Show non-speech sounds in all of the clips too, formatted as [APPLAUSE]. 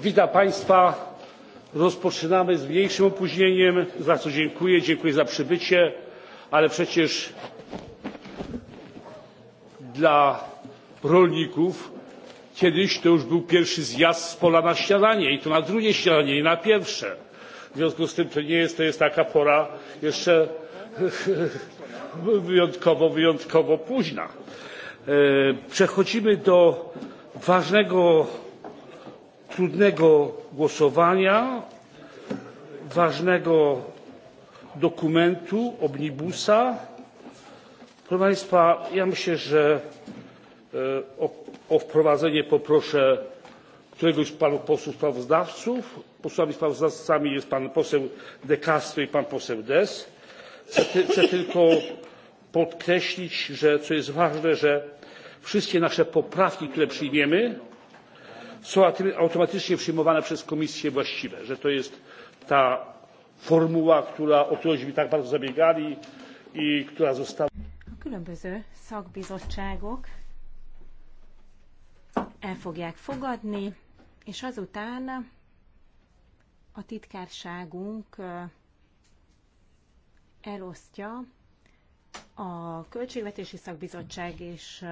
Witam Państwa. Rozpoczynamy z mniejszym opóźnieniem, za co dziękuję. Dziękuję za przybycie, ale przecież dla rolników kiedyś to już był pierwszy zjazd z pola na śniadanie i to na drugie śniadanie, nie na pierwsze. W związku z tym to nie jest, to jest taka pora jeszcze [LAUGHS] wyjątkowo, wyjątkowo późna E, przechodzimy do ważnego trudnego głosowania ważnego dokumentu omnibusa. proszę państwa ja myślę że e, o, wprowadzenie poproszę któregoś z panów posłów sprawozdawców. posłami sprawozdawcami jest pan poseł de castro i pan poseł dess. chcę, tylko podkreślić że co jest ważne że wszystkie nasze poprawki, które przyjmiemy, są automatycznie przyjmowane przez komisje właściwe, że to jest ta formuła, o którą mi tak bardzo zabiegali i która została. A különböző szakbizottságok el fogják fogadni, és azután a titkárságunk elosztja a Költségvetési Szakbizottság és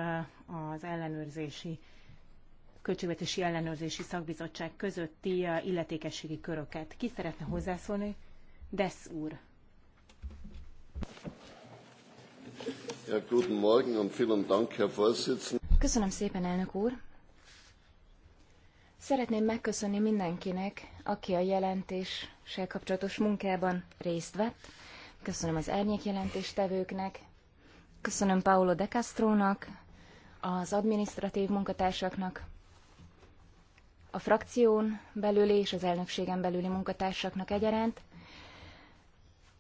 az ellenőrzési Költségvetési Ellenőrzési Szakbizottság közötti illetékességi köröket. Ki szeretne hozzászólni? Desz úr. Ja, guten Morgen und vielen Dank, Herr Vorsitzender. Köszönöm szépen, elnök úr. Szeretném megköszönni mindenkinek, aki a jelentéssel kapcsolatos munkában részt vett, köszönöm az árnyék jelentéstevőknek, köszönöm Paolo De Castronak, az adminisztratív munkatársaknak, a frakción belüli és az elnökségen belüli munkatársaknak egyaránt.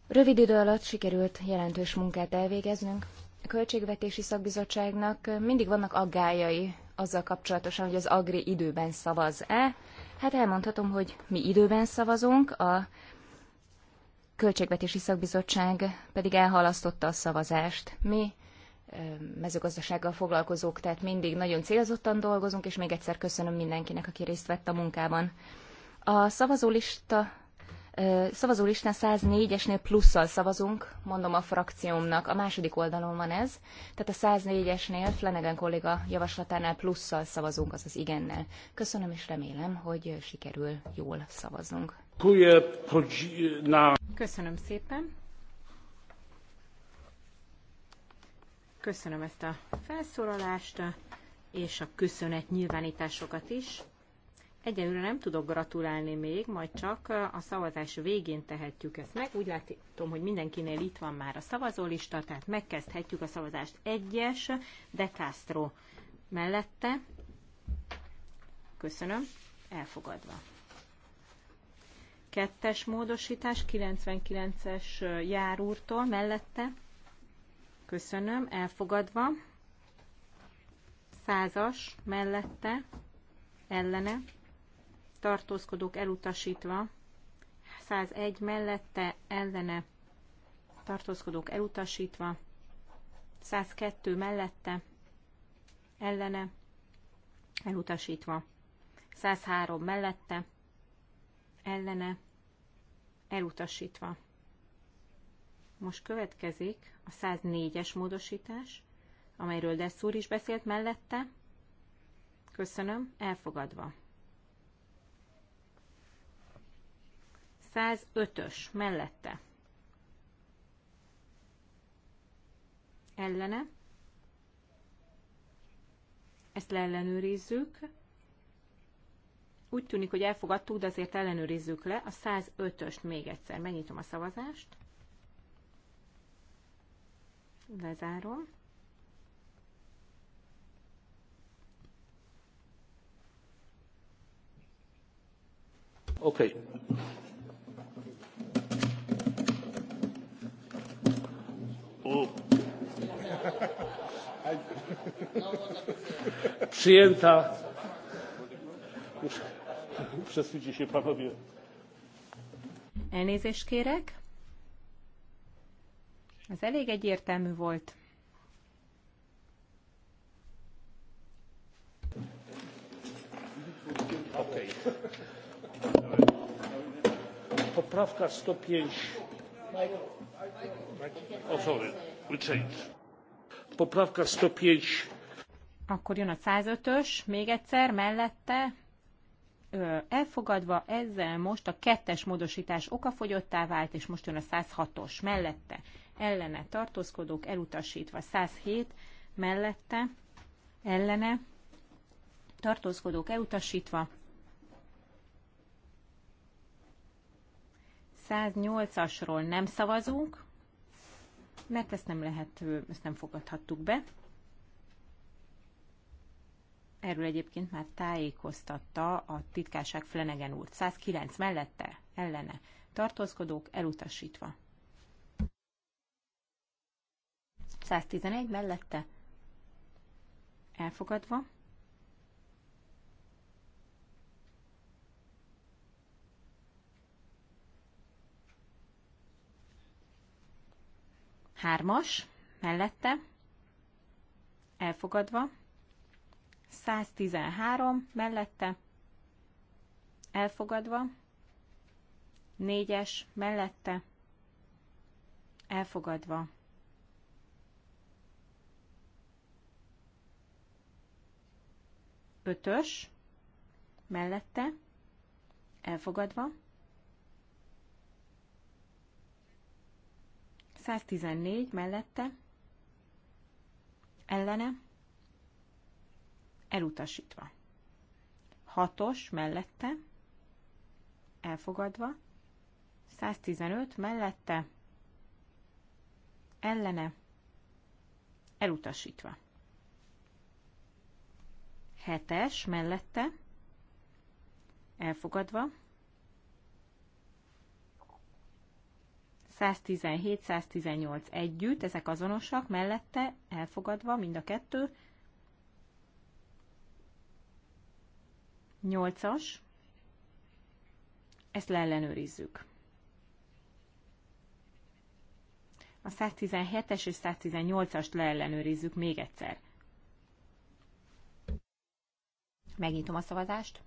Rövid idő alatt sikerült jelentős munkát elvégeznünk. A Költségvetési Szakbizottságnak mindig vannak aggályai azzal kapcsolatosan, hogy az Agri időben szavaz-e. Hát elmondhatom, hogy mi időben szavazunk, a Költségvetési Szakbizottság pedig elhalasztotta a szavazást. Mi mezőgazdasággal foglalkozók, tehát mindig nagyon célzottan dolgozunk, és még egyszer köszönöm mindenkinek, aki részt vett a munkában. A szavazólista szavazólistán 104-esnél plusszal szavazunk, mondom a frakciómnak, a második oldalon van ez, tehát a 104-esnél Flanagan kolléga javaslatánál plusszal szavazunk, azaz igennel. Köszönöm és remélem, hogy sikerül jól szavaznunk. E, Köszönöm szépen. Köszönöm ezt a felszólalást, e, és a köszönet nyilvánításokat is. Egyelőre nem tudok gratulálni még, majd csak e, a szavazás végén tehetjük ezt meg. Úgy látom, hogy mindenkinél itt van már a szavazólista, tehát megkezdhetjük a szavazást. Egyes, De Castro mellette. Köszönöm, elfogadva. 2-es módosítás 99-es járúrtól mellette. Köszönöm, elfogadva. 100-as mellette, ellene. Tartózkodók elutasítva. 101 mellette, ellene. Tartózkodók elutasítva. 102 mellette, ellene. Elutasítva. 103 mellette, ellene elutasítva. Most következik a 104-es módosítás, amelyről Dessúr is beszélt mellette. Köszönöm, elfogadva. 105-ös mellette. Ellene. Ezt leellenőrizzük úgy tűnik, hogy elfogadtuk, de azért ellenőrizzük le a 105-öst még egyszer. Megnyitom a szavazást. Lezárom. Okay. Oh. Przyjęta. [LAUGHS] Przesuńcie się panowie. Elnézést kérek. Ez elég egyértelmű volt. Okay. Poprawka 105. O, sorry. Poprawka 105. Akkor jön a 105-ös, még egyszer, mellette, elfogadva, ezzel most a kettes módosítás okafogyottá vált, és most jön a 106-os mellette ellene tartózkodók elutasítva, 107 mellette ellene tartózkodók elutasítva, 108-asról nem szavazunk, mert ezt nem lehet, ezt nem fogadhattuk be. Erről egyébként már tájékoztatta a titkárság Flanagan úr. 109 mellette, ellene. Tartózkodók elutasítva. 111 mellette, elfogadva. 3-as mellette, elfogadva. 113 mellette elfogadva, 4-es mellette elfogadva. Ötös, mellette, elfogadva. 114 mellette, ellene, elutasítva. Hatos mellette, elfogadva. 115 mellette, ellene, elutasítva. Hetes mellette, elfogadva. 117-118 együtt, ezek azonosak, mellette elfogadva mind a kettő, Nyolcas. Ezt leellenőrizzük. A 117-es és 118-ast leellenőrizzük még egyszer. Megnyitom a szavazást.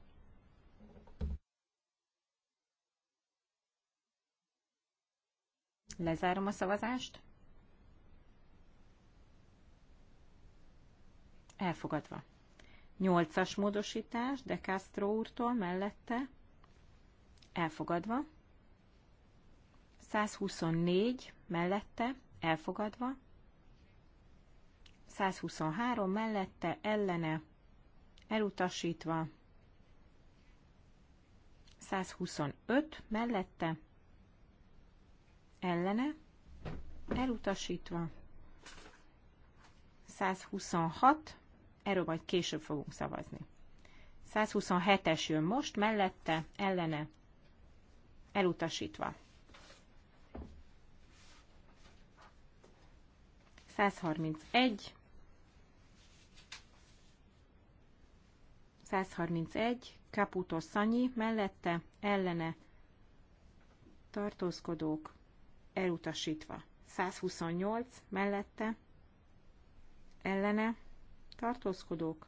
Lezárom a szavazást. Elfogadva. Nyolcas módosítás, De Castro úrtól mellette, elfogadva. 124 mellette, elfogadva. 123 mellette, ellene, elutasítva. 125 mellette, ellene, elutasítva. 126 erről majd később fogunk szavazni. 127-es jön most, mellette, ellene, elutasítva. 131, 131, Caputo Sanyi, mellette, ellene, tartózkodók, elutasítva. 128, mellette, ellene, tartózkodók.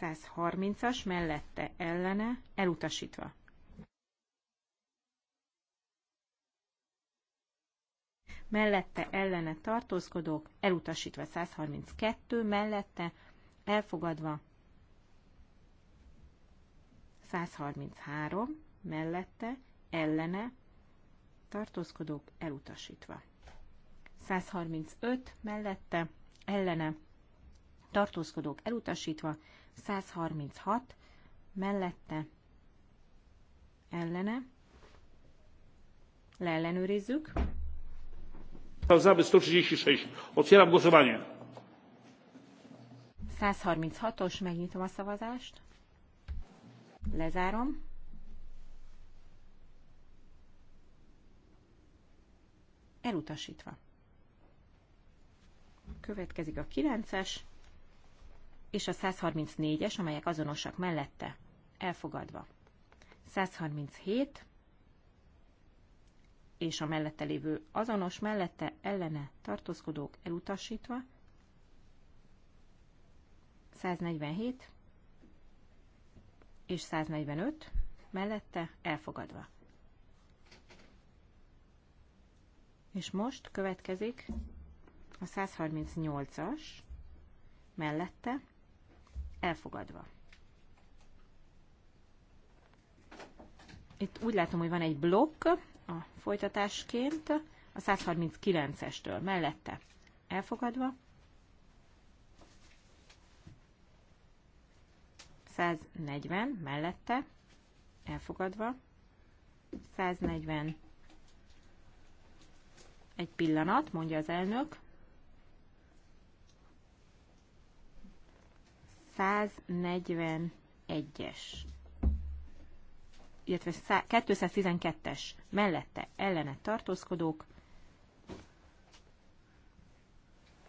130-as mellette ellene elutasítva. Mellette ellene tartózkodók elutasítva 132, mellette elfogadva 133, mellette ellene tartózkodók elutasítva. 135 mellette, ellene tartózkodók elutasítva, 136 mellette, ellene, leellenőrizzük. Sprawdzamy 136. Otwieram głosowanie. 136-os, megnyitom a szavazást. Lezárom. Elutasítva. Következik a 9-es és a 134-es, amelyek azonosak mellette. Elfogadva. 137 és a mellette lévő azonos mellette ellene tartózkodók elutasítva. 147 és 145 mellette elfogadva. És most következik a 138-as mellette elfogadva. Itt úgy látom, hogy van egy blokk a folytatásként a 139-estől mellette elfogadva. 140 mellette elfogadva. 140 egy pillanat, mondja az elnök. 141-es, illetve 212-es mellette ellene tartózkodók.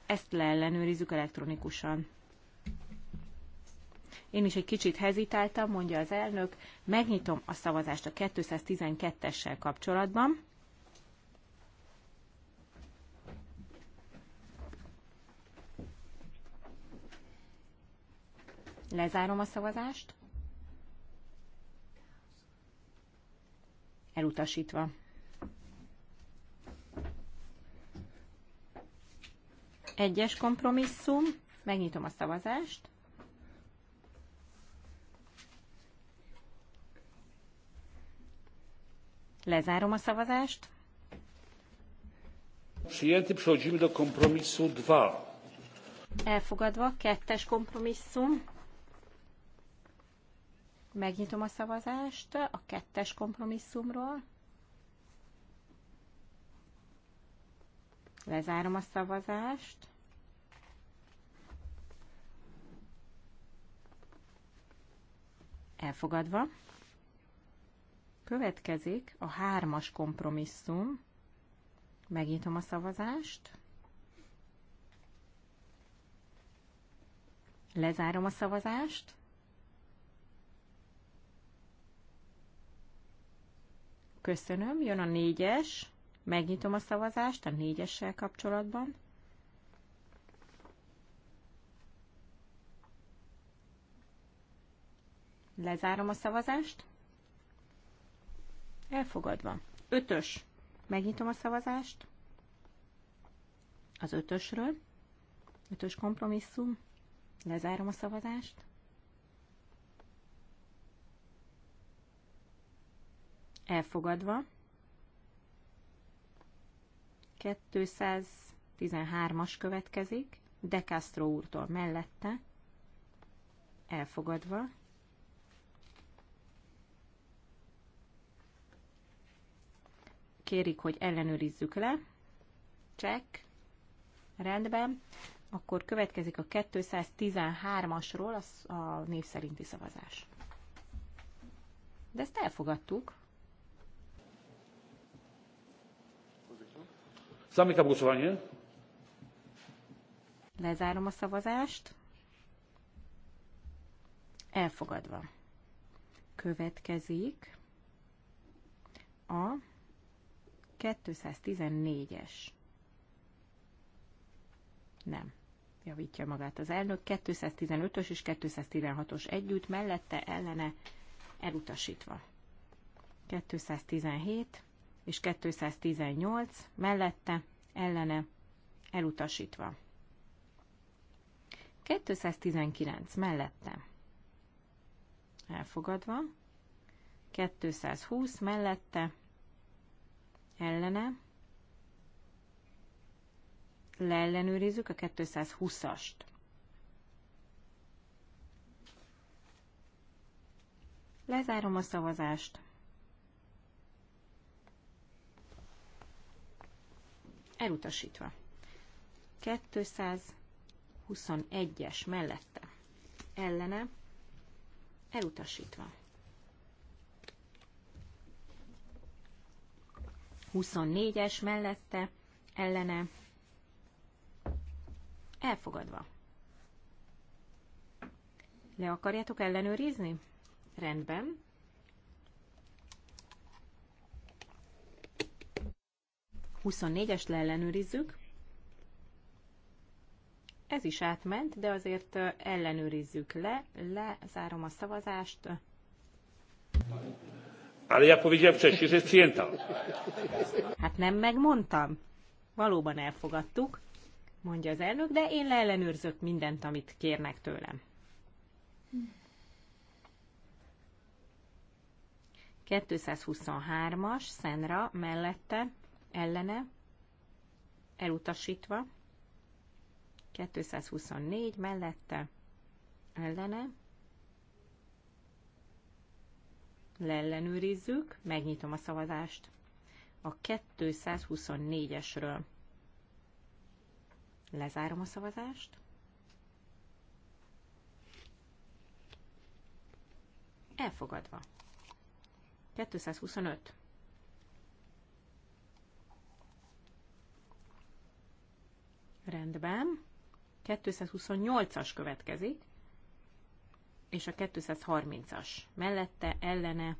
Ezt leellenőrizzük elektronikusan. Én is egy kicsit hezitáltam, mondja az elnök. Megnyitom a szavazást a 212-essel kapcsolatban. Lezárom a szavazást. Elutasítva. Egyes kompromisszum. Megnyitom a szavazást. Lezárom a szavazást. Przyjęty przechodzimy do kompromisu 2. Elfogadva, kettes kompromisszum. Megnyitom a szavazást a kettes kompromisszumról. Lezárom a szavazást. Elfogadva. Következik a hármas kompromisszum. Megnyitom a szavazást. Lezárom a szavazást. Köszönöm. Jön a négyes. Megnyitom a szavazást a négyessel kapcsolatban. Lezárom a szavazást. Elfogadva. Ötös. Megnyitom a szavazást. Az ötösről. Ötös kompromisszum. Lezárom a szavazást. elfogadva. 213-as következik, De Castro úrtól mellette, elfogadva. Kérik, hogy ellenőrizzük le. Check. Rendben. Akkor következik a 213-asról a név szerinti szavazás. De ezt elfogadtuk. Zamykam głosowanie. Lezárom a szavazást. Elfogadva. Következik a 214-es. Nem. Javítja magát az elnök. 215-ös és 216-os együtt, mellette, ellene, elutasítva. 217 és 218 mellette ellene elutasítva. 219 mellette elfogadva, 220 mellette ellene leellenőrizzük a 220-ast. Lezárom a szavazást. elutasítva. 221-es mellette ellene elutasítva. 24-es mellette ellene elfogadva. Le akarjátok ellenőrizni? Rendben. 24-est leellenőrizzük. Ez is átment, de azért ellenőrizzük le. Lezárom a szavazást. Hát nem megmondtam. Valóban elfogadtuk, mondja az elnök, de én leellenőrzök mindent, amit kérnek tőlem. 223-as Szenra mellette ellene, elutasítva, 224 mellette, ellene, leellenőrizzük, megnyitom a szavazást a 224-esről. Lezárom a szavazást. Elfogadva. 225. Rendben. 228-as következik, és a 230-as mellette ellene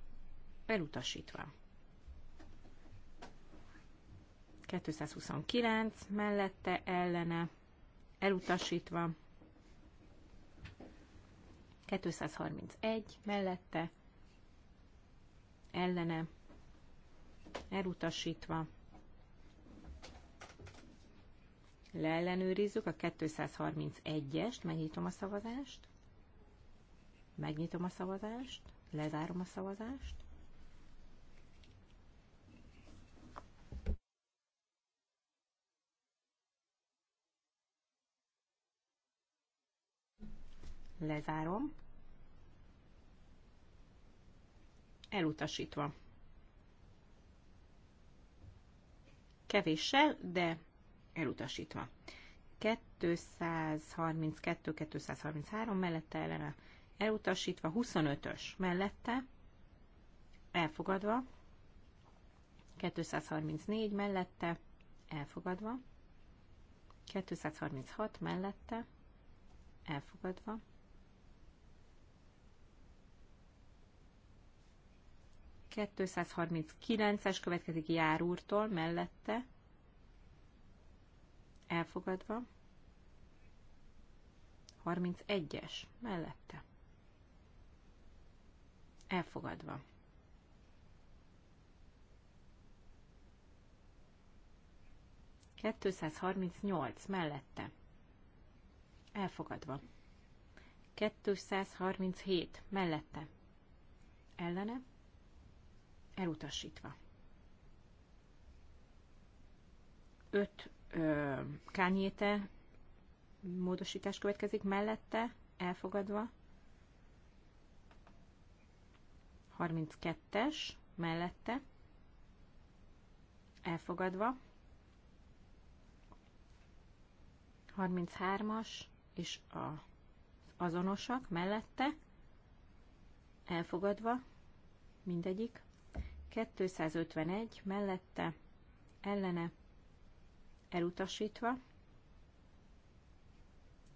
elutasítva. 229 mellette ellene elutasítva. 231 mellette ellene elutasítva. leellenőrizzük a 231-est, megnyitom a szavazást, megnyitom a szavazást, lezárom a szavazást, lezárom, elutasítva. Kevéssel, de elutasítva. 232-233 mellette ellene elutasítva, 25-ös mellette elfogadva, 234 mellette elfogadva, 236 mellette elfogadva, 239-es következik járúrtól mellette elfogadva, 31-es mellette, elfogadva. harminc nyolc mellette. Elfogadva. harminc hét mellette. Ellene. Elutasítva. Öt. Kányéte módosítás következik mellette, elfogadva. 32-es mellette, elfogadva. 33-as és a azonosak mellette, elfogadva, mindegyik. 251 mellette, ellene, elutasítva,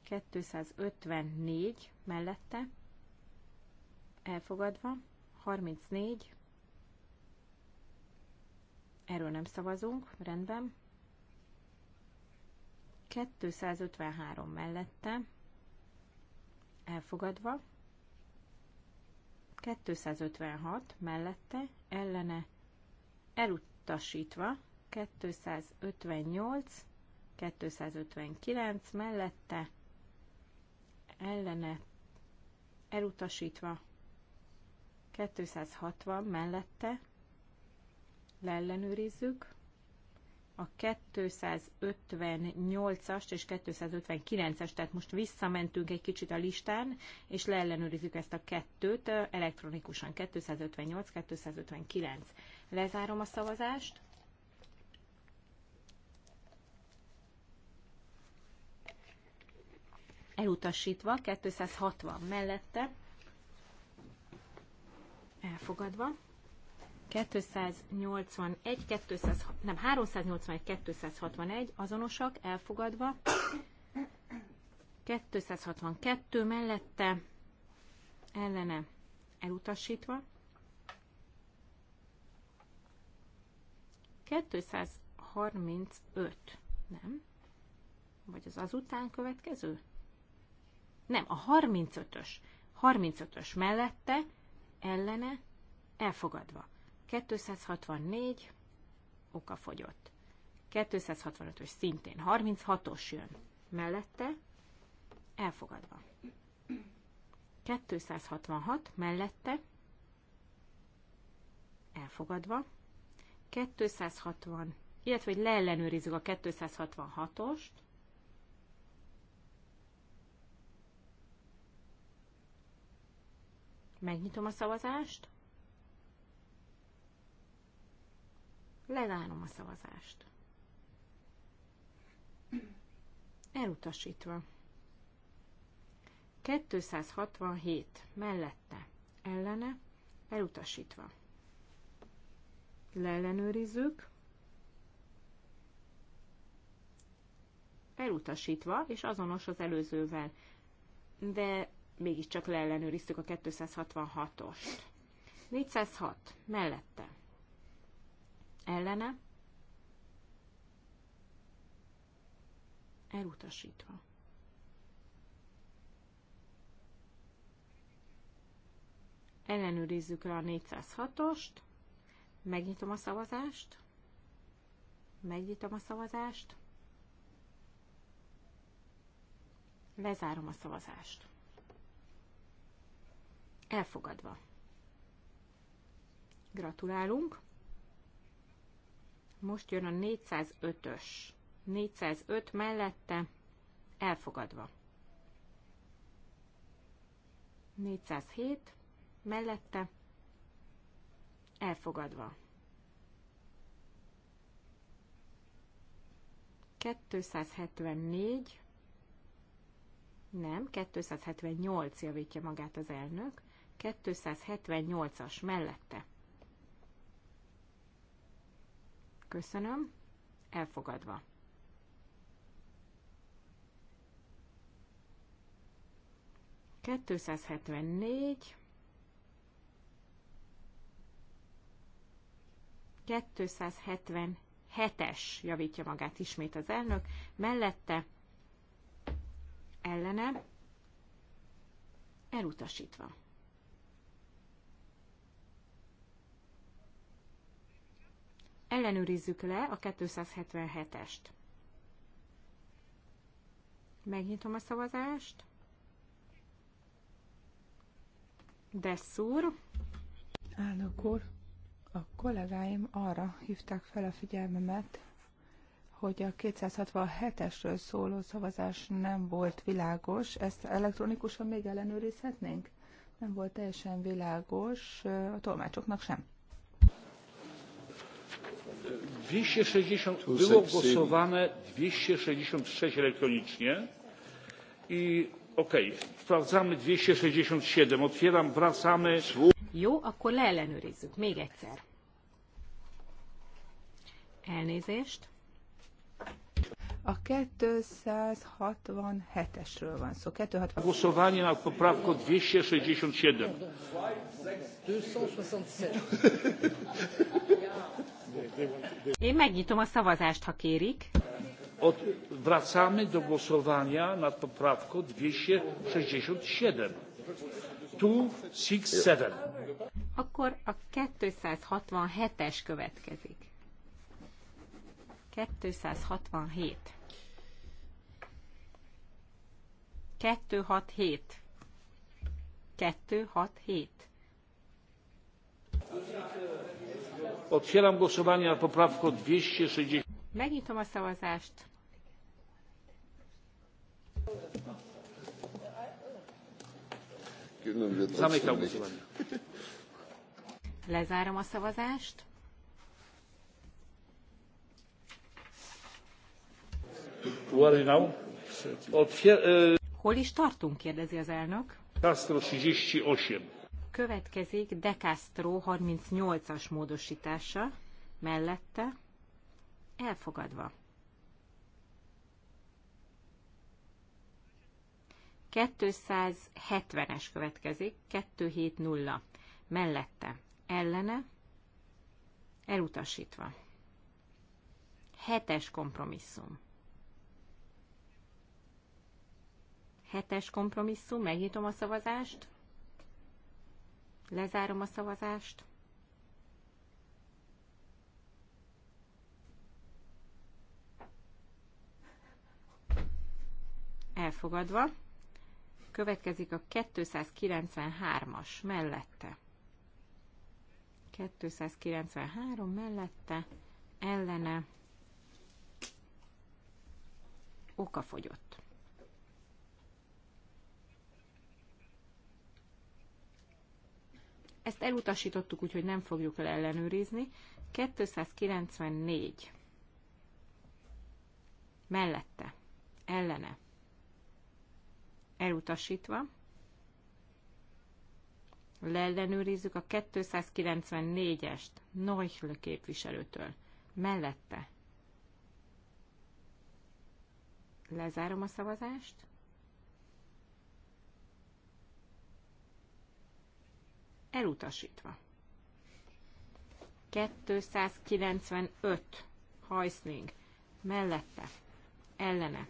254 mellette, elfogadva, 34, erről nem szavazunk, rendben, 253 mellette, elfogadva, 256 mellette, ellene, elutasítva, 258, 259 mellette ellene elutasítva, 260 mellette leellenőrizzük, a 258-ast és 259-est, tehát most visszamentünk egy kicsit a listán, és leellenőrizzük ezt a kettőt elektronikusan, 258-259. Lezárom a szavazást. elutasítva, 260 mellette, elfogadva, 281, 200, nem, 381, 261 azonosak, elfogadva, 262 mellette, ellene elutasítva, 235, nem? Vagy az azután következő? Nem, a 35-ös. 35-ös mellette, ellene, elfogadva. 264 oka fogyott. 265-ös szintén 36-os jön. Mellette, elfogadva. 266 mellette, elfogadva. 260, illetve hogy leellenőrizzük a 266-ost, Megnyitom a szavazást. Lezárom a szavazást. Elutasítva. 267 mellette, ellene, elutasítva. Leellenőrizzük. Elutasítva, és azonos az előzővel. De mégiscsak leellenőriztük a 266-ost. 406 mellette. Ellene. Elutasítva. Ellenőrizzük le a 406-ost. Megnyitom a szavazást. Megnyitom a szavazást. Lezárom a szavazást. Elfogadva. Gratulálunk. Most jön a 405-ös. 405 mellette elfogadva. 407 mellette elfogadva. 274 nem, 278 javítja magát az elnök. 278-as mellette. Köszönöm. Elfogadva. kettőszáz hetven hetes javítja magát ismét az elnök, mellette ellene elutasítva. Ellenőrizzük le a 277-est. Megnyitom a szavazást. Desszúr. Elnök úr, a kollégáim arra hívták fel a figyelmemet, hogy a 267-esről szóló szavazás nem volt világos. Ezt elektronikusan még ellenőrizhetnénk? Nem volt teljesen világos a tolmácsoknak sem. 260, było głosowane 266 elektronicznie i okej sprawdzamy 267. otwieram wracamy jó, akkor leellenőrizzük még egyszer. Elnézést. A 267-esről van szó. 267. Głosowanie na poprawkę 267. 267. Én megnyitom a szavazást, ha kérik. Od, wracamy do głosowania nad poprawką 267. Two, six, seven. Akkor a 267-es következik. 267. 267. 267. Otwieram głosowanie nad poprawką 260. Megnyitom a szavazást. Zamykam głosowanie. Lezárom a szavazást. Hol is tartunk, kérdezi az elnök. 138. Következik De Castro 38-as módosítása, mellette elfogadva. ...270-es következik, 270, mellette, ellene, elutasítva. Hetes kompromisszum. Hetes kompromisszum, megnyitom a szavazást. Lezárom a szavazást. Elfogadva. Következik a 293-as mellette. 293 mellette, ellene, okafogyott. Ezt elutasítottuk, úgyhogy nem fogjuk el ellenőrizni. 294. Mellette. Ellene. Elutasítva. Leellenőrizzük a 294-est Neuchl képviselőtől. Mellette. Lezárom a szavazást. elutasítva. 295 hajszling mellette, ellene,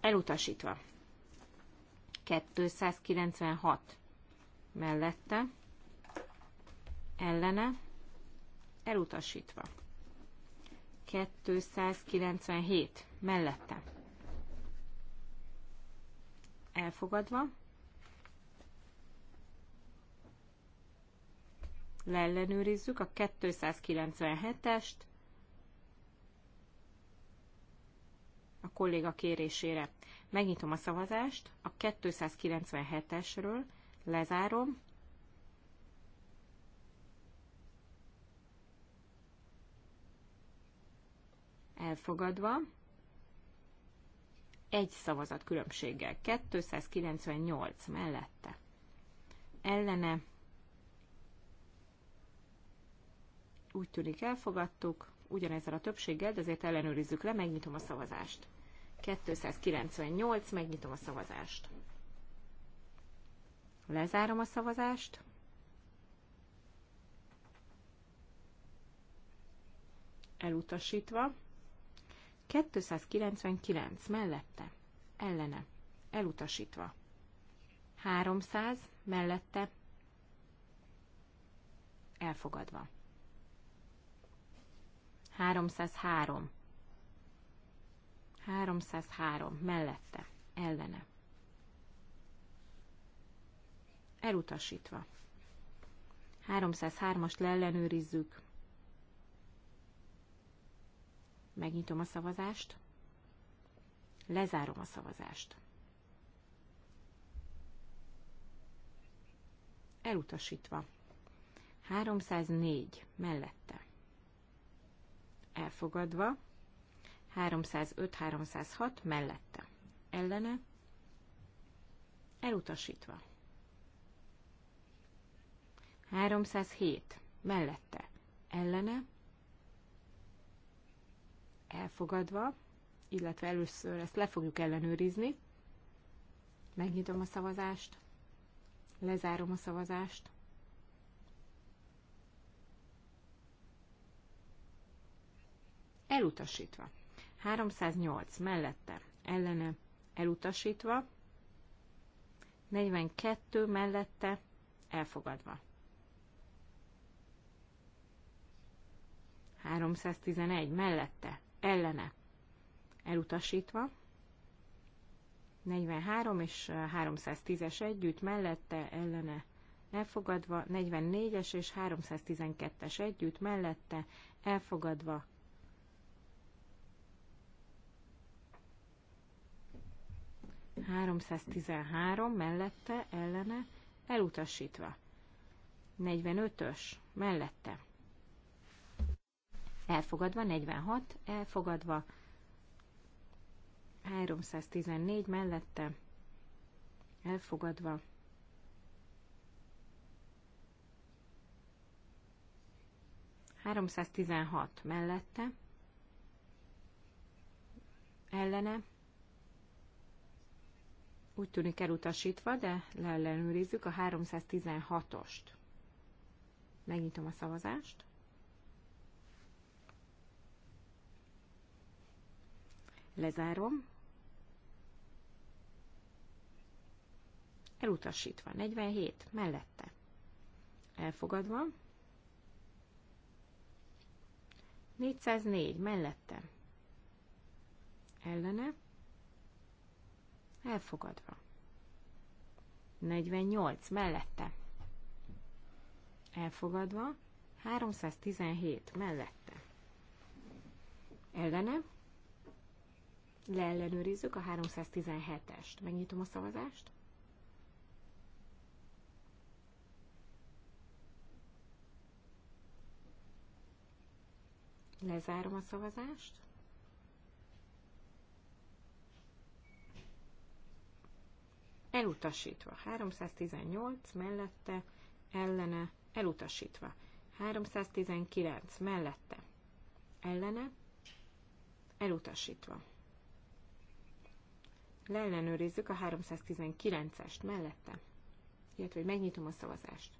elutasítva. 296 mellette, ellene, elutasítva. 297 mellette, elfogadva. leellenőrizzük a 297-est a kolléga kérésére. Megnyitom a szavazást a 297-esről, lezárom, elfogadva, egy szavazat különbséggel, 298 mellette. Ellene Úgy tűnik elfogadtuk, ugyanezzel a többséggel, de azért ellenőrizzük le, megnyitom a szavazást. 298, megnyitom a szavazást. Lezárom a szavazást. Elutasítva. 299 mellette. Ellene. Elutasítva. 300 mellette. Elfogadva. 303. 303. Mellette. Ellene. Elutasítva. 303-ast leellenőrizzük. Megnyitom a szavazást. Lezárom a szavazást. Elutasítva. 304 mellette elfogadva, 305-306 mellette, ellene, elutasítva. 307 mellette, ellene, elfogadva, illetve először ezt le fogjuk ellenőrizni. Megnyitom a szavazást, lezárom a szavazást, elutasítva. 308 mellette ellene elutasítva, 42 mellette elfogadva. 311 mellette ellene elutasítva, 43 és 310-es együtt, mellette ellene elfogadva, 44-es és 312-es együtt, mellette elfogadva, 313 mellette, ellene, elutasítva. 45-ös mellette. Elfogadva, 46, elfogadva. 314 mellette, elfogadva. 316 mellette, ellene, úgy tűnik elutasítva, de leellenőrizzük a 316-ost. Megnyitom a szavazást. Lezárom. Elutasítva. 47. Mellette. Elfogadva. 404. Mellette. Ellene. Elfogadva. 48 mellette. Elfogadva. 317 mellette. Ellene. Leellenőrizzük a 317-est. Megnyitom a szavazást. Lezárom a szavazást. elutasítva. 318 mellette, ellene, elutasítva. 319 mellette, ellene, elutasítva. Leellenőrizzük a 319-est mellette, illetve hogy megnyitom a szavazást.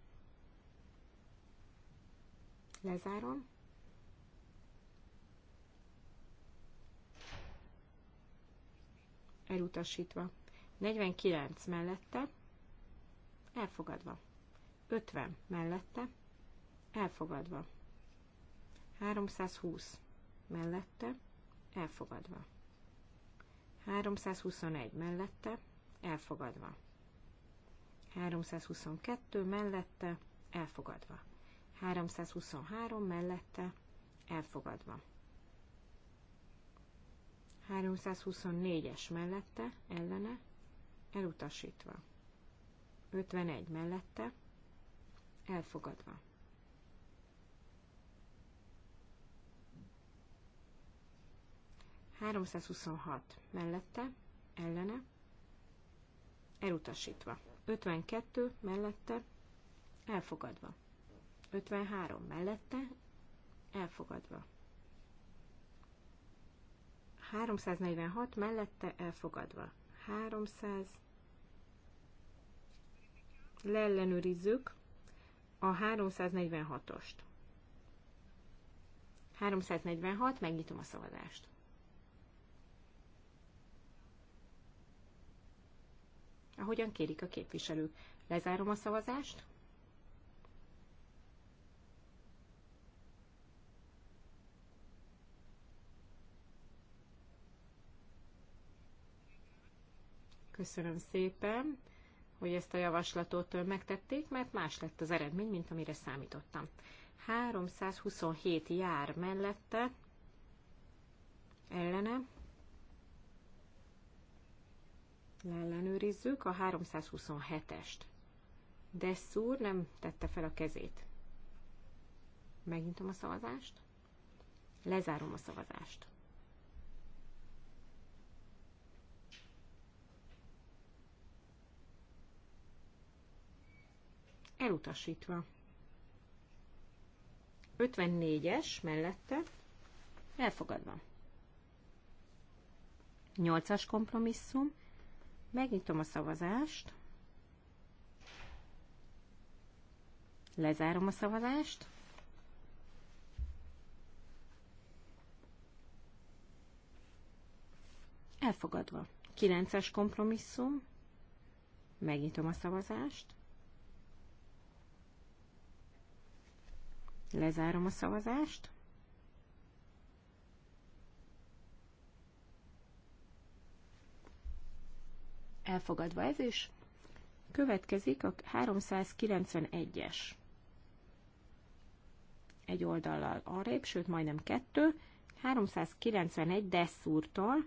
Lezárom. Elutasítva. 49 mellette, elfogadva. 50 mellette, elfogadva. 320 mellette, elfogadva. 321 mellette, elfogadva. 322 mellette, elfogadva. 323 mellette, elfogadva. 324-es mellette, ellene, elutasítva. 51 mellette, elfogadva. Háromszázhuszonhat mellette, ellene, elutasítva. 52 mellette, elfogadva. 53 mellette, elfogadva. 346 mellette, elfogadva. 300. Leellenőrizzük a 346-ost. 346, megnyitom a szavazást. Ahogyan kérik a képviselők. Lezárom a szavazást. Köszönöm szépen, hogy ezt a javaslatot megtették, mert más lett az eredmény, mint amire számítottam. 327 jár mellette, ellene, ellenőrizzük a 327-est. Desszúr nem tette fel a kezét. Megnyitom a szavazást. Lezárom a szavazást. elutasítva. 54-es mellette elfogadva. 8-as kompromisszum. Megnyitom a szavazást. Lezárom a szavazást. Elfogadva. 9-es kompromisszum. Megnyitom a szavazást. Lezárom a szavazást. Elfogadva ez is. Következik a 391-es. Egy oldallal arrébb, sőt majdnem kettő. 391 Dessúrtól.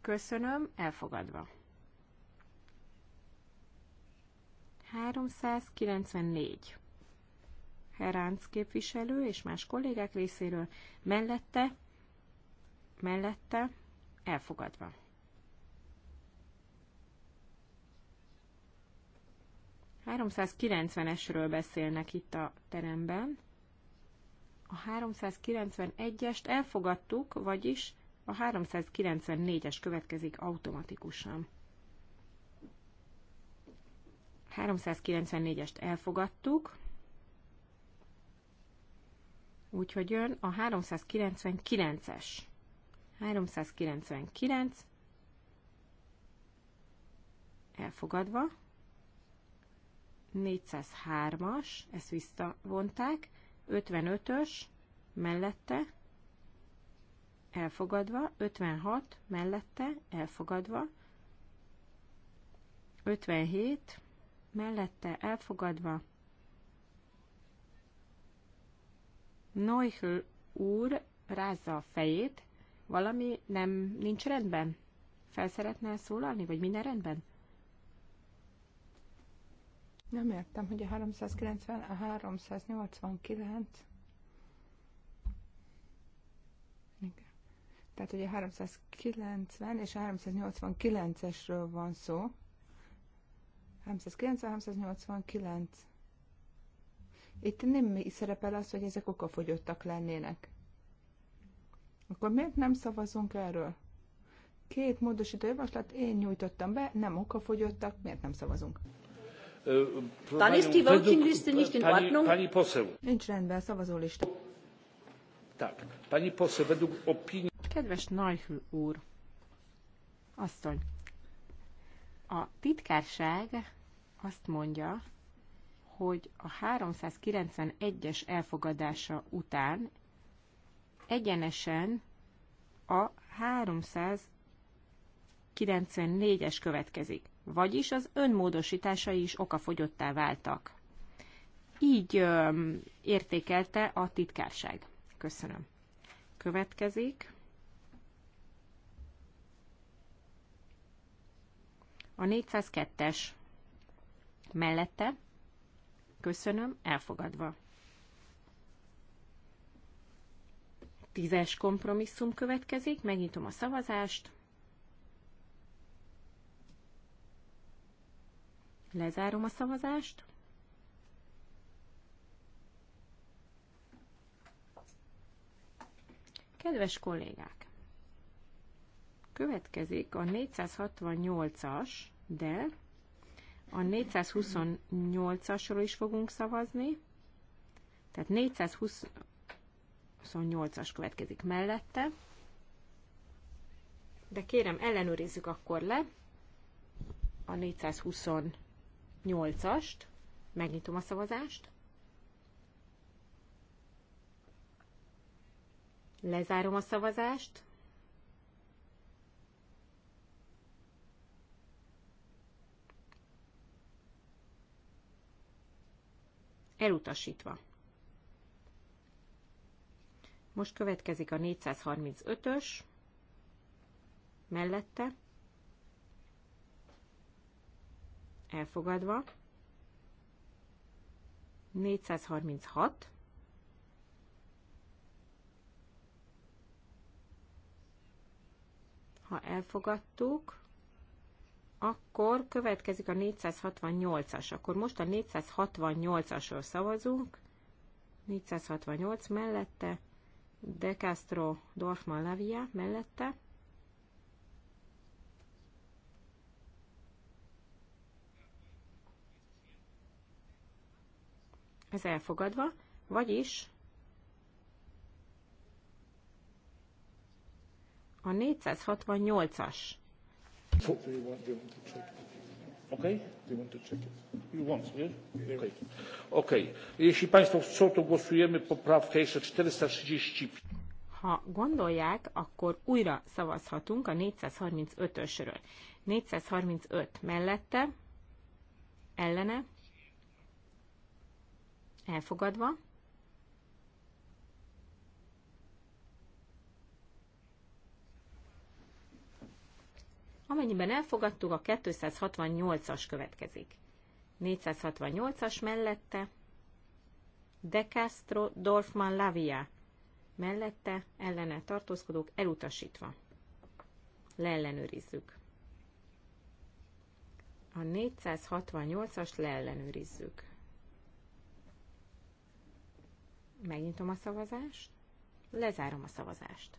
Köszönöm, elfogadva. 394 Heránc képviselő és más kollégák részéről mellette, mellette elfogadva. ...390-esről beszélnek itt a teremben. A 391-est elfogadtuk, vagyis a 394-es következik automatikusan. 394-est elfogadtuk, úgyhogy jön a 399-es. 399 elfogadva, 403-as, ezt visszavonták, 55-ös mellette elfogadva, 56 mellette elfogadva, 57 mellette elfogadva. Neuchl úr rázza a fejét, valami nem nincs rendben? Fel szeretne szólalni, vagy minden rendben? Nem értem, hogy a 390, a 389. Igen. Tehát ugye 390 és 389-esről van szó. 390-389. Itt nem szerepel az, hogy ezek okafogyottak lennének. Akkor miért nem szavazunk erről? Két módosító javaslat én nyújtottam be, nem okafogyottak, miért nem szavazunk? Pani Nincs rendben, szavazólista. Tak, pani poseł, według opinii... Kedves Najhül úr, asszony, a titkárság azt mondja, hogy a 391-es elfogadása után egyenesen a 394-es következik, vagyis az önmódosításai is okafogyottá váltak. Így ö, értékelte a titkárság. Köszönöm. Következik. A 402-es Mellette. Köszönöm, elfogadva. Tízes kompromisszum következik, megnyitom a szavazást. Lezárom a szavazást. Kedves kollégák! Következik a 468-as, de a 428-asról is fogunk szavazni. Tehát 428-as következik mellette. De kérem, ellenőrizzük akkor le a 428-ast. Megnyitom a szavazást. Lezárom a szavazást. elutasítva. Most következik a 435-ös, mellette, elfogadva, 436, ha elfogadtuk, akkor következik a 468-as. Akkor most a 468-asról szavazunk. 468 mellette, De Castro, Dorfman, Lavia mellette. Ez elfogadva, vagyis a 468-as For... Okay? You want, yeah? Okay. Okay. Jeśli Państwo chcą, to głosujemy poprawkę jeszcze 435. Ha gondolják, akkor újra szavazhatunk a 435-ösről. 435 mellette, ellene, elfogadva, Amennyiben elfogadtuk, a 268-as következik. 468-as mellette De Castro Dorfman Lavia mellette ellene tartózkodók elutasítva. Leellenőrizzük. A 468-as leellenőrizzük. Megnyitom a szavazást, lezárom a szavazást.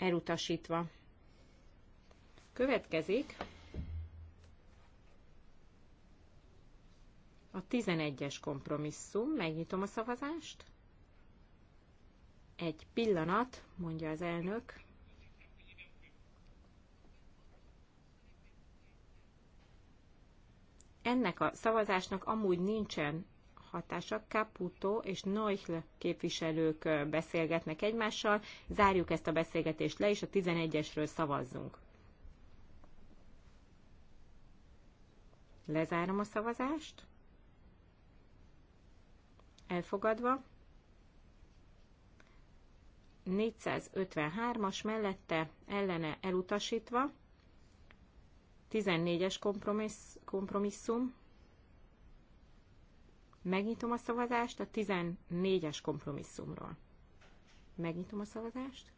elutasítva. Következik a 11-es kompromisszum. Megnyitom a szavazást. Egy pillanat, mondja az elnök. Ennek a szavazásnak amúgy nincsen hatása. Caputo és Neuchle képviselők beszélgetnek egymással. Zárjuk ezt a beszélgetést le, és a 11-esről szavazzunk. Lezárom a szavazást. Elfogadva. 453-as mellette ellene elutasítva. 14-es kompromissz, kompromisszum Megnyitom a szavazást a 14-es kompromisszumról. Megnyitom a szavazást.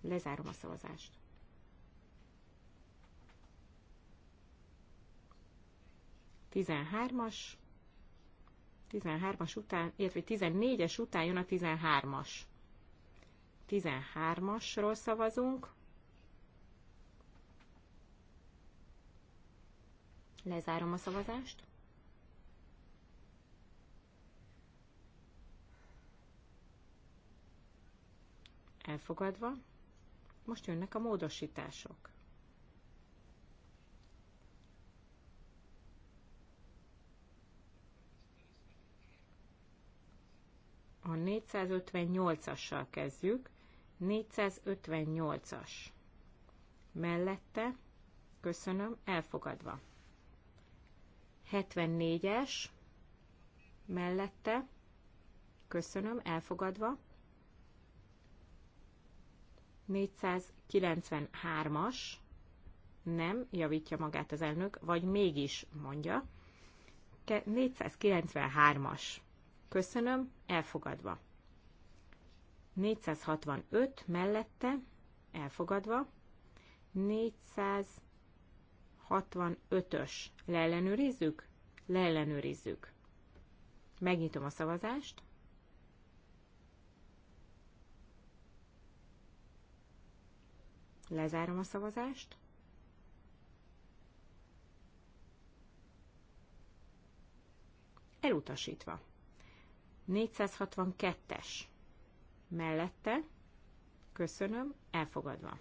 Lezárom a szavazást. Tizenhármas. 13-as után, illetve 14-es után jön a 13-as. 13-asról szavazunk. Lezárom a szavazást. elfogadva. Most jönnek a módosítások. A 458-assal kezdjük. 458-as. Mellette, köszönöm, elfogadva. 74-es, mellette, köszönöm, elfogadva. 493-as, nem, javítja magát az elnök, vagy mégis mondja. 493-as. Köszönöm, elfogadva. 465 mellette, elfogadva. 465-ös. Leellenőrizzük? Leellenőrizzük. Megnyitom a szavazást. Lezárom a szavazást. Elutasítva. 462-es. Mellette. Köszönöm. Elfogadva.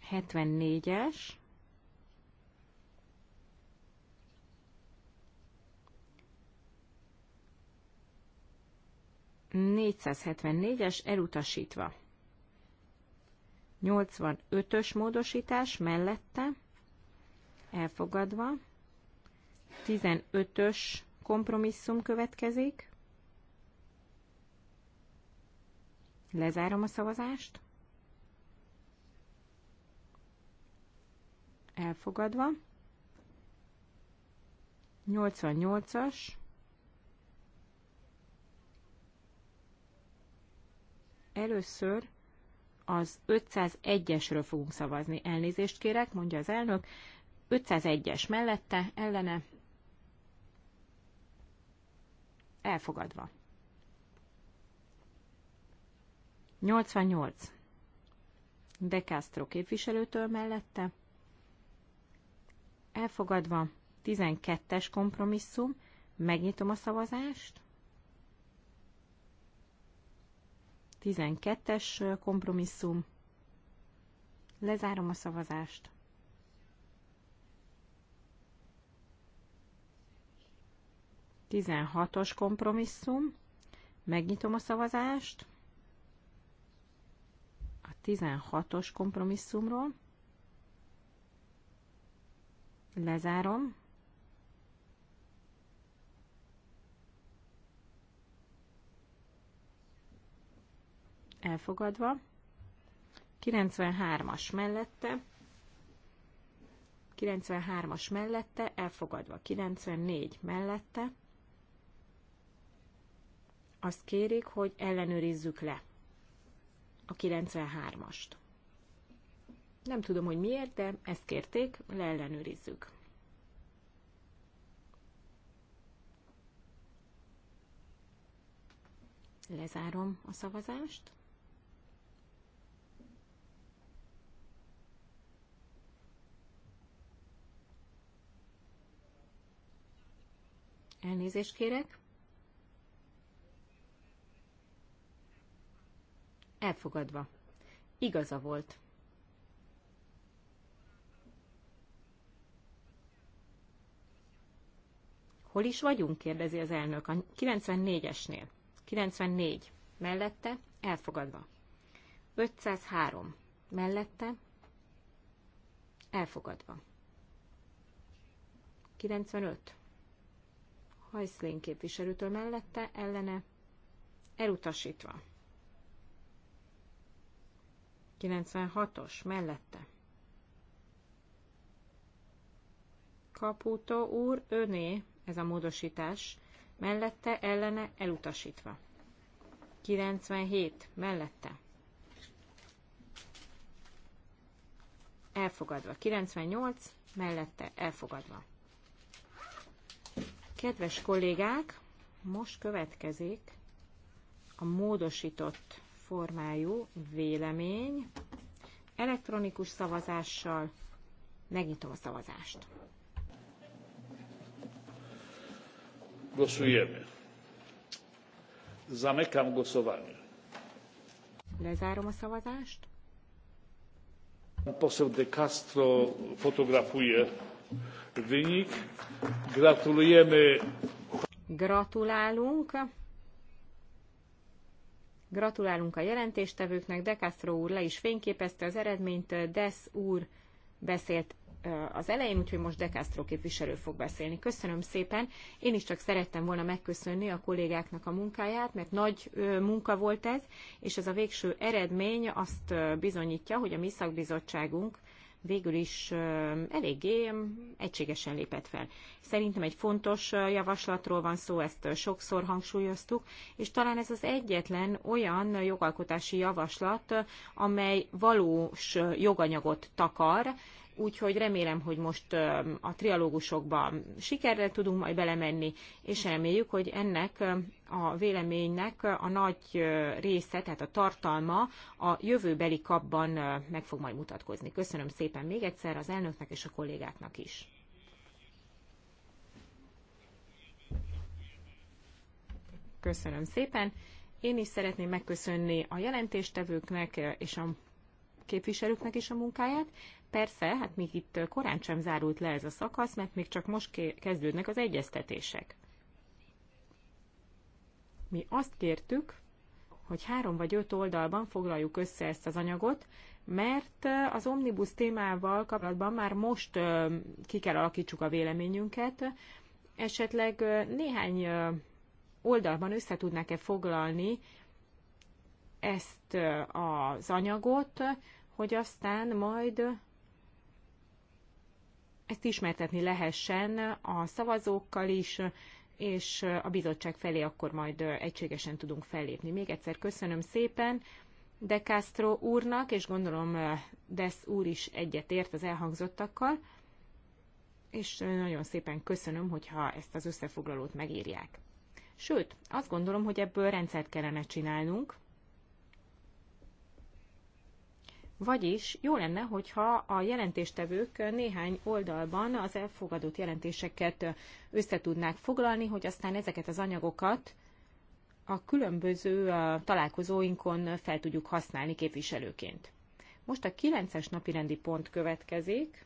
Hetvennégyes. 474-es elutasítva. 85-ös módosítás mellette elfogadva. 15-ös kompromisszum következik. Lezárom a szavazást. Elfogadva. 88-as Először az 501-esről fogunk szavazni. Elnézést kérek, mondja az elnök. 501-es mellette, ellene. Elfogadva. 88. De Castro képviselőtől mellette. Elfogadva. 12-es kompromisszum. Megnyitom a szavazást. 12-es kompromisszum. Lezárom a szavazást. Tizenhatos kompromisszum. Megnyitom a szavazást. A tizenhatos kompromisszumról. Lezárom. elfogadva. 93-as mellette, 93-as mellette, elfogadva. 94 mellette. Azt kérik, hogy ellenőrizzük le a 93-ast. Nem tudom, hogy miért, de ezt kérték, leellenőrizzük. Lezárom a szavazást. Elnézést kérek. Elfogadva. Igaza volt. Hol is vagyunk? kérdezi az elnök. A 94-esnél. 94. Mellette elfogadva. 503. Mellette elfogadva. 95. Heisling képviselőtől mellette ellene elutasítva. 96-os mellette. Kaputó úr, öné ez a módosítás, mellette ellene elutasítva. 97 mellette. Elfogadva. 98 mellette elfogadva. Kedves kollégák, most következik a módosított formájú vélemény elektronikus szavazással. Megnyitom a szavazást. Głosujemy. Zamykam głosowanie. Lezárom a szavazást. Poseł De Castro fotografuje wynik. Gratulujemy. Gratulálunk. Gratulálunk a jelentéstevőknek, De Castro úr le is fényképezte az eredményt, Des úr beszélt az elején, úgyhogy most De Castro képviselő fog beszélni. Köszönöm szépen. Én is csak szerettem volna megköszönni a kollégáknak a munkáját, mert nagy munka volt ez, és ez a végső eredmény azt bizonyítja, hogy a mi szakbizottságunk végül is eléggé egységesen lépett fel. Szerintem egy fontos javaslatról van szó, ezt sokszor hangsúlyoztuk, és talán ez az egyetlen olyan jogalkotási javaslat, amely valós joganyagot takar, úgyhogy remélem, hogy most a trialógusokban sikerrel tudunk majd belemenni, és reméljük, hogy ennek a véleménynek a nagy része, tehát a tartalma a jövőbeli kapban meg fog majd mutatkozni. Köszönöm szépen még egyszer az elnöknek és a kollégáknak is. Köszönöm szépen. Én is szeretném megköszönni a jelentéstevőknek és a képviselőknek is a munkáját. Persze, hát még itt korán sem zárult le ez a szakasz, mert még csak most kezdődnek az egyeztetések. Mi azt kértük, hogy három vagy öt oldalban foglaljuk össze ezt az anyagot, mert az omnibus témával kapcsolatban már most ki kell alakítsuk a véleményünket, esetleg néhány oldalban össze tudnák-e foglalni ezt az anyagot, hogy aztán majd ezt ismertetni lehessen a szavazókkal is, és a bizottság felé akkor majd egységesen tudunk fellépni. Még egyszer köszönöm szépen De Castro úrnak, és gondolom Desz úr is egyetért az elhangzottakkal, és nagyon szépen köszönöm, hogyha ezt az összefoglalót megírják. Sőt, azt gondolom, hogy ebből rendszert kellene csinálnunk, Vagyis jó lenne, hogyha a jelentéstevők néhány oldalban az elfogadott jelentéseket összetudnák foglalni, hogy aztán ezeket az anyagokat a különböző találkozóinkon fel tudjuk használni képviselőként. Most a 9-es napirendi pont következik,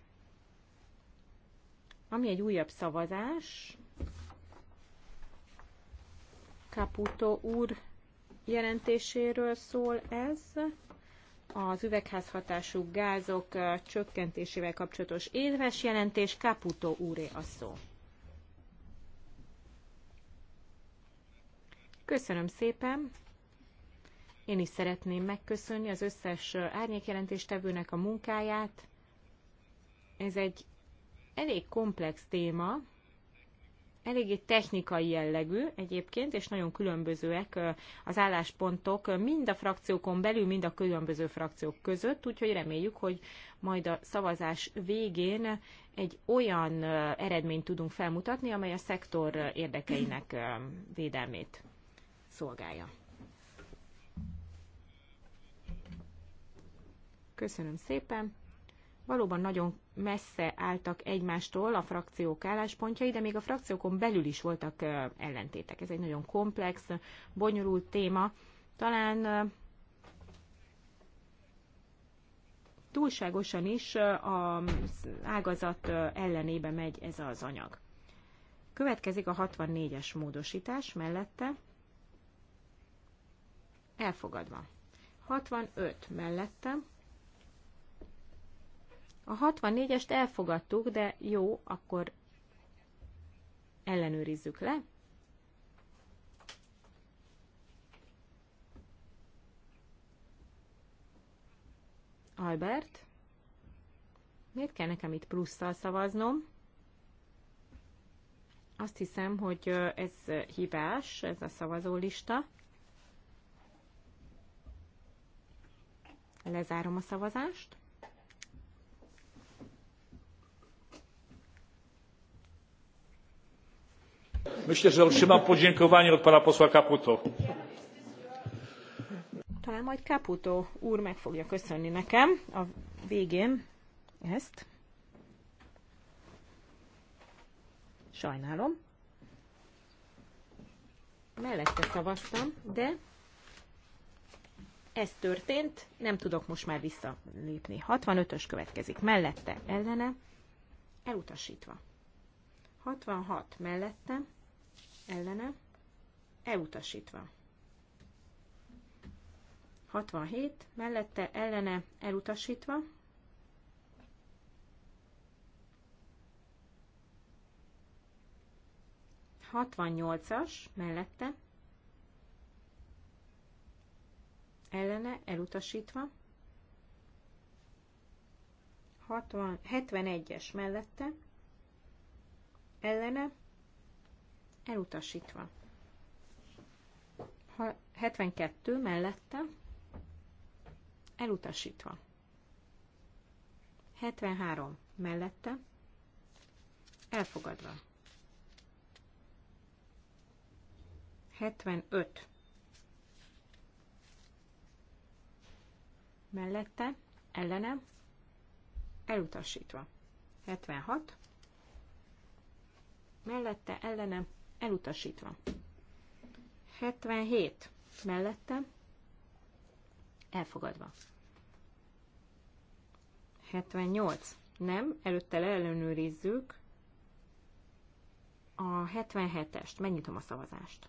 ami egy újabb szavazás. Caputo úr jelentéséről szól ez az üvegházhatású gázok csökkentésével kapcsolatos éves jelentés. Caputo úré a szó. Köszönöm szépen! Én is szeretném megköszönni az összes árnyékjelentéstevőnek a munkáját. Ez egy elég komplex téma, eléggé technikai jellegű egyébként, és nagyon különbözőek az álláspontok mind a frakciókon belül, mind a különböző frakciók között, úgyhogy reméljük, hogy majd a szavazás végén egy olyan eredményt tudunk felmutatni, amely a szektor érdekeinek védelmét szolgálja. Köszönöm szépen! valóban nagyon messze álltak egymástól a frakciók álláspontjai, de még a frakciókon belül is voltak ellentétek. Ez egy nagyon komplex, bonyolult téma. Talán túlságosan is az ágazat ellenébe megy ez az anyag. Következik a 64-es módosítás mellette. Elfogadva. 65 mellette a 64-est elfogadtuk, de jó, akkor ellenőrizzük le. Albert, miért kell nekem itt plusszal szavaznom? Azt hiszem, hogy ez hibás, ez a szavazólista. Lezárom a szavazást. Myślę, że otrzymam podziękowanie od pana posła Caputo. Talán majd Caputo úr meg fogja köszönni nekem a végén ezt. Sajnálom. Mellette szavaztam, de ez történt, nem tudok most már visszalépni. 65-ös következik, mellette, ellene, elutasítva. 66 mellette, ellene, elutasítva. 67 mellette, ellene, elutasítva. 68-as mellette, ellene, elutasítva. 71-es mellette, ellene, elutasítva. Ha 72 mellette, elutasítva. 73 mellette, elfogadva. 75 mellette, ellene, elutasítva. 76 mellette, ellene, elutasítva. 77 mellette, elfogadva. 78 nem, előtte leellenőrizzük a 77-est, megnyitom a szavazást.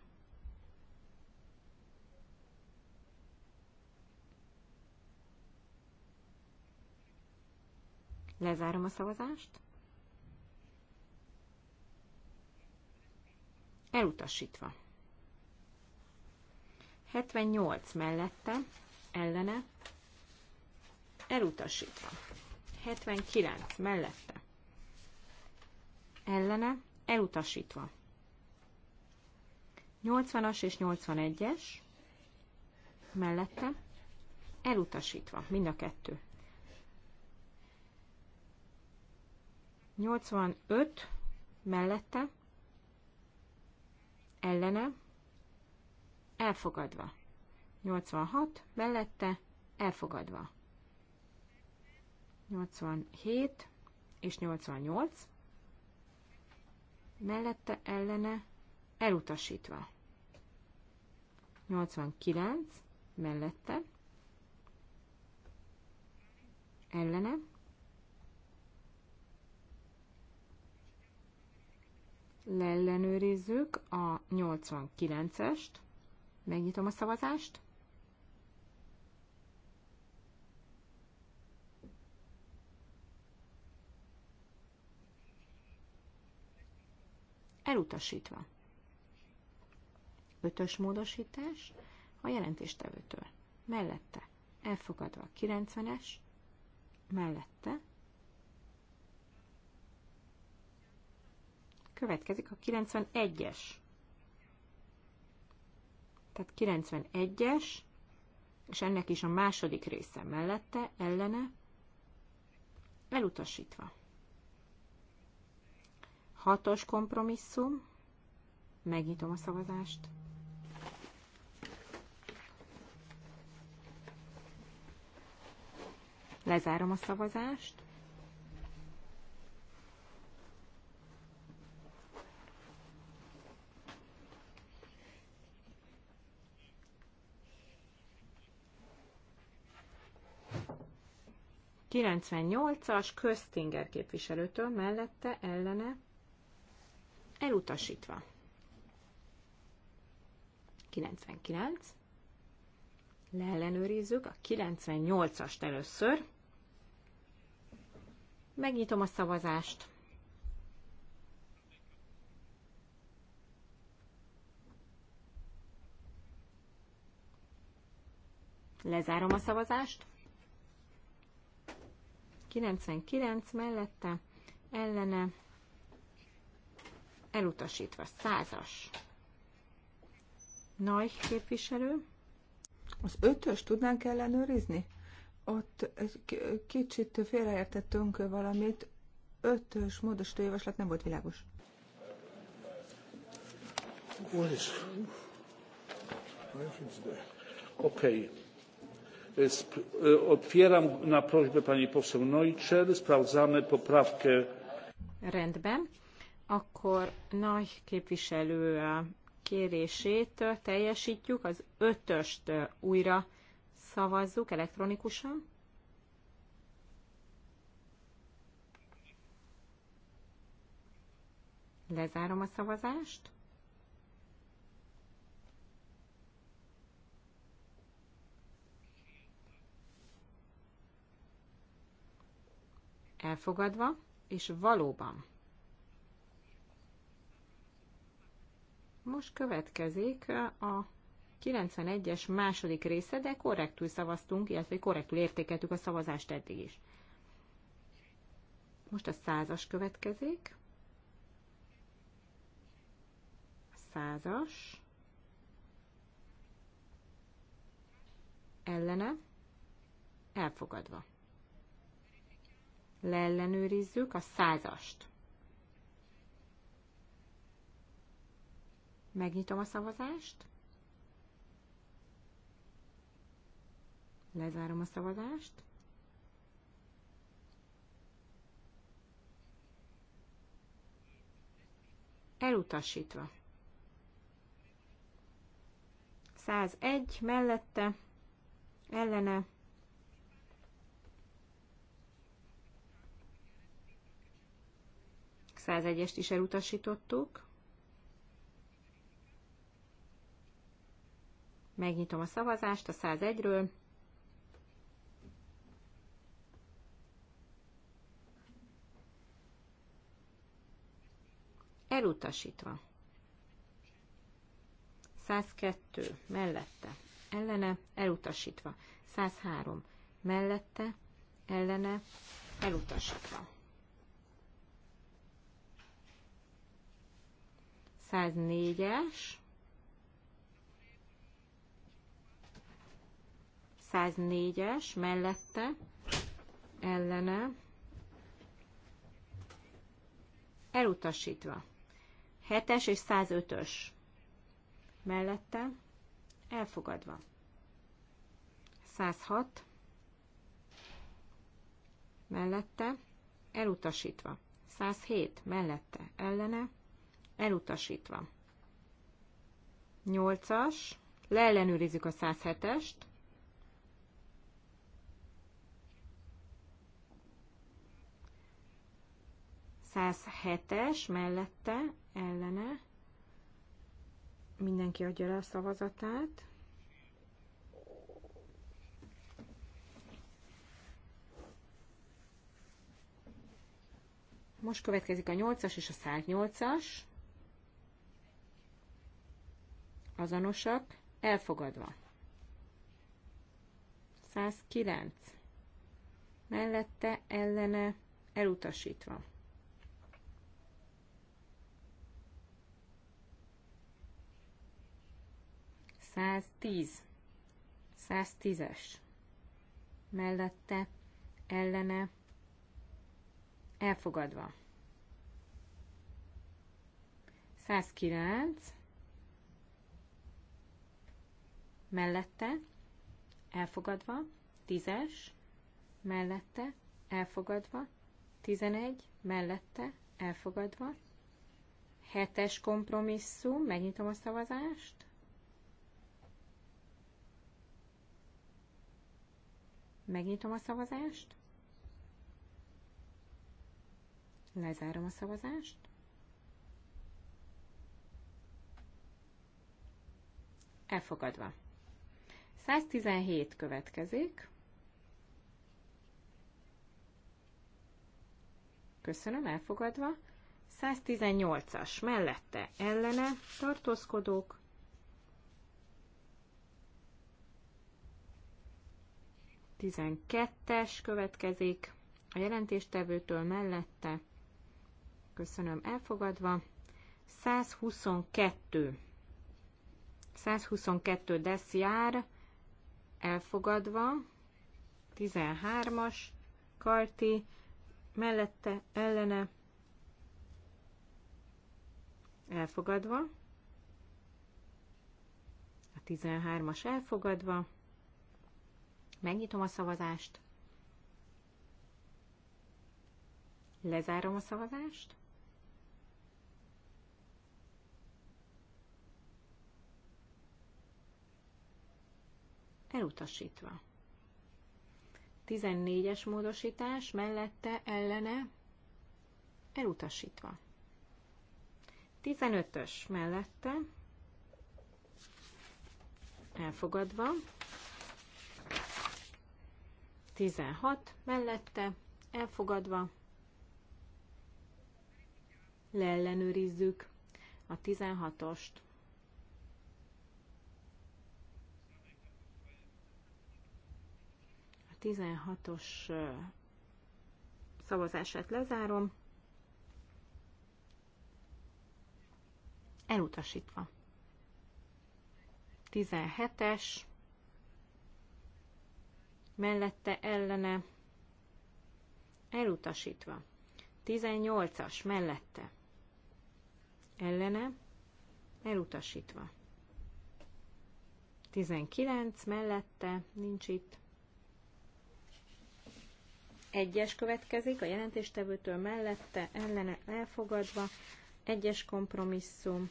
Lezárom a szavazást. elutasítva. 78 mellette, ellene, elutasítva. 79 mellette, ellene, elutasítva. 80-as és 81-es mellette, elutasítva, mind a kettő. 85 mellette, ellene, elfogadva. 86 mellette, elfogadva. 87 és 88 mellette, ellene, elutasítva. 89 mellette, ellene, leellenőrizzük a 89-est. Megnyitom a szavazást. Elutasítva. Ötös módosítás a jelentéstevőtől. Mellette elfogadva a 90-es, mellette Következik a 91-es. Tehát 91-es, és ennek is a második része mellette, ellene, elutasítva. Hatos kompromisszum, megnyitom a szavazást. Lezárom a szavazást. 98-as Köztinger képviselőtől mellette ellene elutasítva. 99. Leellenőrizzük a 98-ast először. Megnyitom a szavazást. Lezárom a szavazást. 99 mellette, ellene, elutasítva, százas. Nagy képviselő. Az ötös tudnánk ellenőrizni? Ott egy kicsit félreértettünk valamit. Ötös módosító javaslat nem volt világos. Hol is? Oké. Okay. E, otwieram na prośbę pani poseł Neutscher. Sprawdzamy poprawkę. Rendben. Akkor nagy képviselő kérését teljesítjük, az ötöst újra szavazzuk elektronikusan. Lezárom a szavazást. elfogadva, és valóban. Most következik a 91-es második része, de korrektül szavaztunk, illetve korrektül értékeltük a szavazást eddig is. Most a százas következik. A százas. Ellene. Elfogadva leellenőrizzük a százast. Megnyitom a szavazást. Lezárom a szavazást. Elutasítva. 101 mellette, ellene 101-est is elutasítottuk. Megnyitom a szavazást a 101-ről. Elutasítva. 102 mellette, ellene, elutasítva. 103 mellette, ellene, elutasítva. 104-es, 104-es mellette, ellene, elutasítva. 7-es és 105-ös mellette, elfogadva. 106 mellette, elutasítva. 107 mellette, ellene, elutasítva. 8-as, leellenőrizzük a 107-est, es mellette, ellene, mindenki adja le a szavazatát. Most következik a 8-as és a 108-as. azonosak, elfogadva. 109 mellette, ellene, elutasítva. 110. 110-es. tízes, mellette, ellene, elfogadva. 109, mellette, elfogadva, tízes, mellette, elfogadva, tizenegy, mellette, elfogadva, hetes kompromisszum, megnyitom a szavazást, megnyitom a szavazást, lezárom a szavazást, elfogadva. 117 következik. Köszönöm, elfogadva. 118-as mellette ellene tartózkodók. Tizenkettes következik a jelentéstevőtől mellette. Köszönöm, elfogadva. 122. 122 desz jár elfogadva, 13-as, Karti, mellette, ellene, elfogadva, a 13-as elfogadva, megnyitom a szavazást, lezárom a szavazást, elutasítva. 14-es módosítás mellette ellene elutasítva. 15-ös mellette elfogadva. 16 mellette elfogadva. Leellenőrizzük a 16-ost. 16-os szavazását lezárom. Elutasítva. 17-es, mellette ellene, elutasítva. 18-as, mellette, ellene, elutasítva. 19 mellette, nincs itt. Egyes következik a jelentéstevőtől mellette, ellene elfogadva. Egyes kompromisszum.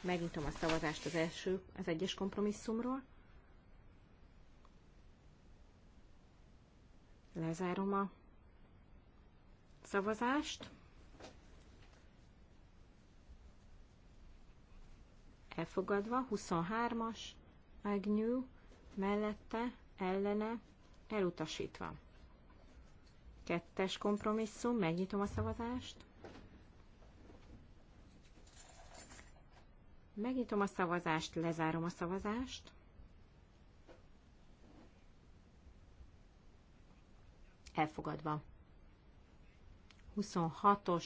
Megnyitom a szavazást az első, az egyes kompromisszumról. Lezárom a szavazást. Elfogadva, 23-as, Agnew, mellette, ellene, elutasítva. Kettes kompromisszum, megnyitom a szavazást. Megnyitom a szavazást, lezárom a szavazást. Elfogadva. 26-os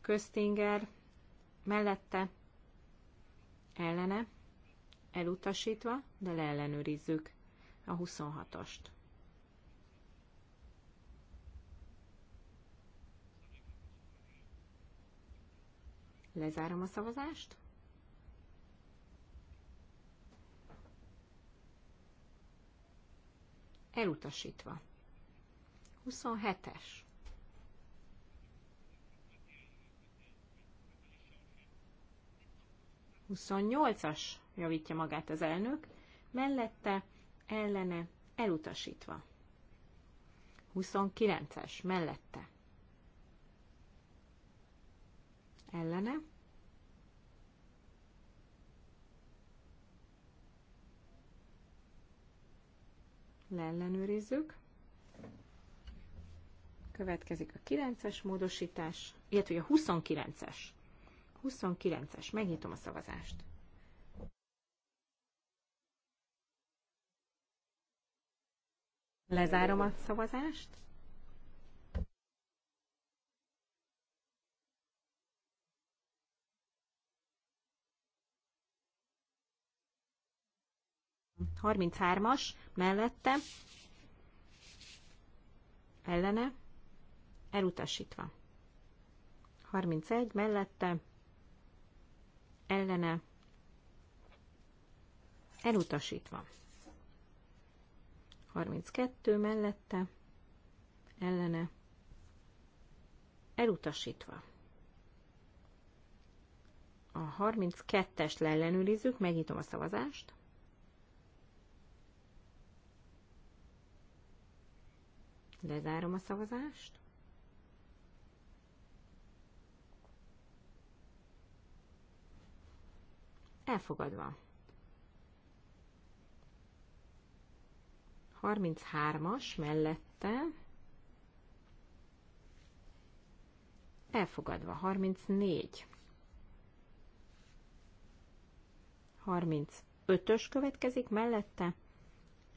köztinger mellette ellene, elutasítva, de leellenőrizzük a 26-ost. Lezárom a szavazást. Elutasítva. 27-es. Huszonnyolcas, javítja magát az elnök, mellette, ellene, elutasítva. 29-es, mellette, ellene. Leellenőrizzük. Következik a 9-es módosítás, illetve a 29-es. 29-es, megnyitom a szavazást. Lezárom a szavazást. 33-as mellette ellene elutasítva. 31 mellette ellene elutasítva. 32 mellette ellene elutasítva. A 32-est leellenőrizzük, megnyitom a szavazást. Lezárom a szavazást. Elfogadva. 33-as mellette. Elfogadva. 34. 35-ös következik mellette.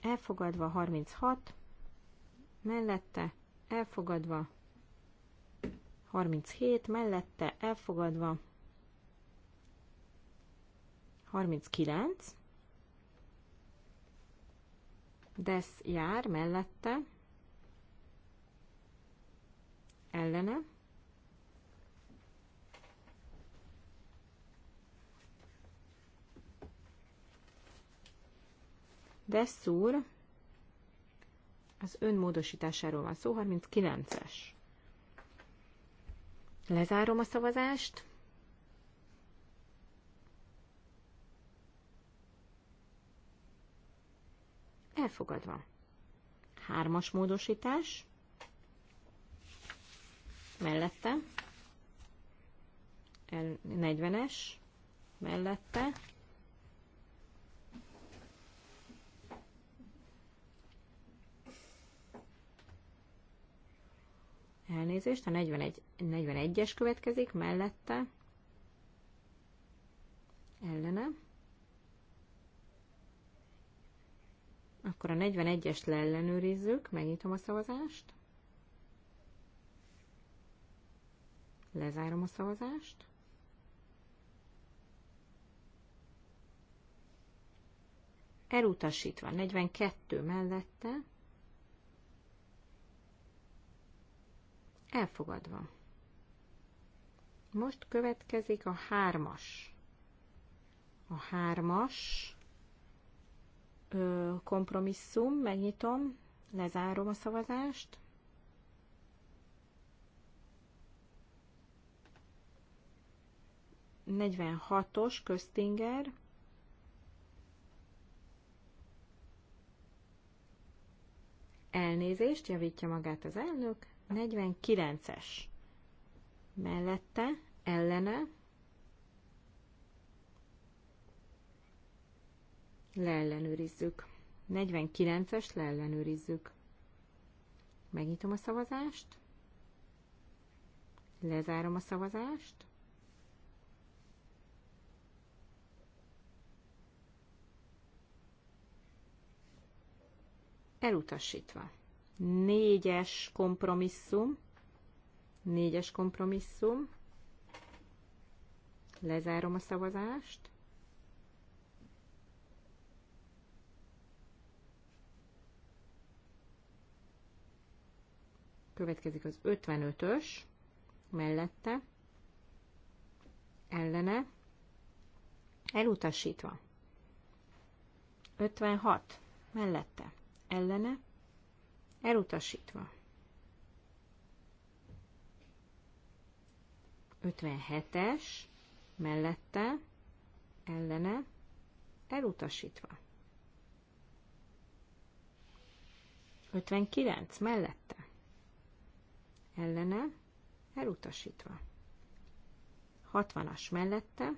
Elfogadva. 36 mellette elfogadva, 37 mellette elfogadva, 39, Desz jár mellette, ellene, Desz úr, az önmódosításáról van szó, 39-es. Lezárom a szavazást. Elfogadva. Hármas módosítás. Mellette. 40-es. Mellette. elnézést, a 41, 41-es következik, mellette, ellene. Akkor a 41-est leellenőrizzük, megnyitom a szavazást. Lezárom a szavazást. Elutasítva, 42 mellette, Elfogadva. Most következik a hármas. A hármas ö, kompromisszum, megnyitom, lezárom a szavazást. Negyvenhatos köztinger. Elnézést, javítja magát az elnök. 49-es mellette, ellene, leellenőrizzük. 49-es leellenőrizzük. Megnyitom a szavazást, lezárom a szavazást, elutasítva négyes kompromisszum, négyes kompromisszum, lezárom a szavazást, következik az 55-ös, mellette, ellene, elutasítva. 56, mellette, ellene, Elutasítva. 57-es mellette, ellene, elutasítva. 59 mellette, ellene, elutasítva. 60-as mellette,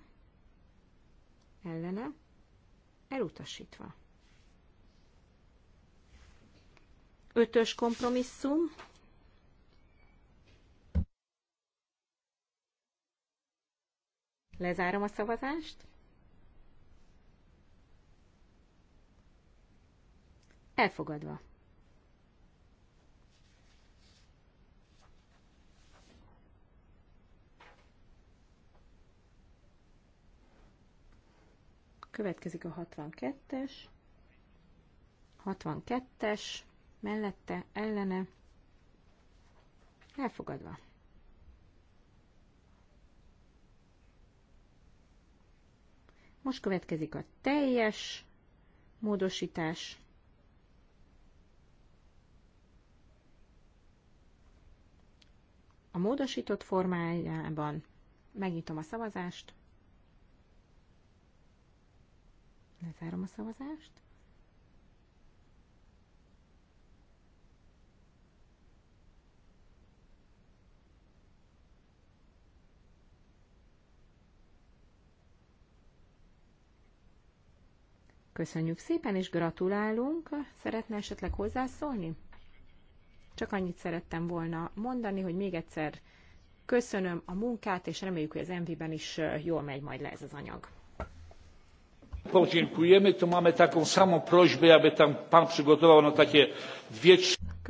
ellene, elutasítva. Ötös kompromisszum. Lezárom a szavazást. Elfogadva. Következik a 62-es. 62-es mellette, ellene, elfogadva. Most következik a teljes módosítás. A módosított formájában megnyitom a szavazást. Lezárom a szavazást. Köszönjük szépen, és gratulálunk. Szeretne esetleg hozzászólni? Csak annyit szerettem volna mondani, hogy még egyszer köszönöm a munkát, és reméljük, hogy az MV-ben is jól megy majd le ez az anyag.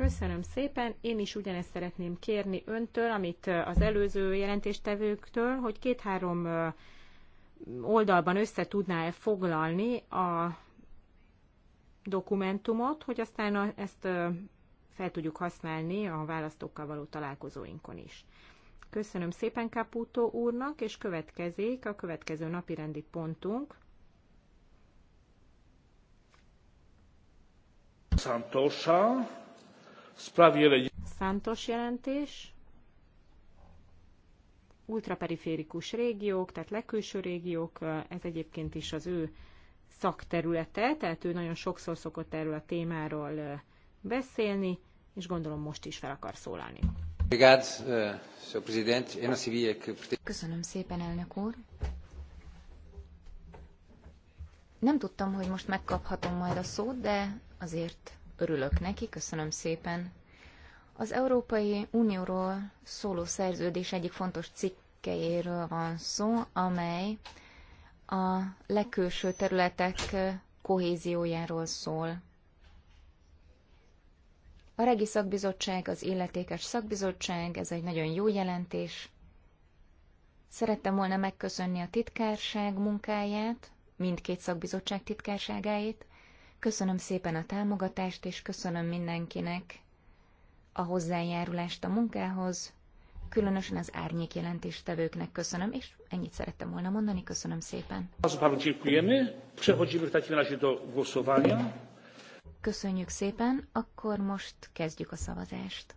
Köszönöm szépen, én is ugyanezt szeretném kérni öntől, amit az előző jelentéstevőktől, hogy két-három oldalban össze tudná-e foglalni a dokumentumot, hogy aztán ezt fel tudjuk használni a választókkal való találkozóinkon is. Köszönöm szépen Caputo úrnak, és következik a következő napi rendi pontunk. Santosa, Santos jelentés ultraperiférikus régiók, tehát legkülső régiók, ez egyébként is az ő szakterülete, tehát ő nagyon sokszor szokott erről a témáról beszélni, és gondolom most is fel akar szólalni. Köszönöm szépen, elnök úr. Nem tudtam, hogy most megkaphatom majd a szót, de azért örülök neki, köszönöm szépen az Európai Unióról szóló szerződés egyik fontos cikkeiről van szó, amely a legkülső területek kohéziójáról szól. A Regi Szakbizottság, az Illetékes Szakbizottság, ez egy nagyon jó jelentés. Szerettem volna megköszönni a titkárság munkáját, mindkét szakbizottság titkárságáit. Köszönöm szépen a támogatást, és köszönöm mindenkinek, a hozzájárulást a munkához, különösen az árnyék jelentéstevőknek köszönöm, és ennyit szerettem volna mondani, köszönöm szépen. Köszönjük szépen, akkor most kezdjük a szavazást.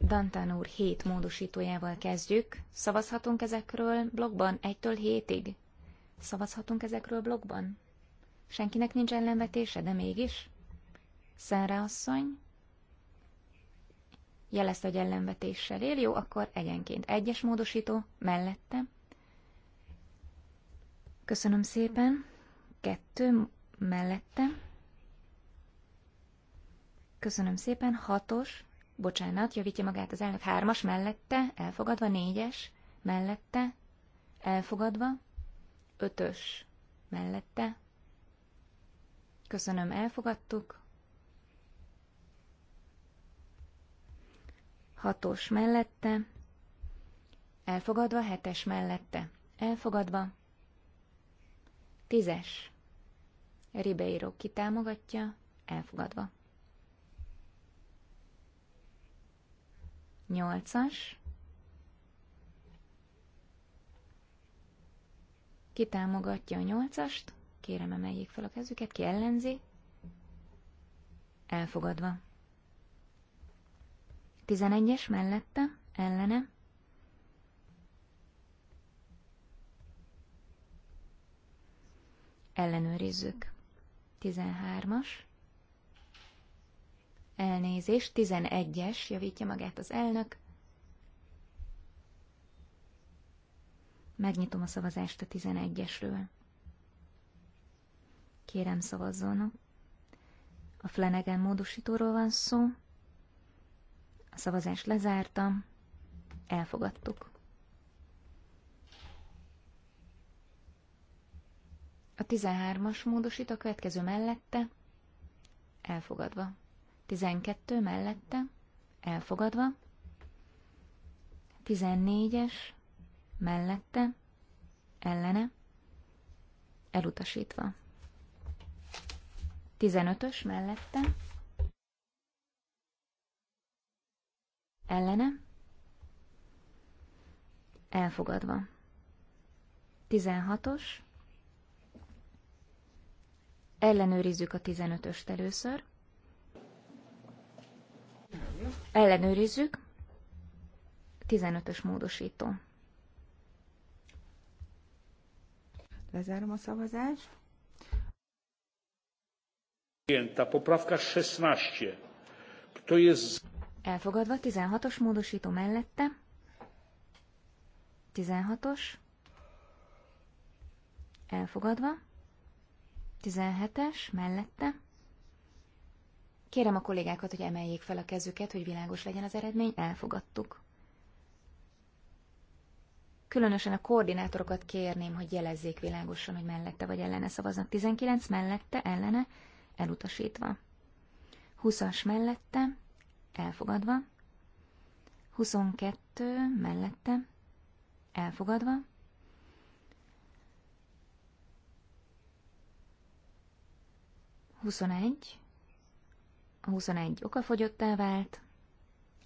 Dantán úr hét módosítójával kezdjük. Szavazhatunk ezekről blogban 1-től 7-ig? Szavazhatunk ezekről blogban? Senkinek nincs ellenvetése, de mégis? Szenre asszony? Jelezte, hogy ellenvetéssel él, jó, akkor egyenként egyes módosító, mellette. Köszönöm szépen. Kettő, mellette. Köszönöm szépen, hatos, bocsánat, javítja magát az elnök, hármas, mellette, elfogadva, négyes, mellette, elfogadva, ötös mellette. Köszönöm, elfogadtuk. Hatos mellette. Elfogadva, hetes mellette. Elfogadva. Tízes. Ribeiro kitámogatja, elfogadva. Nyolcas. Ki támogatja a nyolcast? Kérem, emeljék fel a kezüket. Ki ellenzi? Elfogadva. Tizenegyes mellette, ellene. Ellenőrizzük. Tizenhármas. Elnézés, tizenegyes, javítja magát az elnök. Megnyitom a szavazást a 11-esről. Kérem szavazzon. A Flanagan módosítóról van szó. A szavazást lezártam. Elfogadtuk. A 13-as módosít a következő mellette. Elfogadva. 12 mellette. Elfogadva. 14-es mellette, ellene, elutasítva. 15-ös mellette, ellene, elfogadva. 16-os, ellenőrizzük a 15-öst először, ellenőrizzük, 15-ös módosító. Lezárom a szavazást. Poprawka 16. Kto jest... Elfogadva 16-os módosító mellette. 16-os. Elfogadva. 17-es mellette. Kérem a kollégákat, hogy emeljék fel a kezüket, hogy világos legyen az eredmény. Elfogadtuk. Különösen a koordinátorokat kérném, hogy jelezzék világosan, hogy mellette vagy ellene szavaznak. 19 mellette, ellene, elutasítva. 20-as mellette, elfogadva. 22 mellette, elfogadva. 21. A 21 okafogyottá vált.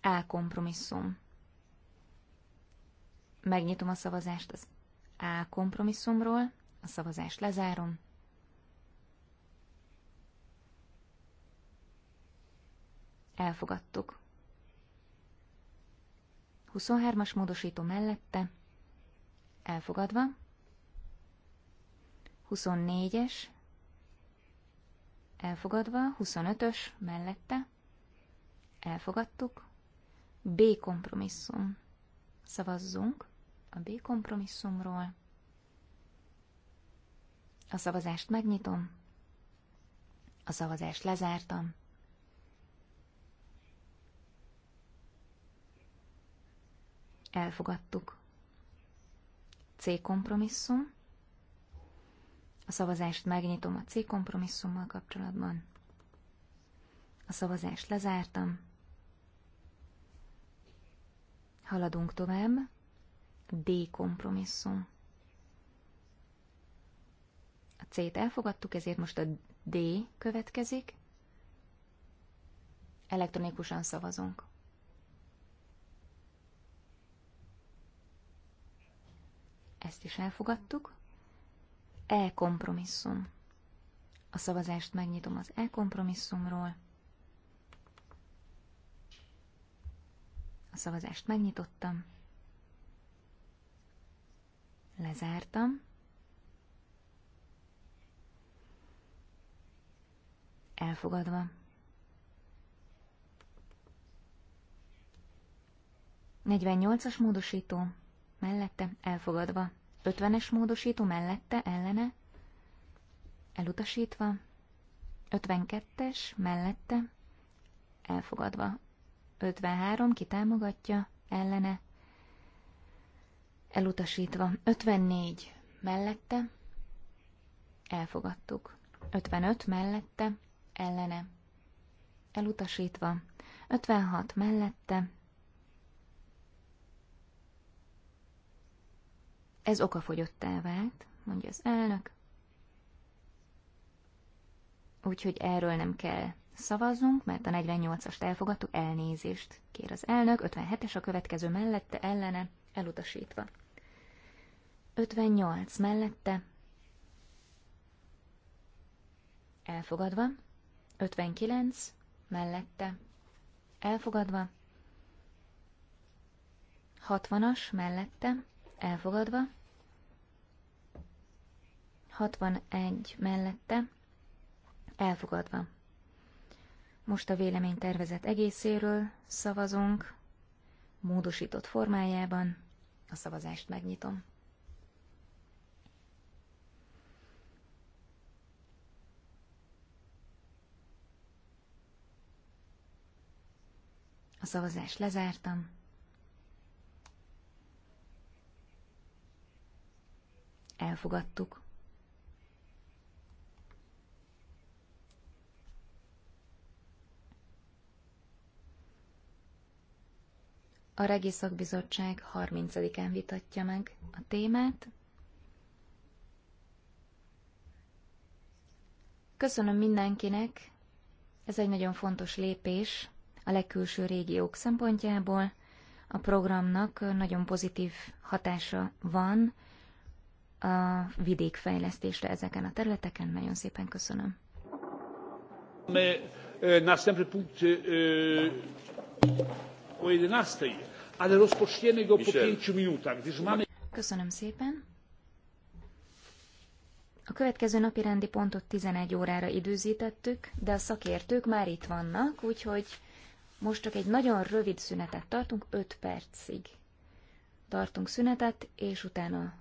A kompromisszum Megnyitom a szavazást az A kompromisszumról, a szavazást lezárom. Elfogadtuk. 23-as módosító mellette, elfogadva. 24-es, elfogadva. 25-ös mellette, elfogadtuk. B kompromisszum. Szavazzunk a B kompromisszumról. A szavazást megnyitom. A szavazást lezártam. Elfogadtuk. C kompromisszum. A szavazást megnyitom a C kompromisszummal kapcsolatban. A szavazást lezártam. Haladunk tovább. D kompromisszum. A C-t elfogadtuk, ezért most a D következik. Elektronikusan szavazunk. Ezt is elfogadtuk. E kompromisszum. A szavazást megnyitom az E kompromisszumról. A szavazást megnyitottam. Lezártam. Elfogadva. Negyvennyolcas as módosító, mellette, elfogadva. Ötvenes módosító, mellette, ellene, elutasítva. Ötvenkettes mellette, elfogadva. Ötvenhárom kitámogatja, ellene, Elutasítva. 54 mellette. Elfogadtuk. 55 mellette. Ellene. Elutasítva. 56 mellette. Ez okafogyottá vált, mondja az elnök. Úgyhogy erről nem kell szavazzunk, mert a 48-ast elfogadtuk, elnézést kér az elnök, 57-es a következő mellette, ellene, elutasítva. 58 mellette. Elfogadva. 59 mellette. Elfogadva. 60-as mellette. Elfogadva. 61 mellette. Elfogadva. Most a véleménytervezet egészéről szavazunk, módosított formájában. A szavazást megnyitom. A szavazást lezártam. Elfogadtuk. A Regi Szakbizottság 30-án vitatja meg a témát. Köszönöm mindenkinek, ez egy nagyon fontos lépés a legkülső régiók szempontjából. A programnak nagyon pozitív hatása van a vidékfejlesztésre ezeken a területeken. Nagyon szépen köszönöm. E, e, köszönöm szépen. A következő napi rendi pontot 11 órára időzítettük, de a szakértők már itt vannak, úgyhogy most csak egy nagyon rövid szünetet tartunk, 5 percig tartunk szünetet, és utána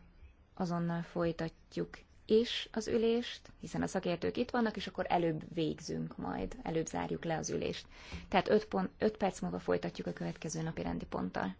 azonnal folytatjuk is az ülést, hiszen a szakértők itt vannak, és akkor előbb végzünk majd, előbb zárjuk le az ülést. Tehát 5, perc múlva folytatjuk a következő napi rendi ponttal.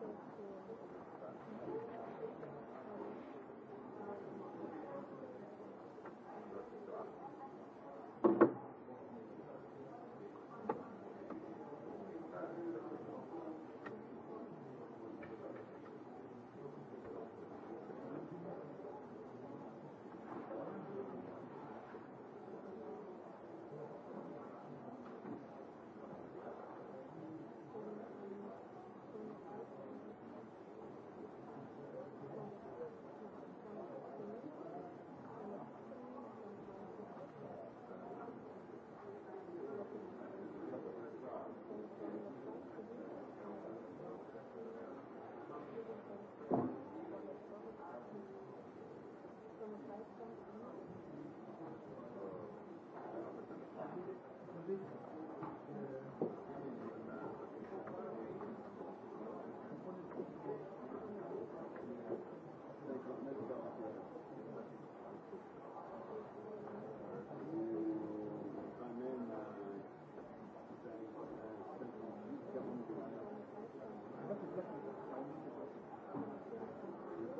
kwezi kumwe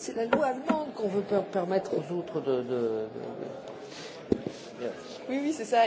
C'est la loi allemande qu'on veut permettre aux autres de. de... Yes. Oui, oui, c'est ça.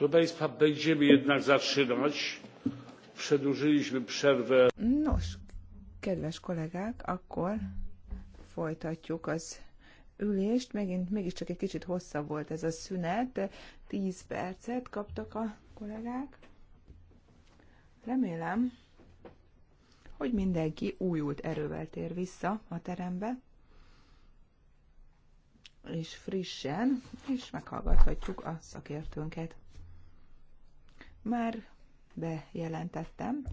Proszę Państwa, będziemy jednak zatrzymać. Przedłużyliśmy przerwę. Nos, kedves kollégák, akkor folytatjuk az ülést. Megint mégiscsak egy kicsit hosszabb volt ez a szünet. tíz percet kaptak a kollégák. Remélem, hogy mindenki újult erővel tér vissza a terembe, és frissen, és meghallgathatjuk a szakértőnket. Már bejelentettem,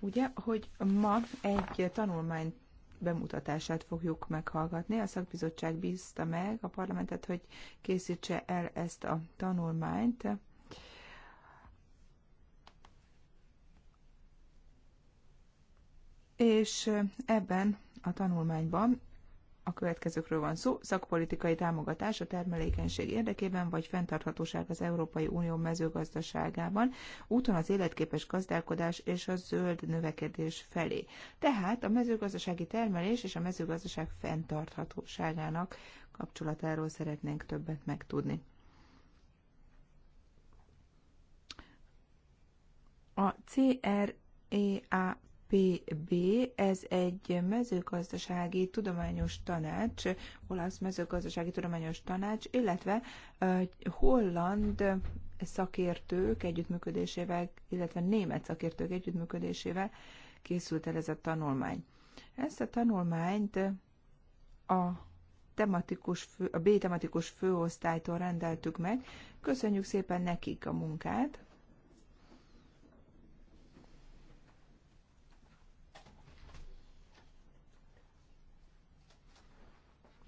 ugye, hogy ma egy tanulmány bemutatását fogjuk meghallgatni. A szakbizottság bízta meg a parlamentet, hogy készítse el ezt a tanulmányt. És ebben a tanulmányban a következőkről van szó, szakpolitikai támogatás a termelékenység érdekében, vagy fenntarthatóság az Európai Unió mezőgazdaságában, úton az életképes gazdálkodás és a zöld növekedés felé. Tehát a mezőgazdasági termelés és a mezőgazdaság fenntarthatóságának kapcsolatáról szeretnénk többet megtudni. A CREA PB, ez egy mezőgazdasági tudományos tanács, olasz mezőgazdasági tudományos tanács, illetve holland szakértők együttműködésével, illetve német szakértők együttműködésével készült el ez a tanulmány. Ezt a tanulmányt a tematikus fő, a B tematikus főosztálytól rendeltük meg. Köszönjük szépen nekik a munkát.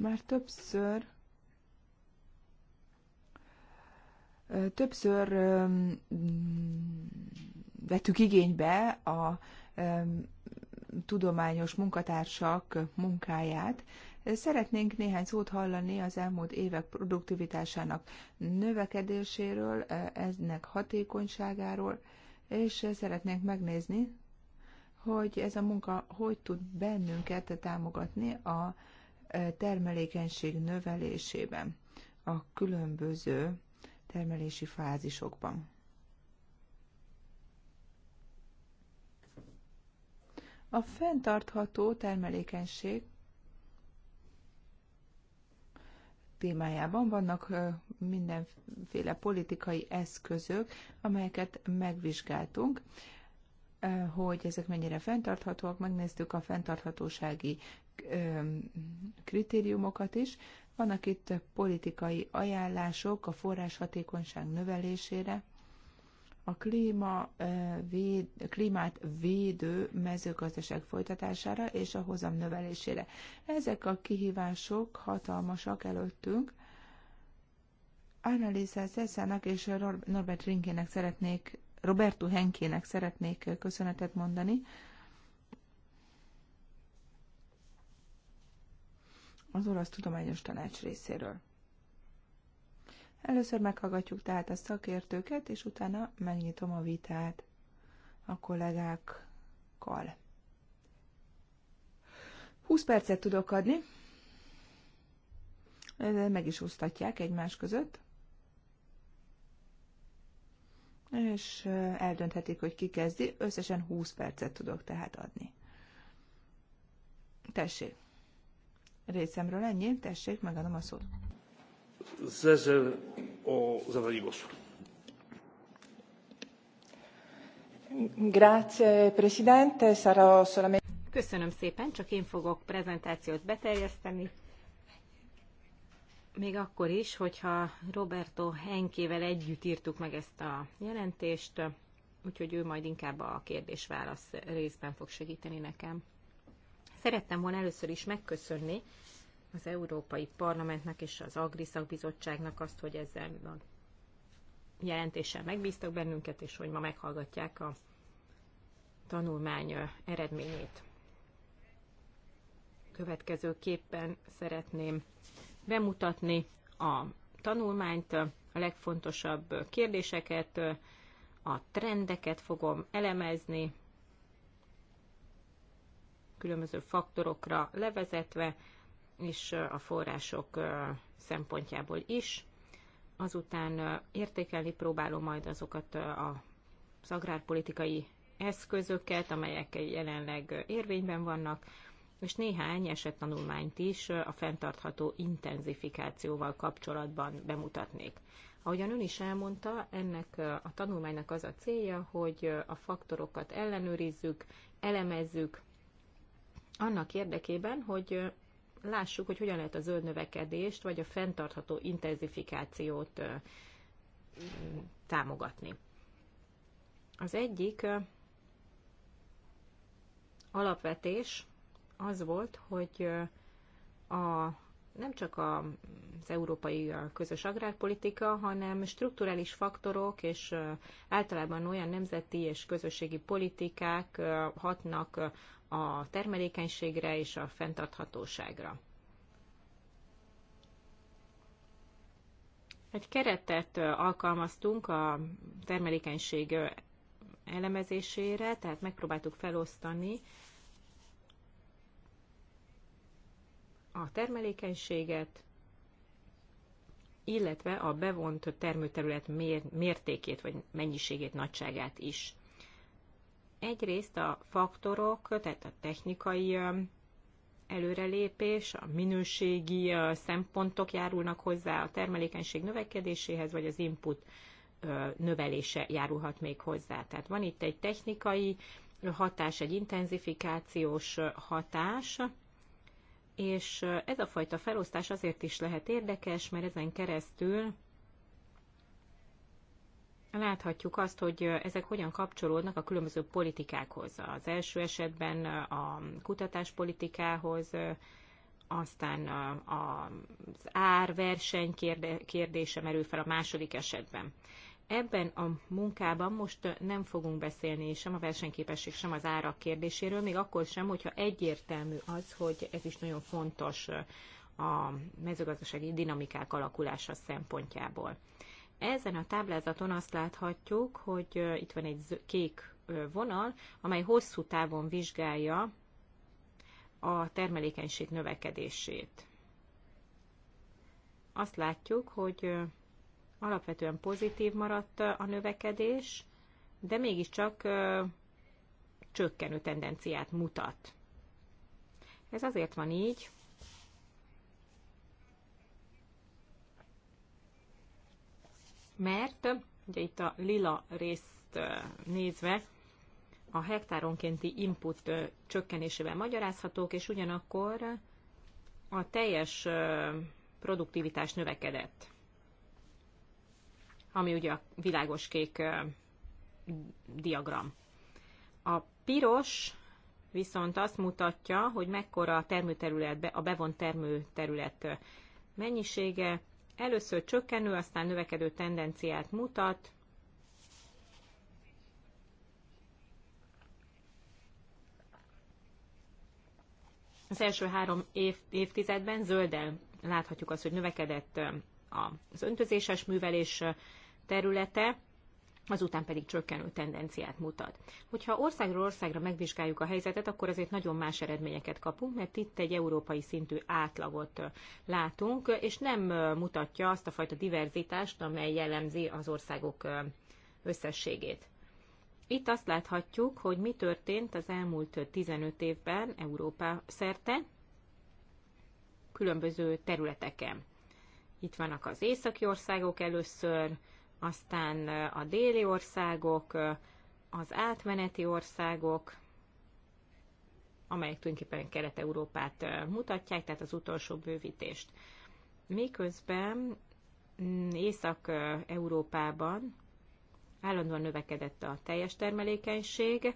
Már többször többször vettük igénybe a tudományos munkatársak munkáját. Szeretnénk néhány szót hallani az elmúlt évek produktivitásának növekedéséről, eznek hatékonyságáról, és szeretnénk megnézni, hogy ez a munka hogy tud bennünket támogatni a termelékenység növelésében a különböző termelési fázisokban. A fenntartható termelékenység témájában vannak mindenféle politikai eszközök, amelyeket megvizsgáltunk, hogy ezek mennyire fenntarthatóak. Megnéztük a fenntarthatósági kritériumokat is. Vannak itt politikai ajánlások a forráshatékonyság növelésére, a klíma, véd, klímát védő mezőgazdaság folytatására és a hozam növelésére. Ezek a kihívások hatalmasak előttünk. Annalisa Szeszának és Norbert Rinkének szeretnék, Roberto Henkének szeretnék köszönetet mondani, az Orosz Tudományos Tanács részéről. Először meghallgatjuk tehát a szakértőket, és utána megnyitom a vitát a kollégákkal. 20 percet tudok adni, meg is úsztatják egymás között, és eldönthetik, hogy ki kezdi. Összesen 20 percet tudok tehát adni. Tessék! részemről ennyi, tessék, megadom a szót. Zezel o zabranie Grazie, Presidente. Sarò solamente... Köszönöm szépen, csak én fogok prezentációt beteljeszteni. Még akkor is, hogyha Roberto Henkével együtt írtuk meg ezt a jelentést, úgyhogy ő majd inkább a kérdés-válasz részben fog segíteni nekem. Szerettem volna először is megköszönni az Európai Parlamentnek és az Agri Szakbizottságnak azt, hogy ezzel a jelentéssel megbíztak bennünket, és hogy ma meghallgatják a tanulmány eredményét. Következőképpen szeretném bemutatni a tanulmányt, a legfontosabb kérdéseket, a trendeket fogom elemezni, különböző faktorokra levezetve, és a források szempontjából is. Azután értékelni próbálom majd azokat a szagrárpolitikai agrárpolitikai eszközöket, amelyek jelenleg érvényben vannak, és néhány esettanulmányt is a fenntartható intenzifikációval kapcsolatban bemutatnék. Ahogyan ön is elmondta, ennek a tanulmánynak az a célja, hogy a faktorokat ellenőrizzük, elemezzük, annak érdekében, hogy lássuk, hogy hogyan lehet a zöld növekedést, vagy a fenntartható intenzifikációt támogatni. Az egyik alapvetés az volt, hogy a nem csak az európai közös agrárpolitika, hanem strukturális faktorok és általában olyan nemzeti és közösségi politikák hatnak a termelékenységre és a fenntarthatóságra. Egy keretet alkalmaztunk a termelékenység elemezésére, tehát megpróbáltuk felosztani a termelékenységet, illetve a bevont termőterület mértékét vagy mennyiségét, nagyságát is. Egyrészt a faktorok, tehát a technikai előrelépés, a minőségi szempontok járulnak hozzá a termelékenység növekedéséhez, vagy az input növelése járulhat még hozzá. Tehát van itt egy technikai hatás, egy intenzifikációs hatás, és ez a fajta felosztás azért is lehet érdekes, mert ezen keresztül láthatjuk azt, hogy ezek hogyan kapcsolódnak a különböző politikákhoz. Az első esetben a kutatáspolitikához, aztán az árverseny kérdése merül fel a második esetben. Ebben a munkában most nem fogunk beszélni sem a versenyképesség, sem az árak kérdéséről, még akkor sem, hogyha egyértelmű az, hogy ez is nagyon fontos a mezőgazdasági dinamikák alakulása szempontjából. Ezen a táblázaton azt láthatjuk, hogy itt van egy kék vonal, amely hosszú távon vizsgálja a termelékenység növekedését. Azt látjuk, hogy alapvetően pozitív maradt a növekedés, de mégiscsak csökkenő tendenciát mutat. Ez azért van így, mert ugye itt a lila részt nézve a hektáronkénti input csökkenésével magyarázhatók, és ugyanakkor a teljes produktivitás növekedett ami ugye a világos kék diagram. A piros viszont azt mutatja, hogy mekkora a termőterület, a bevont termőterület mennyisége. Először csökkenő, aztán növekedő tendenciát mutat. Az első három év, évtizedben zölden láthatjuk azt, hogy növekedett az öntözéses művelés területe, azután pedig csökkenő tendenciát mutat. Hogyha országról országra megvizsgáljuk a helyzetet, akkor azért nagyon más eredményeket kapunk, mert itt egy európai szintű átlagot látunk, és nem mutatja azt a fajta diverzitást, amely jellemzi az országok összességét. Itt azt láthatjuk, hogy mi történt az elmúlt 15 évben Európa szerte, különböző területeken. Itt vannak az északi országok először, aztán a déli országok, az átmeneti országok, amelyek tulajdonképpen Kelet-Európát mutatják, tehát az utolsó bővítést. Miközben mm, Észak-Európában állandóan növekedett a teljes termelékenység,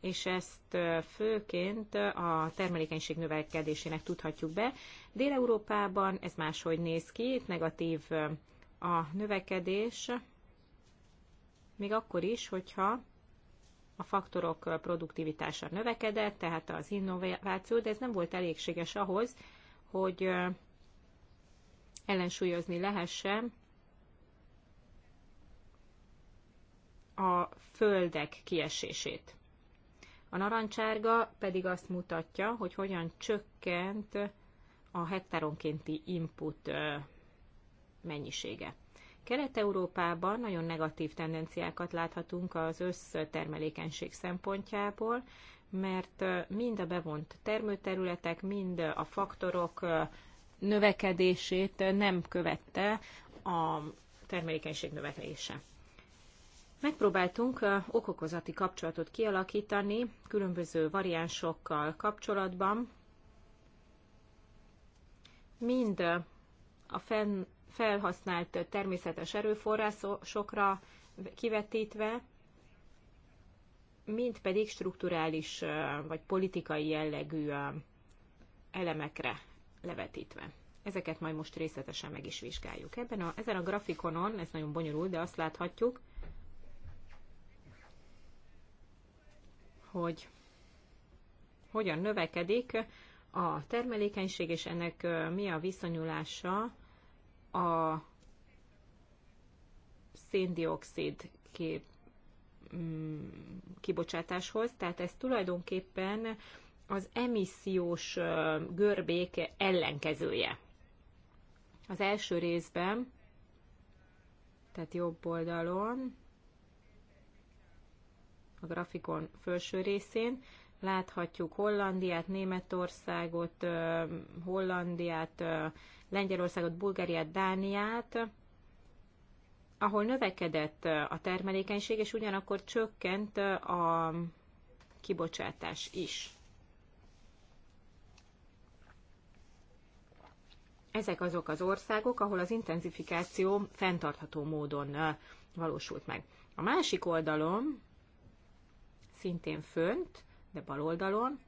és ezt főként a termelékenység növekedésének tudhatjuk be. Dél-Európában ez máshogy néz ki, itt negatív a növekedés, még akkor is, hogyha a faktorok produktivitása növekedett, tehát az innováció, de ez nem volt elégséges ahhoz, hogy ellensúlyozni lehessen a földek kiesését. A narancsárga pedig azt mutatja, hogy hogyan csökkent a hektáronkénti input mennyisége. Kelet-Európában nagyon negatív tendenciákat láthatunk az össztermelékenység szempontjából, mert mind a bevont termőterületek, mind a faktorok növekedését nem követte a termelékenység növekedése. Megpróbáltunk okokozati kapcsolatot kialakítani különböző variánsokkal kapcsolatban, mind a fenn felhasznált természetes erőforrásokra kivetítve, mint pedig strukturális vagy politikai jellegű elemekre levetítve. Ezeket majd most részletesen meg is vizsgáljuk. Ebben a, ezen a grafikonon, ez nagyon bonyolult, de azt láthatjuk, hogy hogyan növekedik a termelékenység, és ennek mi a viszonyulása a széndiokszid kép, mm, kibocsátáshoz, tehát ez tulajdonképpen az emissziós görbék ellenkezője. Az első részben, tehát jobb oldalon, a grafikon felső részén Láthatjuk Hollandiát, Németországot, Hollandiát, Lengyelországot, Bulgáriát, Dániát, ahol növekedett a termelékenység, és ugyanakkor csökkent a kibocsátás is. Ezek azok az országok, ahol az intenzifikáció fenntartható módon valósult meg. A másik oldalon, szintén fönt, de bal oldalon.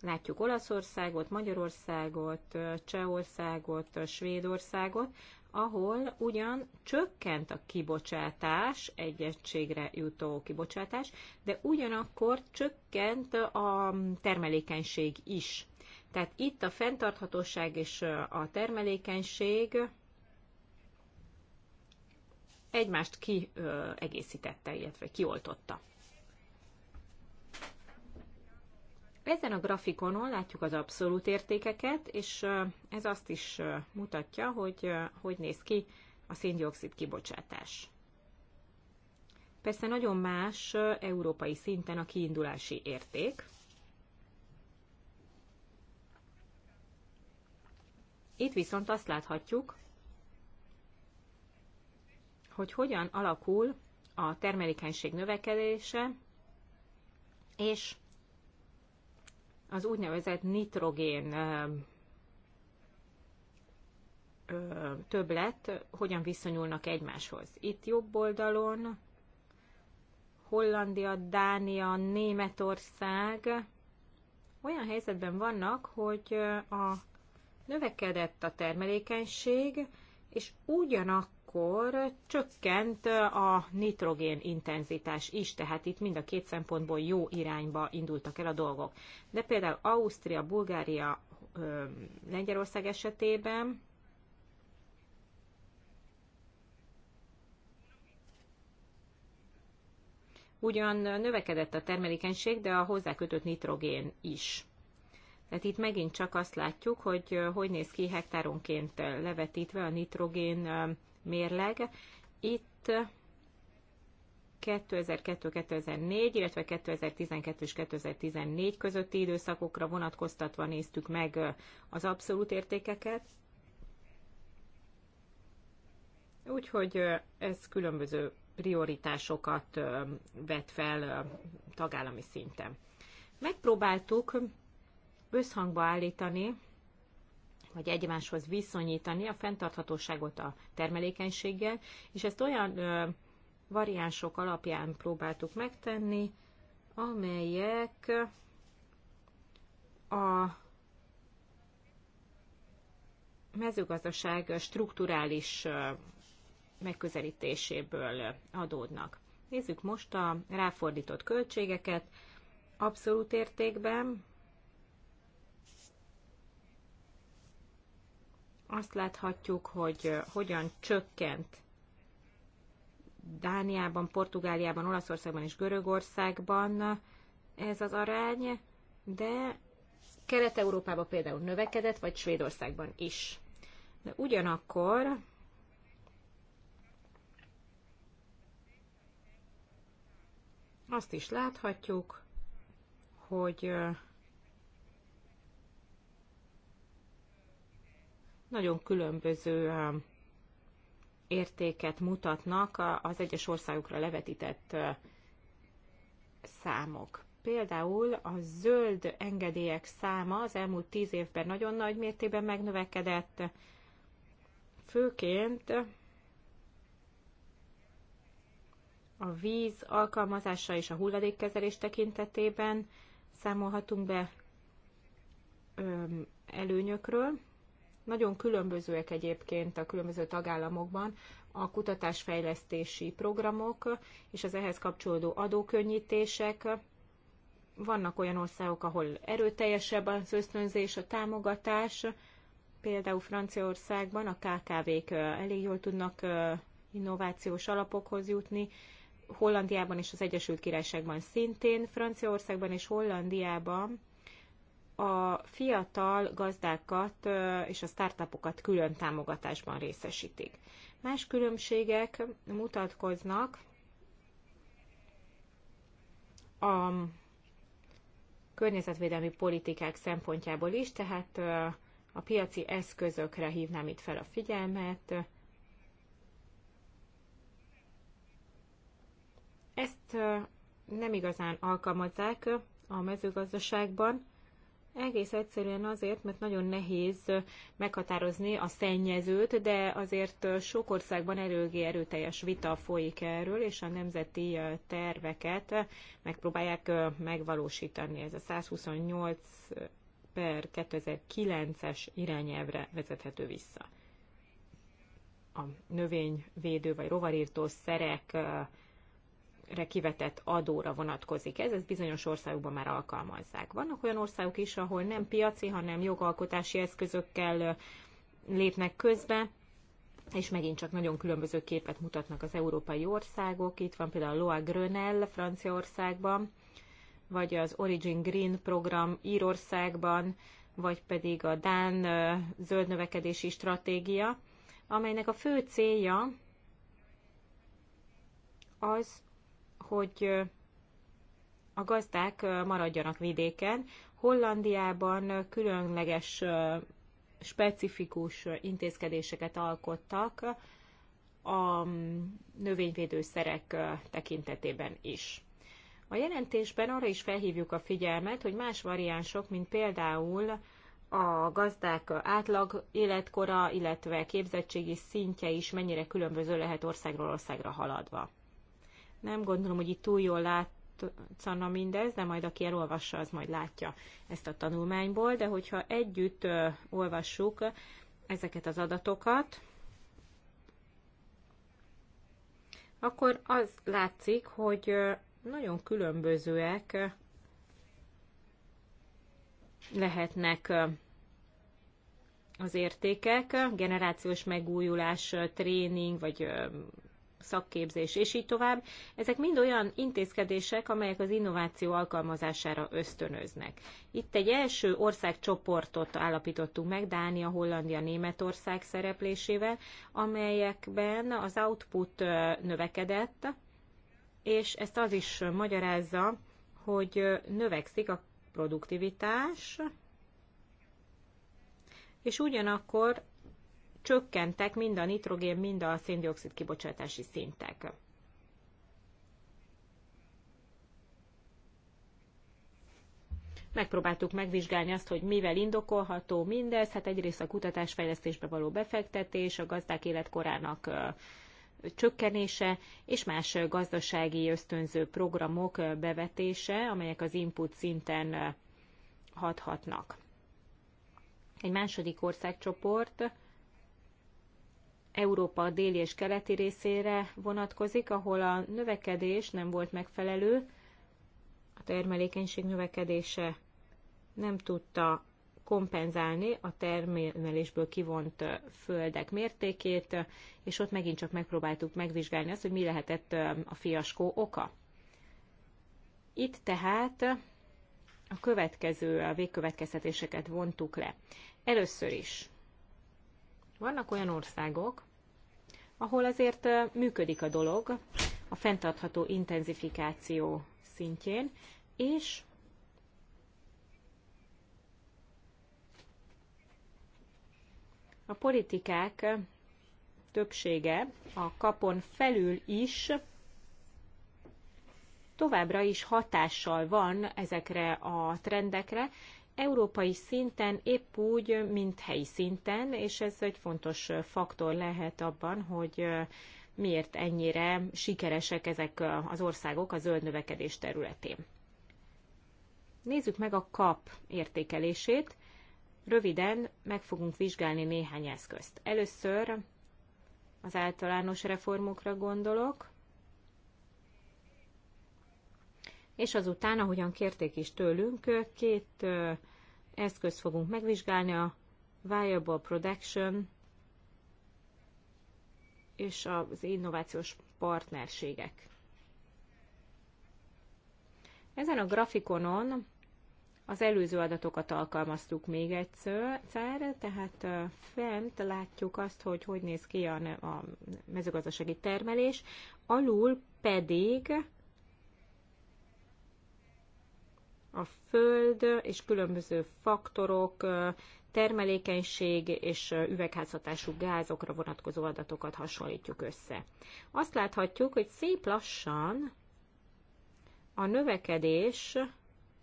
Látjuk Olaszországot, Magyarországot, Csehországot, Svédországot, ahol ugyan csökkent a kibocsátás, egy egységre jutó kibocsátás, de ugyanakkor csökkent a termelékenység is. Tehát itt a fenntarthatóság és a termelékenység egymást kiegészítette, illetve kioltotta. Ezen a grafikonon látjuk az abszolút értékeket, és ez azt is mutatja, hogy hogy néz ki a széndiokszid kibocsátás. Persze nagyon más európai szinten a kiindulási érték. Itt viszont azt láthatjuk, hogy hogyan alakul a termelékenység növekedése, és az úgynevezett nitrogén többlet hogyan viszonyulnak egymáshoz. Itt jobb oldalon Hollandia, Dánia, Németország olyan helyzetben vannak, hogy a növekedett a termelékenység, és ugyanak akkor csökkent a nitrogén intenzitás is, tehát itt mind a két szempontból jó irányba indultak el a dolgok. De például Ausztria, Bulgária, Lengyelország esetében ugyan növekedett a termelékenység, de a hozzákötött nitrogén is. Tehát itt megint csak azt látjuk, hogy hogy néz ki hektáronként levetítve a nitrogén mérleg. Itt 2002-2004, illetve 2012 és 2014 közötti időszakokra vonatkoztatva néztük meg az abszolút értékeket. Úgyhogy ez különböző prioritásokat vet fel tagállami szinten. Megpróbáltuk összhangba állítani vagy egymáshoz viszonyítani a fenntarthatóságot a termelékenységgel, és ezt olyan ö, variánsok alapján próbáltuk megtenni, amelyek a mezőgazdaság strukturális megközelítéséből adódnak. Nézzük most a ráfordított költségeket abszolút értékben, azt láthatjuk, hogy hogyan csökkent Dániában, Portugáliában, Olaszországban és Görögországban ez az arány, de Kelet-Európában például növekedett, vagy Svédországban is. De ugyanakkor azt is láthatjuk, hogy nagyon különböző értéket mutatnak az egyes országokra levetített számok. Például a zöld engedélyek száma az elmúlt tíz évben nagyon nagy mértékben megnövekedett, főként a víz alkalmazása és a hulladékkezelés tekintetében számolhatunk be előnyökről. Nagyon különbözőek egyébként a különböző tagállamokban a kutatásfejlesztési programok és az ehhez kapcsolódó adókönnyítések. Vannak olyan országok, ahol erőteljesebb az ösztönzés, a támogatás, például Franciaországban a KKV-k elég jól tudnak innovációs alapokhoz jutni, Hollandiában és az Egyesült Királyságban szintén, Franciaországban és Hollandiában a fiatal gazdákat és a startupokat külön támogatásban részesítik. Más különbségek mutatkoznak a környezetvédelmi politikák szempontjából is, tehát a piaci eszközökre hívnám itt fel a figyelmet. Ezt nem igazán alkalmazzák a mezőgazdaságban, egész egyszerűen azért, mert nagyon nehéz meghatározni a szennyezőt, de azért sok országban erőgé erőteljes vita folyik erről, és a nemzeti terveket megpróbálják megvalósítani. Ez a 128 per 2009-es irányelvre vezethető vissza. A növényvédő vagy rovarírtó szerek kivetett adóra vonatkozik ez, ez bizonyos országokban már alkalmazzák. Vannak olyan országok is, ahol nem piaci, hanem jogalkotási eszközökkel lépnek közbe, és megint csak nagyon különböző képet mutatnak az európai országok. Itt van például Loa Grönel Franciaországban, vagy az Origin Green program Írországban, vagy pedig a Dán zöld növekedési stratégia, amelynek a fő célja az, hogy a gazdák maradjanak vidéken. Hollandiában különleges, specifikus intézkedéseket alkottak a növényvédőszerek tekintetében is. A jelentésben arra is felhívjuk a figyelmet, hogy más variánsok, mint például a gazdák átlag életkora, illetve képzettségi szintje is mennyire különböző lehet országról országra haladva. Nem gondolom, hogy itt túl jól látszana mindez, de majd aki elolvassa, az majd látja ezt a tanulmányból, de hogyha együtt olvassuk ezeket az adatokat, akkor az látszik, hogy nagyon különbözőek lehetnek az értékek, generációs megújulás, tréning, vagy szakképzés, és így tovább. Ezek mind olyan intézkedések, amelyek az innováció alkalmazására ösztönöznek. Itt egy első országcsoportot állapítottunk meg, Dánia, Hollandia, Németország szereplésével, amelyekben az output növekedett, és ezt az is magyarázza, hogy növekszik a produktivitás, és ugyanakkor csökkentek mind a nitrogén, mind a széndiokszid kibocsátási szintek. Megpróbáltuk megvizsgálni azt, hogy mivel indokolható mindez, hát egyrészt a kutatásfejlesztésbe való befektetés, a gazdák életkorának csökkenése és más gazdasági ösztönző programok bevetése, amelyek az input szinten hathatnak. Egy második országcsoport Európa déli és keleti részére vonatkozik, ahol a növekedés nem volt megfelelő, a termelékenység növekedése nem tudta kompenzálni a termelésből kivont földek mértékét, és ott megint csak megpróbáltuk megvizsgálni azt, hogy mi lehetett a fiaskó oka. Itt tehát a következő a végkövetkeztetéseket vontuk le. Először is vannak olyan országok, ahol azért működik a dolog a fenntartható intenzifikáció szintjén, és a politikák többsége a kapon felül is továbbra is hatással van ezekre a trendekre, európai szinten épp úgy, mint helyi szinten, és ez egy fontos faktor lehet abban, hogy miért ennyire sikeresek ezek az országok a zöld növekedés területén. Nézzük meg a kap értékelését. Röviden meg fogunk vizsgálni néhány eszközt. Először az általános reformokra gondolok, és azután, ahogyan kérték is tőlünk, két eszközt fogunk megvizsgálni, a Viable Production és az innovációs partnerségek. Ezen a grafikonon az előző adatokat alkalmaztuk még egyszer, tehát fent látjuk azt, hogy hogy néz ki a mezőgazdasági termelés, alul pedig a föld és különböző faktorok, termelékenység és üvegházhatású gázokra vonatkozó adatokat hasonlítjuk össze. Azt láthatjuk, hogy szép lassan a növekedés,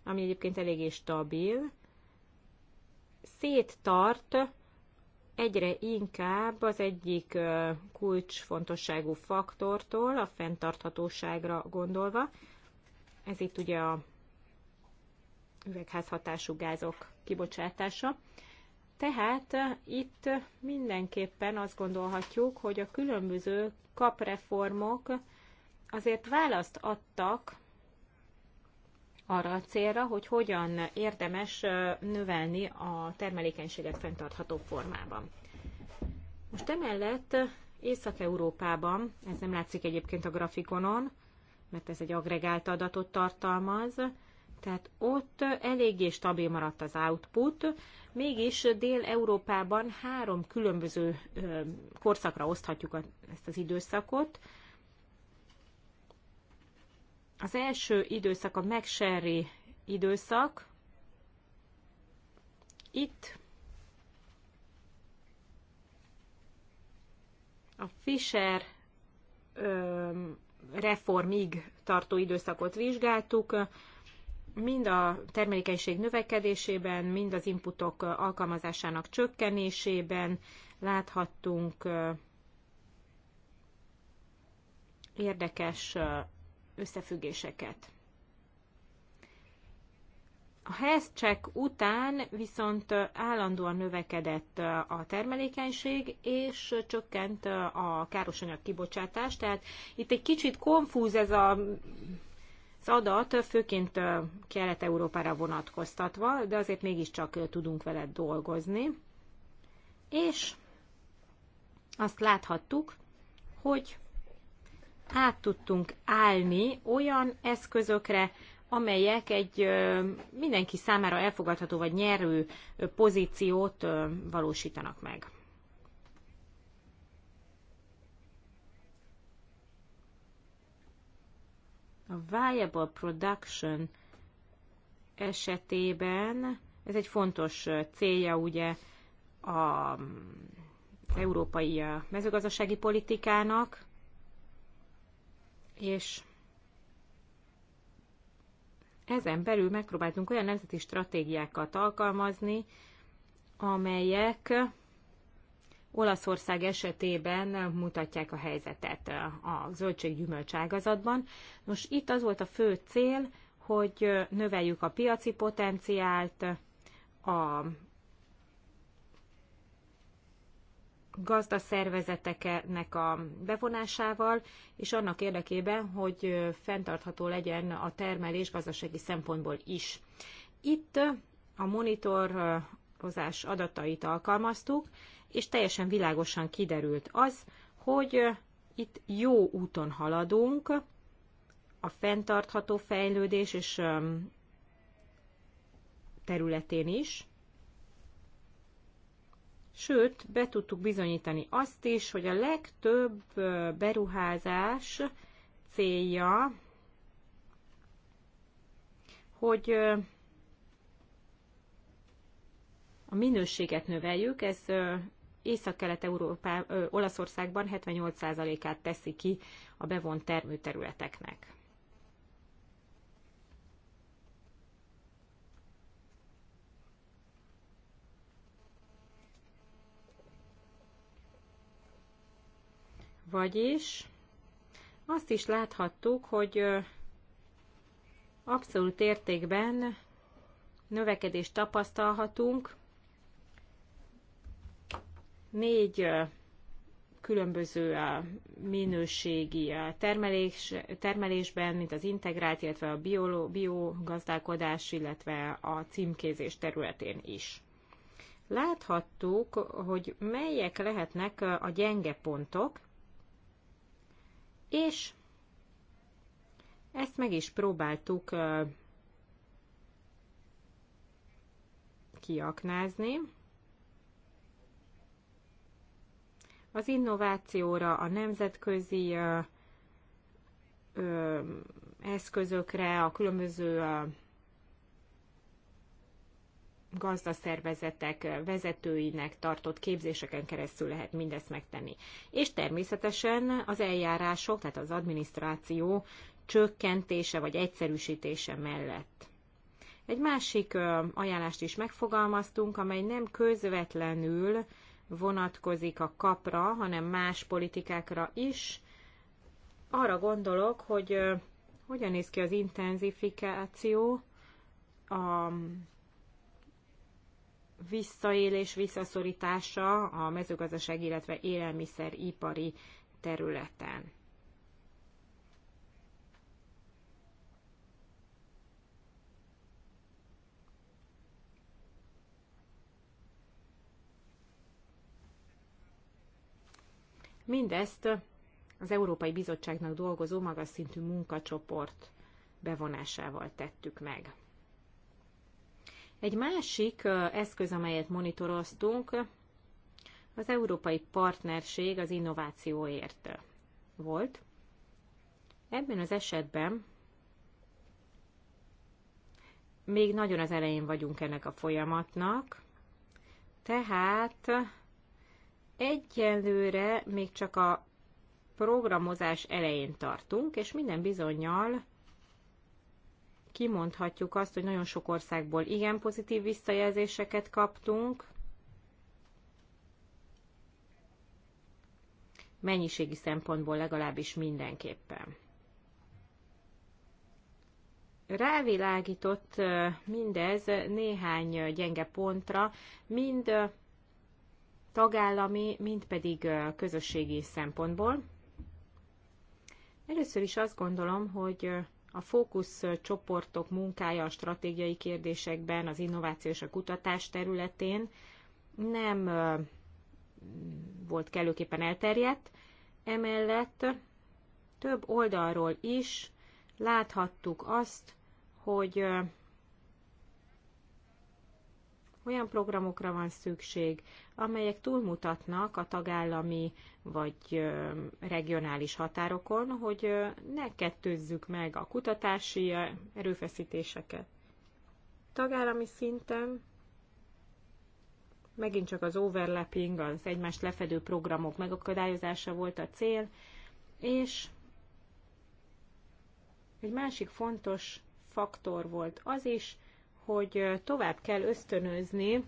ami egyébként eléggé stabil, széttart egyre inkább az egyik kulcsfontosságú faktortól, a fenntarthatóságra gondolva. Ez itt ugye a üvegházhatású gázok kibocsátása. Tehát eh, itt mindenképpen azt gondolhatjuk, hogy a különböző kapreformok azért választ adtak arra a célra, hogy hogyan érdemes eh, növelni a termelékenységet fenntartható formában. Most emellett eh, Észak-Európában, ez nem látszik egyébként a grafikonon, mert ez egy agregált adatot tartalmaz, tehát ott eléggé stabil maradt az output, mégis Dél-Európában három különböző korszakra oszthatjuk ezt az időszakot. Az első időszak a megserri időszak. Itt a Fisher reformig tartó időszakot vizsgáltuk, mind a termelékenység növekedésében, mind az inputok alkalmazásának csökkenésében láthattunk érdekes összefüggéseket. A health check után viszont állandóan növekedett a termelékenység, és csökkent a károsanyag kibocsátás, tehát itt egy kicsit konfúz ez a az adat főként Kelet-Európára vonatkoztatva, de azért mégiscsak tudunk vele dolgozni. És azt láthattuk, hogy át tudtunk állni olyan eszközökre, amelyek egy mindenki számára elfogadható vagy nyerő pozíciót valósítanak meg. A viable production esetében ez egy fontos célja ugye a európai mezőgazdasági politikának, és ezen belül megpróbáltunk olyan nemzeti stratégiákat alkalmazni, amelyek Olaszország esetében mutatják a helyzetet a zöldséggyümölcs ágazatban. Nos, itt az volt a fő cél, hogy növeljük a piaci potenciált, a gazdaszervezeteknek a bevonásával, és annak érdekében, hogy fenntartható legyen a termelés gazdasági szempontból is. Itt a monitorozás adatait alkalmaztuk, és teljesen világosan kiderült az, hogy itt jó úton haladunk, a fenntartható fejlődés és területén is, Sőt, be tudtuk bizonyítani azt is, hogy a legtöbb beruházás célja, hogy a minőséget növeljük, ez Észak-Kelet-Európá, Olaszországban 78%-át teszi ki a bevont termőterületeknek. Vagyis azt is láthattuk, hogy abszolút értékben növekedést tapasztalhatunk, négy különböző minőségi termelés, termelésben, mint az integrált, illetve a bio, illetve a címkézés területén is. Láthattuk, hogy melyek lehetnek a gyenge pontok, és ezt meg is próbáltuk kiaknázni. az innovációra, a nemzetközi ö, eszközökre, a különböző ö, gazdaszervezetek vezetőinek tartott képzéseken keresztül lehet mindezt megtenni. És természetesen az eljárások, tehát az adminisztráció csökkentése vagy egyszerűsítése mellett. Egy másik ajánlást is megfogalmaztunk, amely nem közvetlenül vonatkozik a kapra, hanem más politikákra is. Arra gondolok, hogy hogyan néz ki az intenzifikáció, a visszaélés, visszaszorítása a mezőgazdaság, illetve élelmiszeripari területen. Mindezt az Európai Bizottságnak dolgozó magas szintű munkacsoport bevonásával tettük meg. Egy másik eszköz, amelyet monitoroztunk, az Európai Partnerség az innovációért volt. Ebben az esetben még nagyon az elején vagyunk ennek a folyamatnak, tehát Egyelőre még csak a programozás elején tartunk, és minden bizonyal kimondhatjuk azt, hogy nagyon sok országból igen pozitív visszajelzéseket kaptunk, mennyiségi szempontból legalábbis mindenképpen. Rávilágított mindez néhány gyenge pontra, mind tagállami, mint pedig közösségi szempontból. Először is azt gondolom, hogy a fókusz csoportok munkája a stratégiai kérdésekben, az innováció és a kutatás területén nem volt kellőképpen elterjedt. Emellett több oldalról is láthattuk azt, hogy olyan programokra van szükség, amelyek túlmutatnak a tagállami vagy regionális határokon, hogy ne kettőzzük meg a kutatási erőfeszítéseket. Tagállami szinten megint csak az overlapping, az egymást lefedő programok megakadályozása volt a cél, és egy másik fontos faktor volt az is, hogy tovább kell ösztönözni,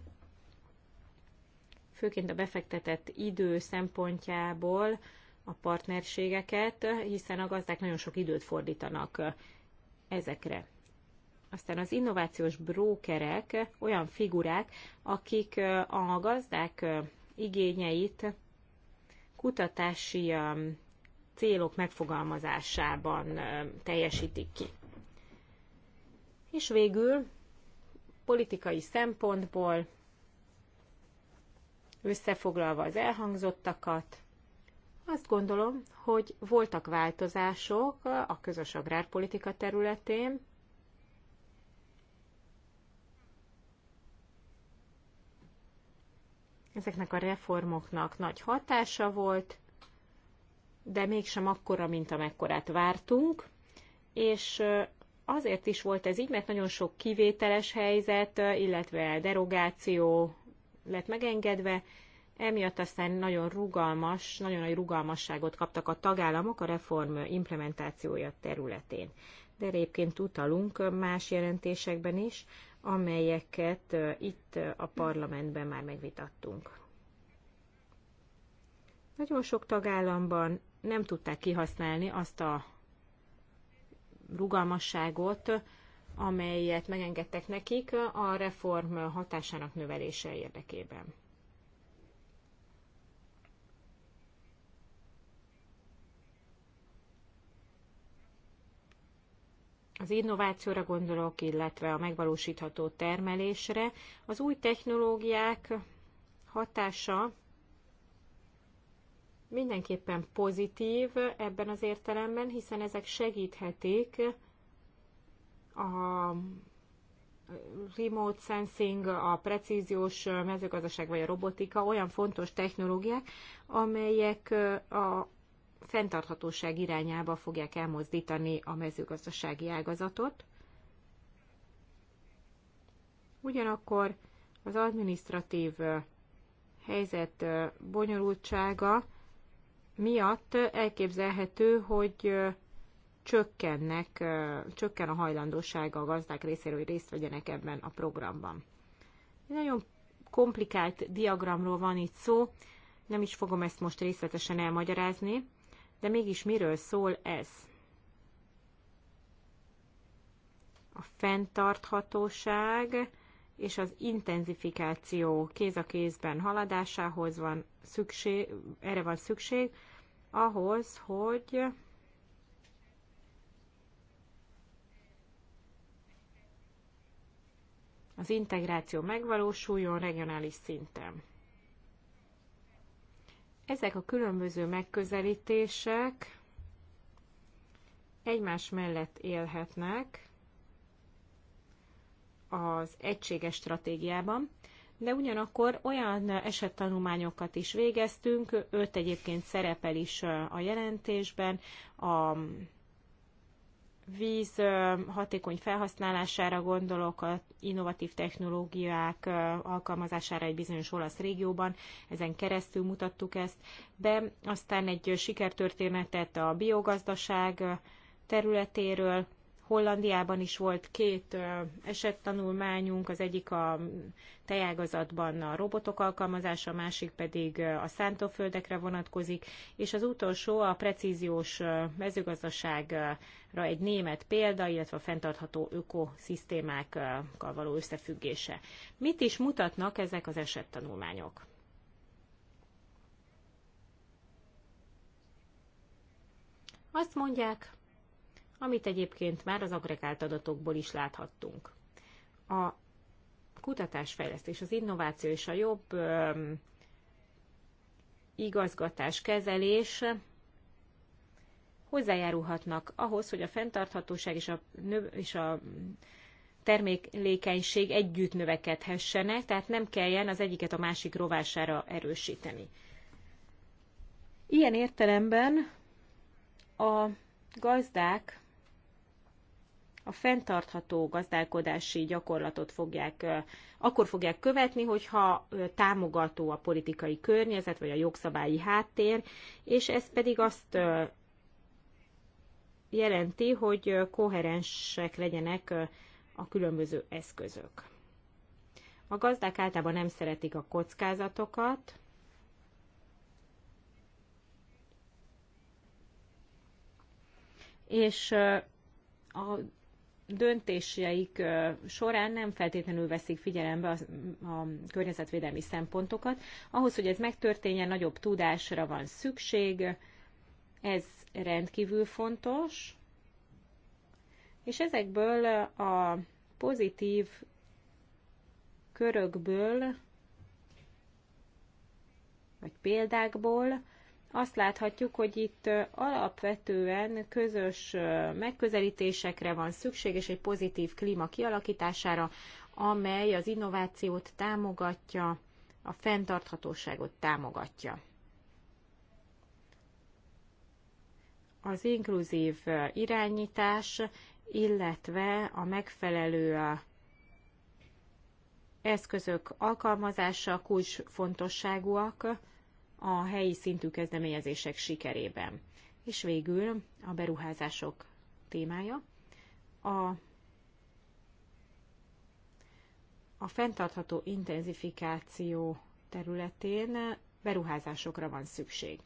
főként a befektetett idő szempontjából a partnerségeket, hiszen a gazdák nagyon sok időt fordítanak ezekre. Aztán az innovációs brókerek olyan figurák, akik a gazdák igényeit kutatási célok megfogalmazásában teljesítik ki. És végül politikai szempontból összefoglalva az elhangzottakat, azt gondolom, hogy voltak változások a közös agrárpolitika területén, Ezeknek a reformoknak nagy hatása volt, de mégsem akkora, mint amekkorát vártunk, és azért is volt ez így, mert nagyon sok kivételes helyzet, illetve derogáció lett megengedve, emiatt aztán nagyon rugalmas, nagyon nagy rugalmasságot kaptak a tagállamok a reform implementációja területén. De egyébként utalunk más jelentésekben is, amelyeket itt a parlamentben már megvitattunk. Nagyon sok tagállamban nem tudták kihasználni azt a rugalmasságot, amelyet megengedtek nekik a reform hatásának növelése érdekében. az innovációra gondolok, illetve a megvalósítható termelésre. Az új technológiák hatása mindenképpen pozitív ebben az értelemben, hiszen ezek segíthetik a remote sensing, a precíziós mezőgazdaság vagy a robotika olyan fontos technológiák, amelyek a fenntarthatóság irányába fogják elmozdítani a mezőgazdasági ágazatot. Ugyanakkor az administratív helyzet bonyolultsága miatt elképzelhető, hogy csökkennek, csökken a hajlandósága a gazdák részéről, hogy részt vegyenek ebben a programban. Egy nagyon komplikált diagramról van itt szó, nem is fogom ezt most részletesen elmagyarázni, de mégis miről szól ez? A fenntarthatóság és az intenzifikáció kéz a kézben haladásához van szükség, erre van szükség, ahhoz, hogy az integráció megvalósuljon regionális szinten. Ezek a különböző megközelítések egymás mellett élhetnek az egységes stratégiában, de ugyanakkor olyan esettanulmányokat is végeztünk, őt egyébként szerepel is a jelentésben, a víz hatékony felhasználására gondolok, a innovatív technológiák alkalmazására egy bizonyos olasz régióban, ezen keresztül mutattuk ezt be. Aztán egy sikertörténetet a biogazdaság területéről, Hollandiában is volt két esettanulmányunk, az egyik a tejágazatban a robotok alkalmazása, a másik pedig a szántóföldekre vonatkozik, és az utolsó a precíziós mezőgazdaságra egy német példa, illetve a fenntartható ökoszisztémákkal való összefüggése. Mit is mutatnak ezek az esettanulmányok? Azt mondják, amit egyébként már az agregált adatokból is láthattunk. A kutatásfejlesztés, az innováció és a jobb igazgatás, kezelés hozzájárulhatnak ahhoz, hogy a fenntarthatóság és a, növ- és a termélékenység együtt növekedhessenek, tehát nem kelljen az egyiket a másik rovására erősíteni. Ilyen értelemben a gazdák a fenntartható gazdálkodási gyakorlatot fogják, akkor fogják követni, hogyha támogató a politikai környezet, vagy a jogszabályi háttér, és ez pedig azt jelenti, hogy koherensek legyenek a különböző eszközök. A gazdák általában nem szeretik a kockázatokat, és a döntéseik során nem feltétlenül veszik figyelembe a, a környezetvédelmi szempontokat. Ahhoz, hogy ez megtörténjen, nagyobb tudásra van szükség, ez rendkívül fontos, és ezekből a pozitív körökből, vagy példákból azt láthatjuk, hogy itt alapvetően közös megközelítésekre van szükség, és egy pozitív klíma kialakítására, amely az innovációt támogatja, a fenntarthatóságot támogatja. Az inkluzív irányítás, illetve a megfelelő eszközök alkalmazása kulcsfontosságúak, fontosságúak, a helyi szintű kezdeményezések sikerében. És végül a beruházások témája. A, a fenntartható intenzifikáció területén beruházásokra van szükség.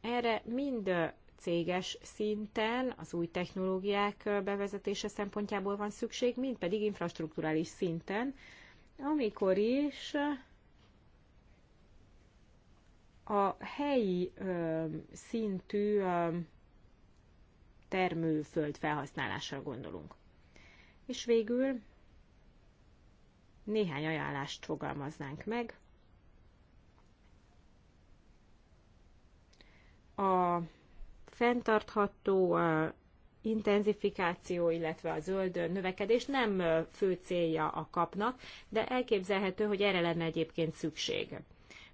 Erre mind céges szinten az új technológiák bevezetése szempontjából van szükség, mind pedig infrastruktúrális szinten, amikor is a helyi ö, szintű ö, termőföld felhasználásra gondolunk. És végül néhány ajánlást fogalmaznánk meg. A fenntartható ö, intenzifikáció, illetve a zöld növekedés nem fő célja a kapnak, de elképzelhető, hogy erre lenne egyébként szükség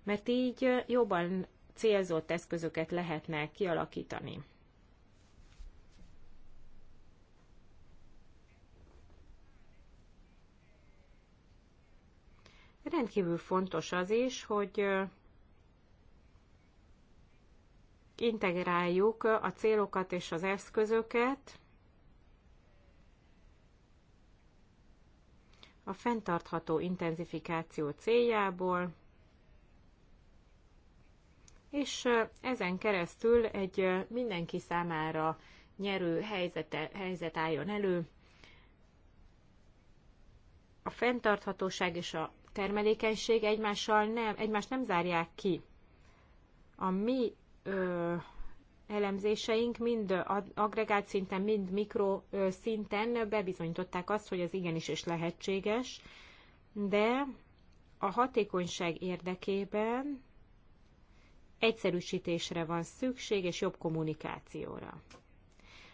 mert így jobban célzott eszközöket lehetne kialakítani. Rendkívül fontos az is, hogy integráljuk a célokat és az eszközöket a fenntartható intenzifikáció céljából, és ezen keresztül egy mindenki számára nyerő helyzete, helyzet álljon elő. A fenntarthatóság és a termelékenység egymással nem, egymást nem zárják ki. A mi ö, elemzéseink mind agregált szinten, mind mikro szinten bebizonyították azt, hogy ez igenis is lehetséges, de a hatékonyság érdekében egyszerűsítésre van szükség, és jobb kommunikációra.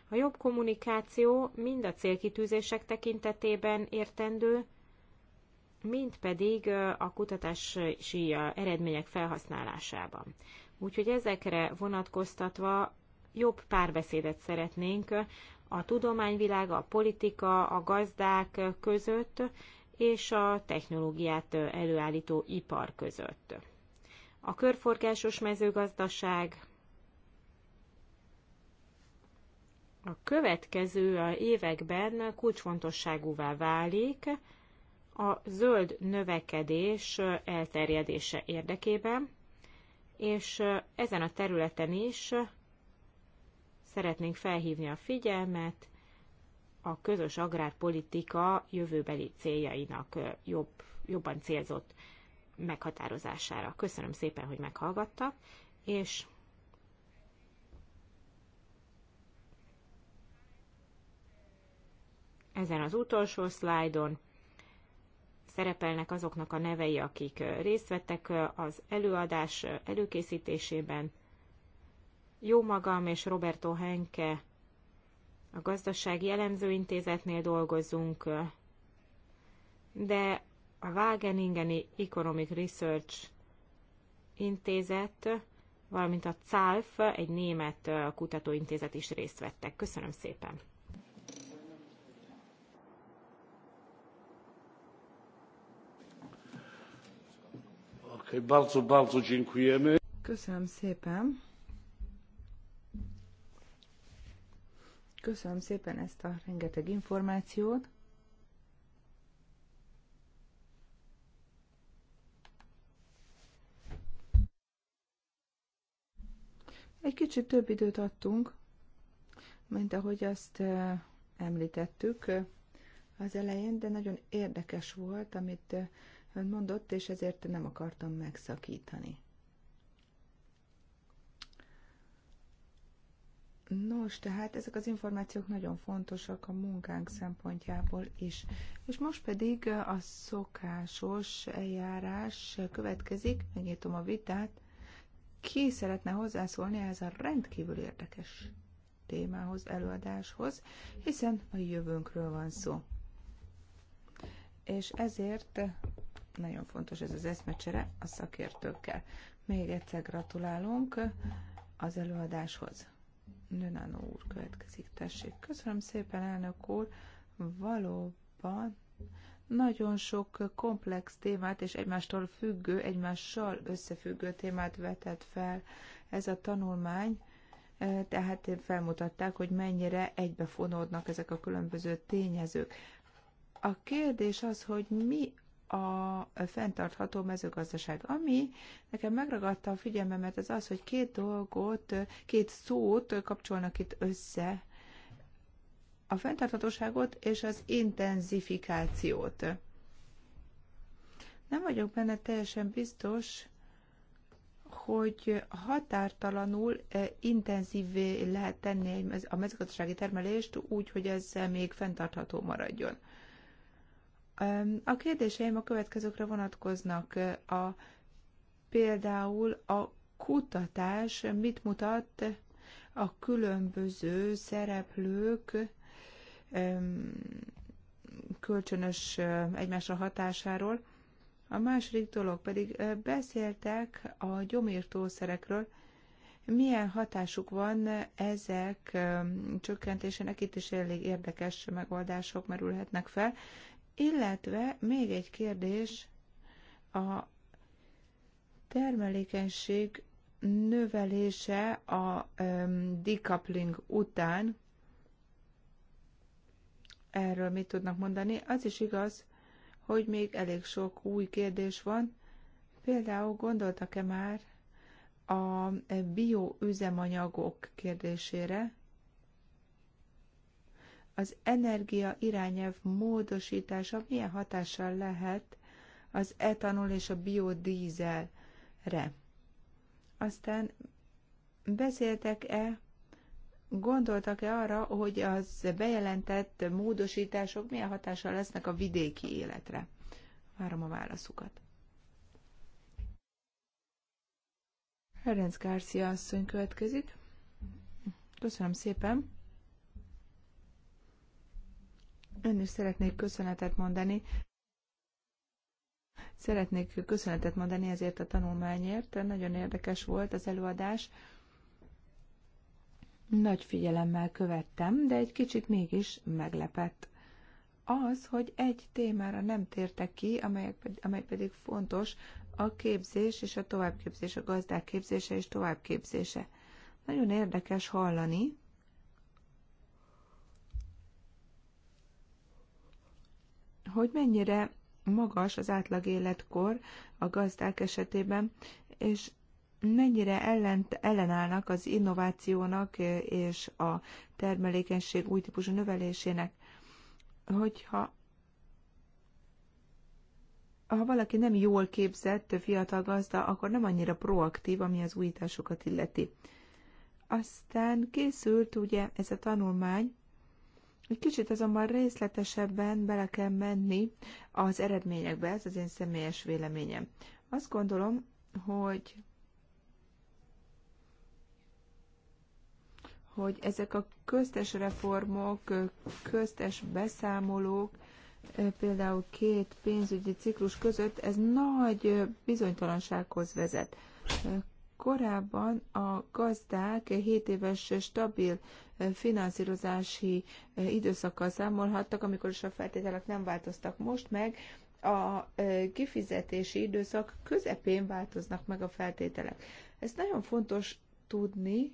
A jobb kommunikáció mind a célkitűzések tekintetében értendő, mint pedig a kutatási eredmények felhasználásában. Úgyhogy ezekre vonatkoztatva jobb párbeszédet szeretnénk a tudományvilág, a politika, a gazdák között és a technológiát előállító ipar között a körforgásos mezőgazdaság, a következő években kulcsfontosságúvá válik a zöld növekedés elterjedése érdekében, és ezen a területen is szeretnénk felhívni a figyelmet a közös agrárpolitika jövőbeli céljainak jobb, jobban célzott meghatározására. Köszönöm szépen, hogy meghallgattak, és ezen az utolsó szlájdon szerepelnek azoknak a nevei, akik részt vettek az előadás előkészítésében. Jó magam és Roberto Henke a Gazdasági Elemzőintézetnél dolgozunk, de a Wageningeni Economic Research Intézet, valamint a CALF, egy német kutatóintézet is részt vettek. Köszönöm szépen! Köszönöm szépen! Köszönöm szépen ezt a rengeteg információt. Egy kicsit több időt adtunk, mint ahogy azt eh, említettük eh, az elején, de nagyon érdekes volt, amit eh, ön mondott, és ezért nem akartam megszakítani. Nos, tehát ezek az információk nagyon fontosak a munkánk szempontjából is. És most pedig a szokásos eljárás következik, megnyitom a vitát ki szeretne hozzászólni ehhez a rendkívül érdekes témához, előadáshoz, hiszen a jövőnkről van szó. És ezért nagyon fontos ez az eszmecsere a szakértőkkel. Még egyszer gratulálunk az előadáshoz. Nönánó úr következik, tessék. Köszönöm szépen, elnök úr. Valóban nagyon sok komplex témát és egymástól függő, egymással összefüggő témát vetett fel ez a tanulmány, e, tehát felmutatták, hogy mennyire egybefonódnak ezek a különböző tényezők. A kérdés az, hogy mi a fenntartható mezőgazdaság. Ami nekem megragadta a figyelmemet, az az, hogy két dolgot, két szót kapcsolnak itt össze a fenntarthatóságot és az intenzifikációt. Nem vagyok benne teljesen biztos, hogy határtalanul eh, intenzívvé lehet tenni a mezőgazdasági termelést úgy, hogy ez még fenntartható maradjon. A kérdéseim a következőkre vonatkoznak. Eh, a, például a kutatás mit mutat a különböző szereplők kölcsönös egymásra hatásáról. A második dolog pedig beszéltek a gyomírtószerekről, milyen hatásuk van ezek csökkentésének, itt is elég érdekes megoldások merülhetnek fel, illetve még egy kérdés, a termelékenység növelése a decoupling után, erről mit tudnak mondani. Az is igaz, hogy még elég sok új kérdés van. Például gondoltak-e már a bioüzemanyagok kérdésére? Az energia irányelv módosítása milyen hatással lehet az etanol és a biodízelre? Aztán beszéltek-e Gondoltak-e arra, hogy az bejelentett módosítások milyen hatással lesznek a vidéki életre? Várom a válaszukat. Ferenc Garcia asszony következik. Köszönöm szépen. Ön is szeretnék köszönetet mondani. Szeretnék köszönetet mondani ezért a tanulmányért. Nagyon érdekes volt az előadás. Nagy figyelemmel követtem, de egy kicsit mégis meglepett. Az, hogy egy témára nem tértek ki, amely, amely pedig fontos, a képzés és a továbbképzés, a gazdák képzése és továbbképzése. Nagyon érdekes hallani, hogy mennyire magas az átlag életkor a gazdák esetében, és mennyire ellent, ellenállnak az innovációnak eh, és a termelékenység új típusú növelésének. Hogyha ha valaki nem jól képzett fiatal gazda, akkor nem annyira proaktív, ami az újításokat illeti. Aztán készült ugye ez a tanulmány, egy kicsit azonban részletesebben bele kell menni az eredményekbe, ez az én személyes véleményem. Azt gondolom, hogy hogy ezek a köztes reformok, köztes beszámolók, eh, például két pénzügyi ciklus között, ez nagy eh, bizonytalansághoz vezet. Eh, korábban a gazdák 7 éves stabil finanszírozási időszakkal számolhattak, amikor is a feltételek nem változtak most meg, a kifizetési időszak közepén változnak meg a feltételek. Ez nagyon fontos tudni,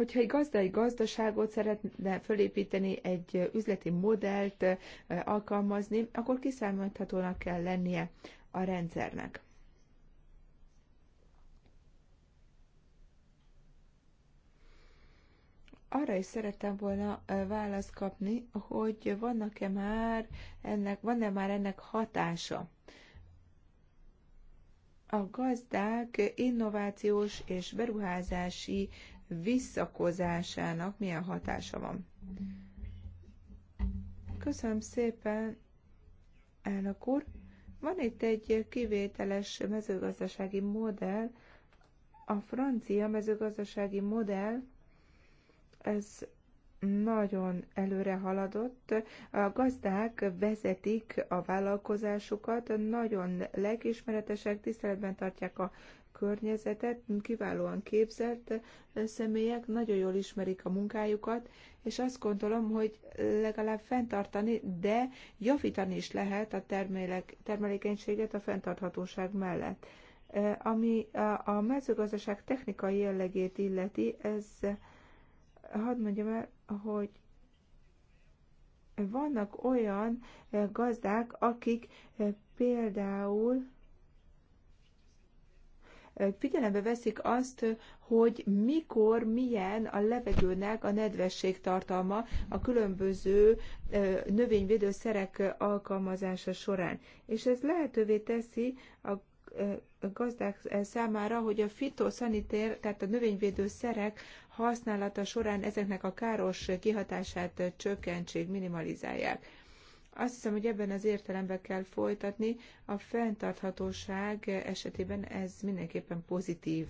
Hogyha egy gazdai gazdaságot szeretne fölépíteni, egy üzleti modellt alkalmazni, akkor kiszámíthatónak kell lennie a rendszernek. arra is szerettem volna választ kapni, hogy vannak-e már ennek, van-e már ennek hatása. A gazdák innovációs és beruházási visszakozásának milyen hatása van. Köszönöm szépen, elnök úr. Van itt egy kivételes mezőgazdasági modell, a francia mezőgazdasági modell, ez nagyon előre haladott. A gazdák vezetik a vállalkozásukat, nagyon legismeretesek, tiszteletben tartják a környezetet, kiválóan képzett személyek, nagyon jól ismerik a munkájukat, és azt gondolom, hogy legalább fenntartani, de javítani is lehet a termelékenységet a fenntarthatóság mellett. Ami a mezőgazdaság technikai jellegét illeti, ez, hadd mondjam el, hogy vannak olyan gazdák, akik például figyelembe veszik azt, hogy mikor, milyen a levegőnek a nedvesség tartalma a különböző növényvédőszerek alkalmazása során. És ez lehetővé teszi a gazdák számára, hogy a fitoszanitér, tehát a növényvédő szerek használata során ezeknek a káros kihatását csökkentsék, minimalizálják. Azt hiszem, hogy ebben az értelemben kell folytatni. A fenntarthatóság esetében ez mindenképpen pozitív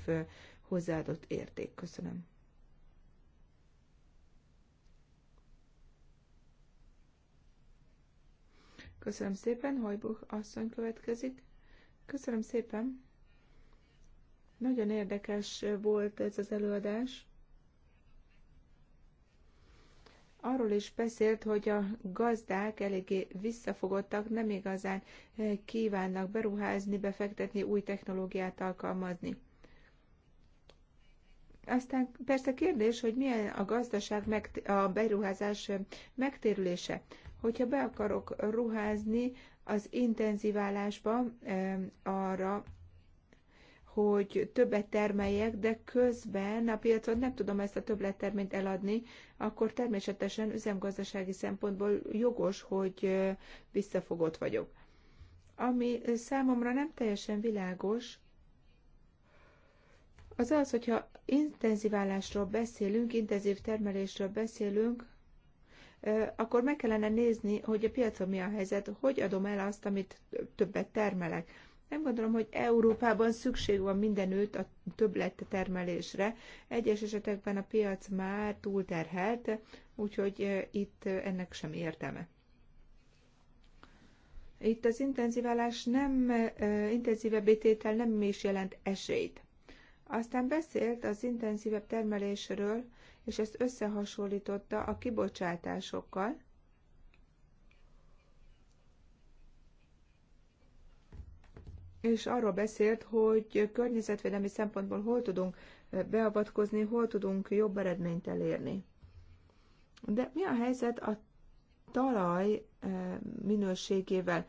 hozzáadott érték. Köszönöm. Köszönöm szépen, Hajbuch asszony következik. Köszönöm szépen. Nagyon érdekes volt ez az előadás. arról is beszélt, hogy a gazdák eléggé visszafogottak, nem igazán eh, kívánnak beruházni, befektetni, új technológiát alkalmazni. Aztán persze kérdés, hogy milyen a gazdaság, megt- a beruházás eh, megtérülése. Hogyha be akarok ruházni az intenzíválásba, eh, arra hogy többet termeljek, de közben a piacon nem tudom ezt a többletterményt eladni, akkor természetesen üzemgazdasági szempontból jogos, hogy visszafogott vagyok. Ami számomra nem teljesen világos, az az, hogyha intenziválásról beszélünk, intenzív termelésről beszélünk, akkor meg kellene nézni, hogy a piacon mi a helyzet, hogy adom el azt, amit többet termelek nem gondolom, hogy Európában szükség van mindenütt a többlet termelésre. Egyes esetekben a piac már túlterhelt, úgyhogy eh, itt eh, ennek sem értelme. Itt az intenzíválás nem, eh, intenzívebb ététel nem is jelent esélyt. Aztán beszélt az intenzívebb termelésről, és ezt összehasonlította a kibocsátásokkal, és arról beszélt, hogy környezetvédelmi szempontból hol tudunk eh, beavatkozni, hol tudunk jobb eredményt elérni. De mi a helyzet a talaj eh, minőségével,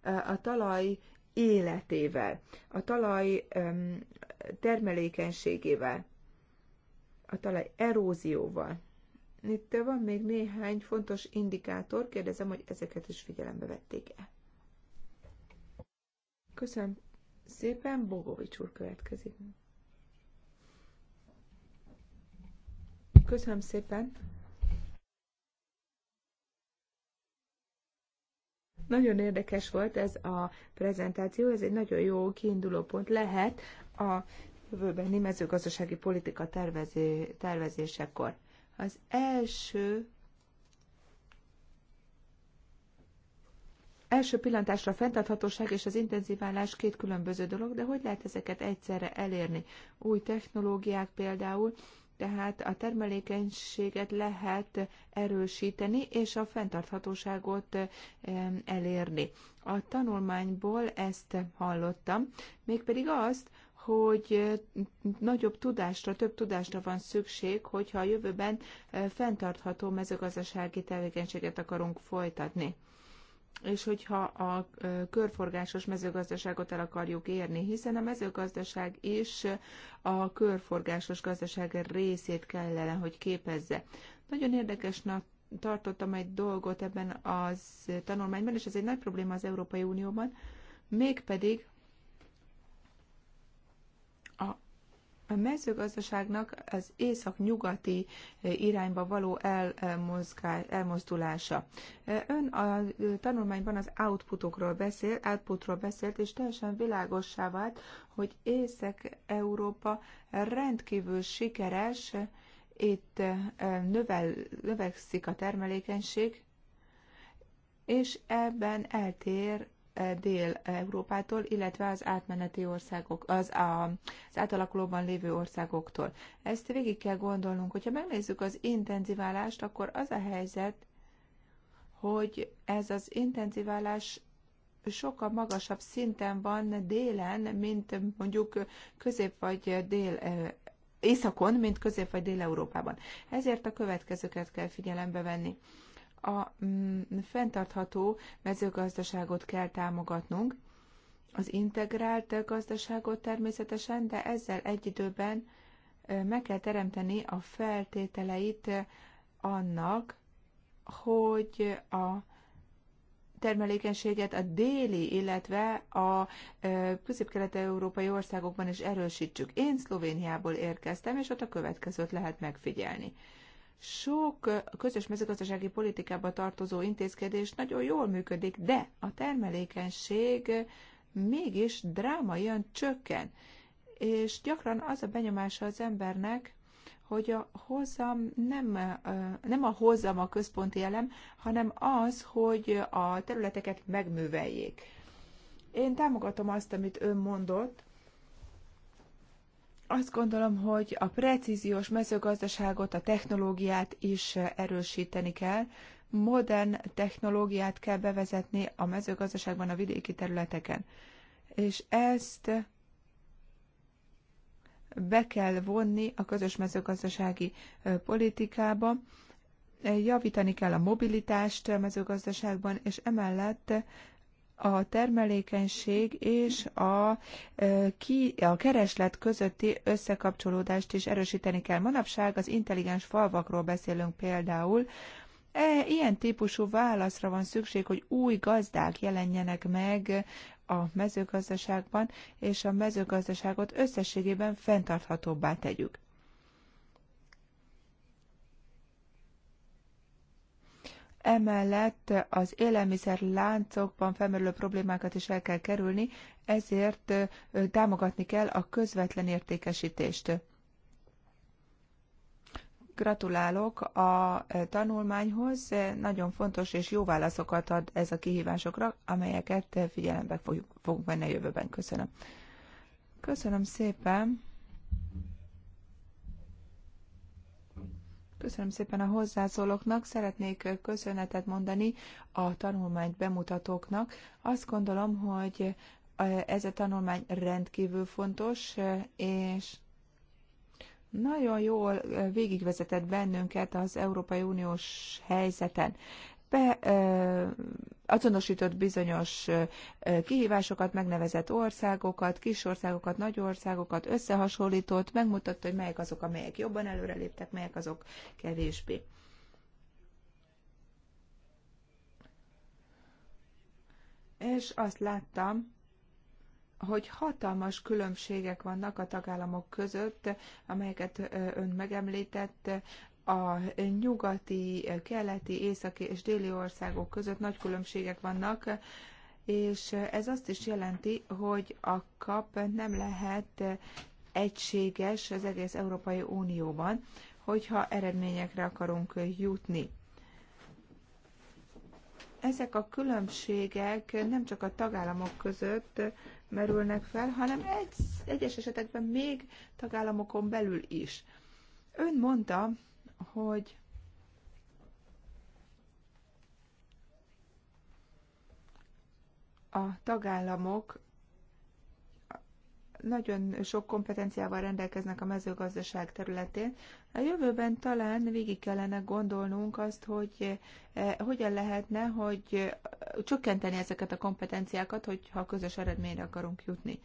eh, a talaj életével, a talaj termelékenységével, a talaj erózióval? Itt van még néhány fontos indikátor, kérdezem, hogy ezeket is figyelembe vették-e. Köszönöm szépen, Bogovics úr következik. Köszönöm szépen. Nagyon érdekes volt ez a prezentáció, ez egy nagyon jó kiinduló pont lehet a jövőbeni mezőgazdasági politika tervezi, tervezésekor. Az első első pillantásra a fenntarthatóság és az intenzíválás két különböző dolog, de hogy lehet ezeket egyszerre elérni? Új technológiák például, tehát a termelékenységet lehet erősíteni, és a fenntarthatóságot elérni. A tanulmányból ezt hallottam, mégpedig azt, hogy nagyobb tudásra, több tudásra van szükség, hogyha a jövőben fenntartható mezőgazdasági tevékenységet akarunk folytatni és hogyha a körforgásos mezőgazdaságot el akarjuk érni, hiszen a mezőgazdaság is a körforgásos gazdaság részét kellene, hogy képezze. Nagyon érdekes, nap tartottam egy dolgot ebben az tanulmányban, és ez egy nagy probléma az Európai Unióban, mégpedig A mezőgazdaságnak az észak-nyugati eh, irányba való elmozgál, elmozdulása. Eh, ön a eh, tanulmányban az outputokról beszélt, outputról beszélt, és teljesen világossá vált, hogy Észak-Európa rendkívül sikeres, itt növel, növekszik a termelékenység, és ebben eltér Dél-Európától, illetve az átmeneti országok, az, a, az átalakulóban lévő országoktól. Ezt végig kell gondolnunk. Hogyha megnézzük az intenziválást, akkor az a helyzet, hogy ez az intenziválás sokkal magasabb szinten van délen, mint mondjuk közép vagy dél északon, mint közép vagy dél-európában. Ezért a következőket kell figyelembe venni a mm, fenntartható mezőgazdaságot kell támogatnunk, az integrált gazdaságot természetesen, de ezzel egy időben meg kell teremteni a feltételeit annak, hogy a termelékenységet a déli, illetve a közép-kelet-európai országokban is erősítsük. Én Szlovéniából érkeztem, és ott a következőt lehet megfigyelni. Sok közös mezőgazdasági politikába tartozó intézkedés nagyon jól működik, de a termelékenység mégis drámaian csökken. És gyakran az a benyomása az embernek, hogy a hozam nem, nem a hozam a központi elem, hanem az, hogy a területeket megműveljék. Én támogatom azt, amit ön mondott, azt gondolom, hogy a precíziós mezőgazdaságot, a technológiát is erősíteni kell. Modern technológiát kell bevezetni a mezőgazdaságban, a vidéki területeken. És ezt be kell vonni a közös mezőgazdasági politikába, javítani kell a mobilitást a mezőgazdaságban, és emellett a termelékenység és a, ki, a kereslet közötti összekapcsolódást is erősíteni kell. Manapság az intelligens falvakról beszélünk például, E, ilyen típusú válaszra van szükség, hogy új gazdák jelenjenek meg a mezőgazdaságban, és a mezőgazdaságot összességében fenntarthatóbbá tegyük. Emellett az élelmiszer láncokban felmerülő problémákat is el kell kerülni, ezért támogatni kell a közvetlen értékesítést. Gratulálok a tanulmányhoz, nagyon fontos és jó válaszokat ad ez a kihívásokra, amelyeket figyelembe fogunk venni a jövőben. Köszönöm. Köszönöm szépen. Köszönöm szépen a hozzászólóknak, szeretnék köszönetet mondani a tanulmányt bemutatóknak. Azt gondolom, hogy e, ez a tanulmány rendkívül fontos, e, és nagyon jól e, végigvezetett bennünket az Európai Uniós helyzeten be, azonosított bizonyos kihívásokat, megnevezett országokat, kis országokat, nagy országokat, összehasonlított, megmutatta, hogy melyek azok, amelyek jobban előreléptek, melyek azok kevésbé. És azt láttam, hogy hatalmas különbségek vannak a tagállamok között, amelyeket ön megemlített, a nyugati, keleti, északi és déli országok között nagy különbségek vannak, és ez azt is jelenti, hogy a kap nem lehet egységes az egész Európai Unióban, hogyha eredményekre akarunk jutni. Ezek a különbségek nem csak a tagállamok között merülnek fel, hanem egy, egyes esetekben még tagállamokon belül is. Ön mondta, hogy a tagállamok nagyon sok kompetenciával rendelkeznek a mezőgazdaság területén. A jövőben talán végig kellene gondolnunk azt, hogy eh, hogyan lehetne, hogy eh, csökkenteni ezeket a kompetenciákat, hogyha közös eredményre akarunk jutni.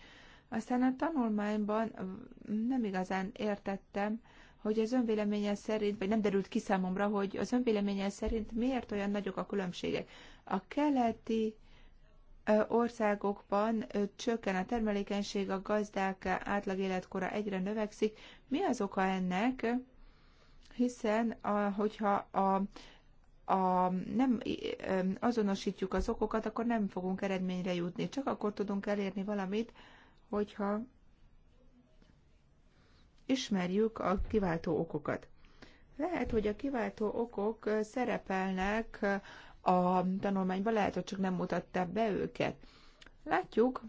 Aztán a tanulmányban mm, nem igazán értettem, hogy az önvéleménye szerint, vagy nem derült ki számomra, hogy az önvéleménye szerint miért olyan nagyok a különbségek. A keleti országokban csökken a termelékenység, a gazdák átlag életkora egyre növekszik. Mi az oka ennek? Hiszen, a, hogyha a a, nem azonosítjuk az okokat, akkor nem fogunk eredményre jutni. Csak akkor tudunk elérni valamit, hogyha ismerjük a kiváltó okokat. Lehet, hogy a kiváltó okok szerepelnek a tanulmányban, lehet, hogy csak nem mutatta be őket. Látjuk,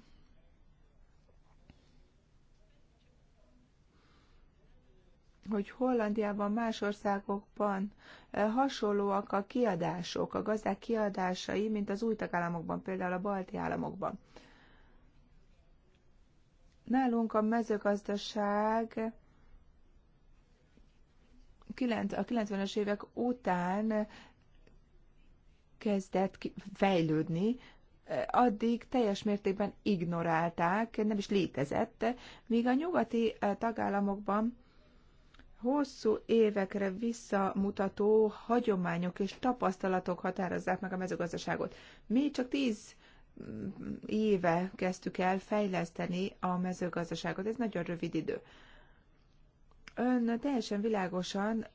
hogy Hollandiában, más országokban eh, hasonlóak a kiadások, a gazdák kiadásai, mint az új tagállamokban, például a balti államokban. Nálunk a mezőgazdaság a 90-es évek után kezdett fejlődni, addig teljes mértékben ignorálták, nem is létezett, míg a nyugati eh, tagállamokban hosszú évekre visszamutató hagyományok és tapasztalatok határozzák meg a mezőgazdaságot. Mi csak tíz mm, éve kezdtük el fejleszteni a mezőgazdaságot, ez nagyon rövid idő. Ön teljesen világosan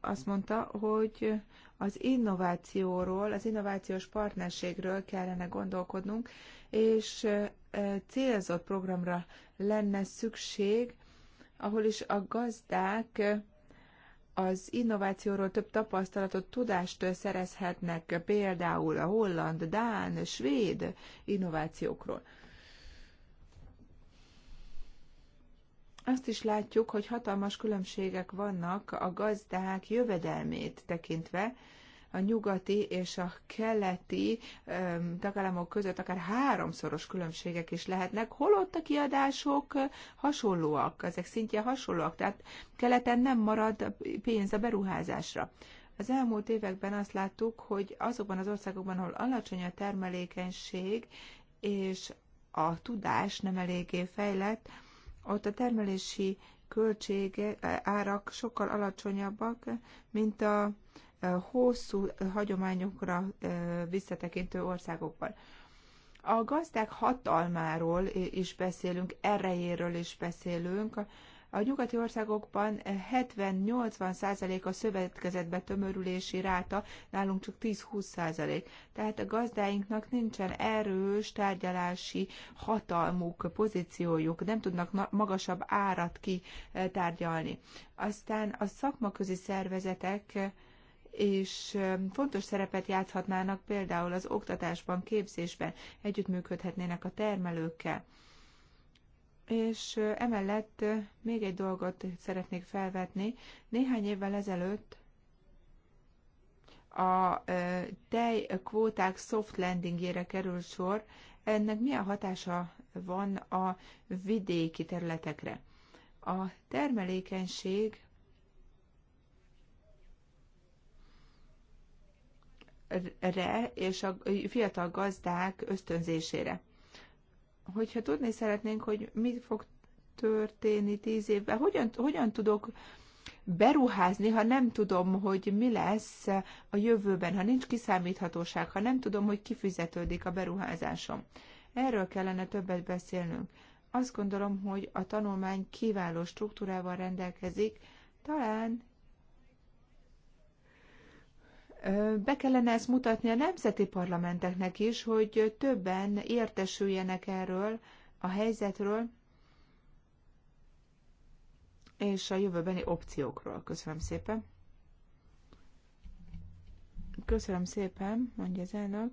azt mondta, hogy az innovációról, az innovációs partnerségről kellene gondolkodnunk, és célzott programra lenne szükség, ahol is a gazdák az innovációról több tapasztalatot, tudást szerezhetnek, például a holland, dán, svéd innovációkról. azt is látjuk, hogy hatalmas különbségek vannak a gazdák jövedelmét tekintve, a nyugati és a keleti tagállamok között akár háromszoros különbségek is lehetnek, holott a kiadások hasonlóak, ezek szintje hasonlóak, tehát keleten nem marad pénz a beruházásra. Az elmúlt években azt láttuk, hogy azokban az országokban, ahol alacsony a termelékenység és a tudás nem eléggé fejlett, ott a termelési költsége, e, árak sokkal alacsonyabbak, mint a e, hosszú hagyományokra e, visszatekintő országokban. A gazdák hatalmáról is beszélünk, erejéről is beszélünk, a nyugati országokban 70-80 százalék a szövetkezetbe tömörülési ráta, nálunk csak 10-20 százalék. Tehát a gazdáinknak nincsen erős tárgyalási hatalmuk, pozíciójuk, nem tudnak magasabb árat kitárgyalni. Aztán a szakmaközi szervezetek és fontos szerepet játszhatnának például az oktatásban, képzésben, együttműködhetnének a termelőkkel. És emellett még egy dolgot szeretnék felvetni. Néhány évvel ezelőtt a kvóták soft landingjére kerül sor. Ennek milyen hatása van a vidéki területekre? A termelékenység re és a fiatal gazdák ösztönzésére hogyha tudni szeretnénk, hogy mi fog történni tíz évben, hogyan, hogyan tudok beruházni, ha nem tudom, hogy mi lesz a jövőben, ha nincs kiszámíthatóság, ha nem tudom, hogy kifizetődik a beruházásom. Erről kellene többet beszélnünk. Azt gondolom, hogy a tanulmány kiváló struktúrával rendelkezik, talán be kellene ezt mutatni a nemzeti parlamenteknek is, hogy többen értesüljenek erről a helyzetről és a jövőbeni opciókról. Köszönöm szépen. Köszönöm szépen, mondja az elnök.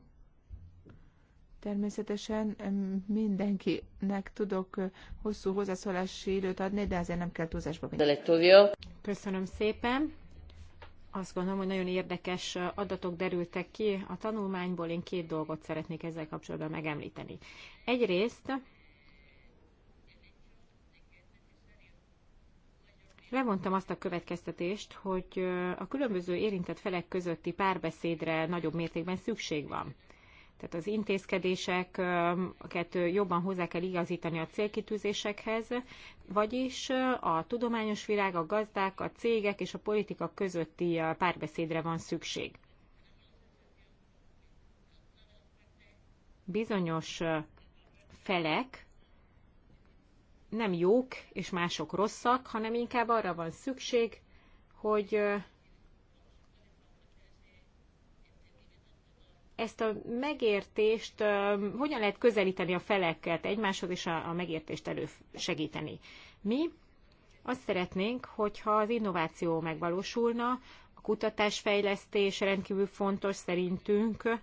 Természetesen mindenkinek tudok hosszú hozzászólási időt adni, de azért nem kell túlzásba menni. Köszönöm szépen. Azt gondolom, hogy nagyon érdekes adatok derültek ki a tanulmányból. Én két dolgot szeretnék ezzel kapcsolatban megemlíteni. Egyrészt levontam azt a következtetést, hogy a különböző érintett felek közötti párbeszédre nagyobb mértékben szükség van. Tehát az intézkedéseket jobban hozzá kell igazítani a célkitűzésekhez, vagyis a tudományos világ, a gazdák, a cégek és a politika közötti párbeszédre van szükség. Bizonyos felek nem jók és mások rosszak, hanem inkább arra van szükség, hogy ezt a megértést hogyan lehet közelíteni a feleket egymáshoz, és a, a megértést elősegíteni? Mi azt szeretnénk, hogyha az innováció megvalósulna, a kutatásfejlesztés rendkívül fontos szerintünk,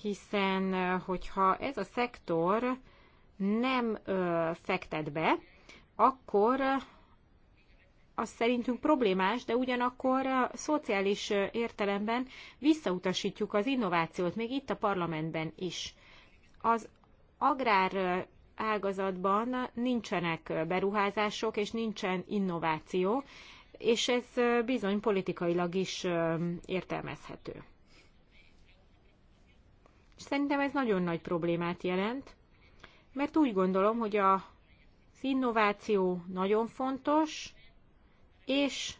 hiszen hogyha ez a szektor nem fektet be, akkor az szerintünk problémás, de ugyanakkor a szociális értelemben visszautasítjuk az innovációt, még itt a parlamentben is. Az agrár ágazatban nincsenek beruházások és nincsen innováció, és ez bizony politikailag is értelmezhető. szerintem ez nagyon nagy problémát jelent, mert úgy gondolom, hogy a, az innováció nagyon fontos, és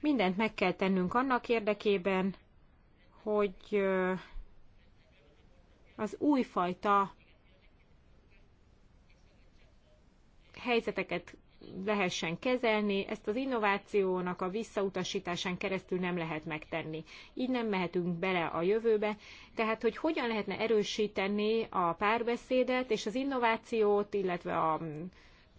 mindent meg kell tennünk annak érdekében, hogy az újfajta helyzeteket lehessen kezelni, ezt az innovációnak a visszautasításán keresztül nem lehet megtenni. Így nem mehetünk bele a jövőbe. Tehát, hogy hogyan lehetne erősíteni a párbeszédet és az innovációt, illetve a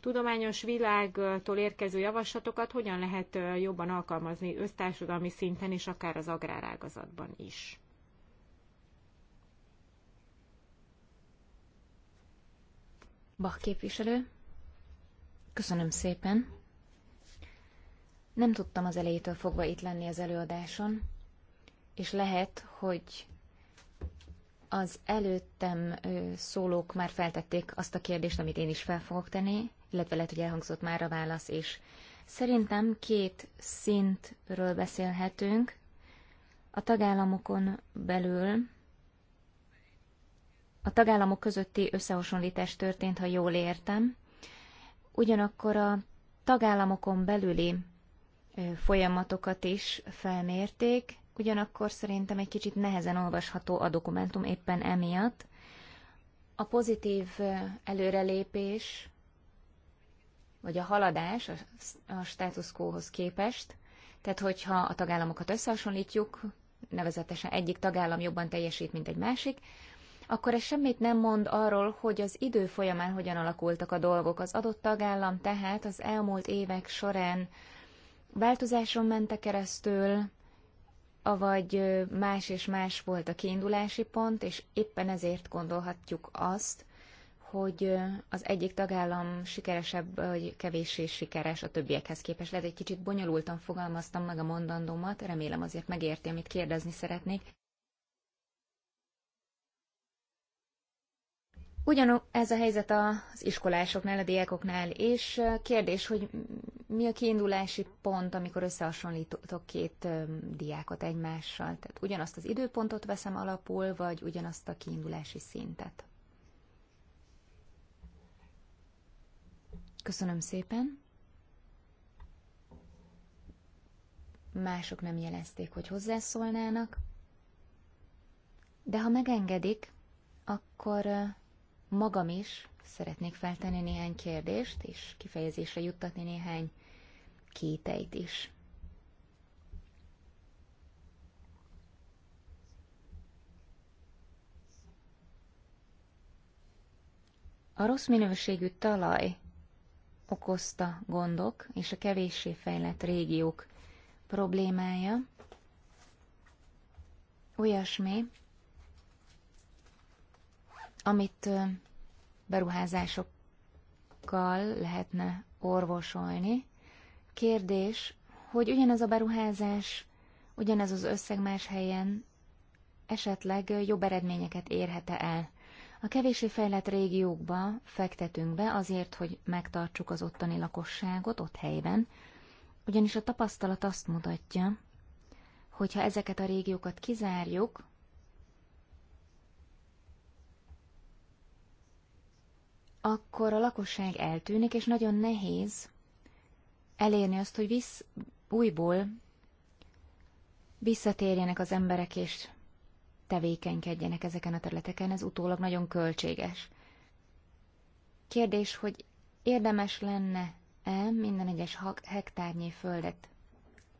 tudományos világtól érkező javaslatokat hogyan lehet jobban alkalmazni össztársadalmi szinten és akár az agrárágazatban is. Bach képviselő, köszönöm szépen. Nem tudtam az elejétől fogva itt lenni az előadáson, és lehet, hogy az előttem szólók már feltették azt a kérdést, amit én is fel fogok tenni, illetve lehet, hogy elhangzott már a válasz is. Szerintem két szintről beszélhetünk. A tagállamokon belül a tagállamok közötti összehasonlítás történt, ha jól értem. Ugyanakkor a tagállamokon belüli folyamatokat is felmérték, ugyanakkor szerintem egy kicsit nehezen olvasható a dokumentum éppen emiatt. A pozitív előrelépés vagy a haladás a, a status quo-hoz képest, tehát hogyha a tagállamokat összehasonlítjuk, nevezetesen egyik tagállam jobban teljesít, mint egy másik, akkor ez semmit nem mond arról, hogy az idő folyamán hogyan alakultak a dolgok. Az adott tagállam tehát az elmúlt évek során változáson mentek keresztül, avagy más és más volt a kiindulási pont, és éppen ezért gondolhatjuk azt, hogy az egyik tagállam sikeresebb, vagy kevéssé sikeres a többiekhez képest. Lehet, egy kicsit bonyolultan fogalmaztam meg a mondandómat, remélem azért megérti, amit kérdezni szeretnék. Ugyanúgy ez a helyzet az iskolásoknál, a diákoknál, és kérdés, hogy mi a kiindulási pont, amikor összehasonlítok két diákot egymással? Tehát ugyanazt az időpontot veszem alapul, vagy ugyanazt a kiindulási szintet? Köszönöm szépen. Mások nem jelezték, hogy hozzászólnának. De ha megengedik, akkor magam is szeretnék feltenni néhány kérdést, és kifejezésre juttatni néhány kéteit is. A rossz minőségű talaj okozta gondok és a kevéssé fejlett régiók problémája. Olyasmi, amit beruházásokkal lehetne orvosolni. Kérdés, hogy ugyanez a beruházás, ugyanez az összeg más helyen esetleg jobb eredményeket érhet-e el. A kevésé fejlett régiókba fektetünk be azért, hogy megtartsuk az ottani lakosságot ott helyben, ugyanis a tapasztalat azt mutatja, hogyha ezeket a régiókat kizárjuk, akkor a lakosság eltűnik, és nagyon nehéz elérni azt, hogy visz, újból visszatérjenek az emberek, és tevékenykedjenek ezeken a területeken, ez utólag nagyon költséges. Kérdés, hogy érdemes lenne-e minden egyes hektárnyi földet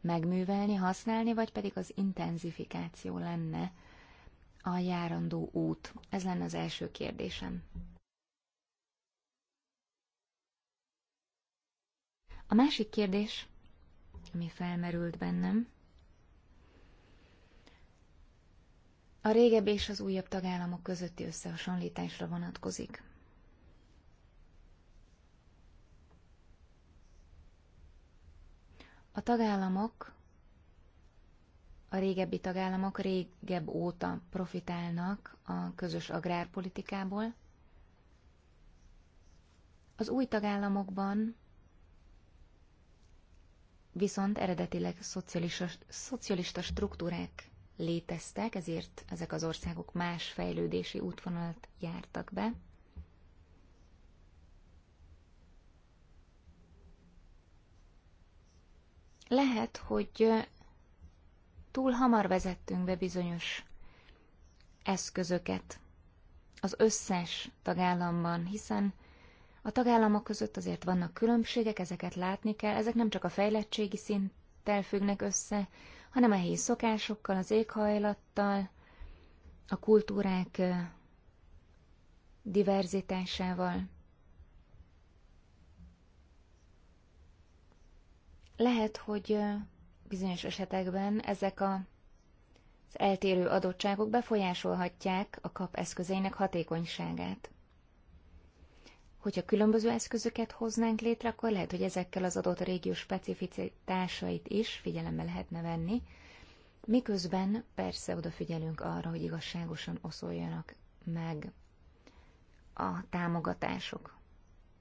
megművelni, használni, vagy pedig az intenzifikáció lenne a járandó út? Ez lenne az első kérdésem. A másik kérdés, ami felmerült bennem, a régebbi és az újabb tagállamok közötti összehasonlításra vonatkozik. A tagállamok, a régebbi tagállamok régebb óta profitálnak a közös agrárpolitikából. Az új tagállamokban viszont eredetileg szocialista, szocialista struktúrák léteztek, ezért ezek az országok más fejlődési útvonalat jártak be. Lehet, hogy túl hamar vezettünk be bizonyos eszközöket az összes tagállamban, hiszen a tagállamok között azért vannak különbségek, ezeket látni kell, ezek nem csak a fejlettségi szinttel függnek össze, hanem a helyi szokásokkal, az éghajlattal, a kultúrák diverzitásával. Lehet, hogy bizonyos esetekben ezek a, az eltérő adottságok befolyásolhatják a kap eszközeinek hatékonyságát. Hogyha különböző eszközöket hoznánk létre, akkor lehet, hogy ezekkel az adott régió specificitásait is figyelembe lehetne venni, miközben persze odafigyelünk arra, hogy igazságosan oszoljanak meg a támogatások,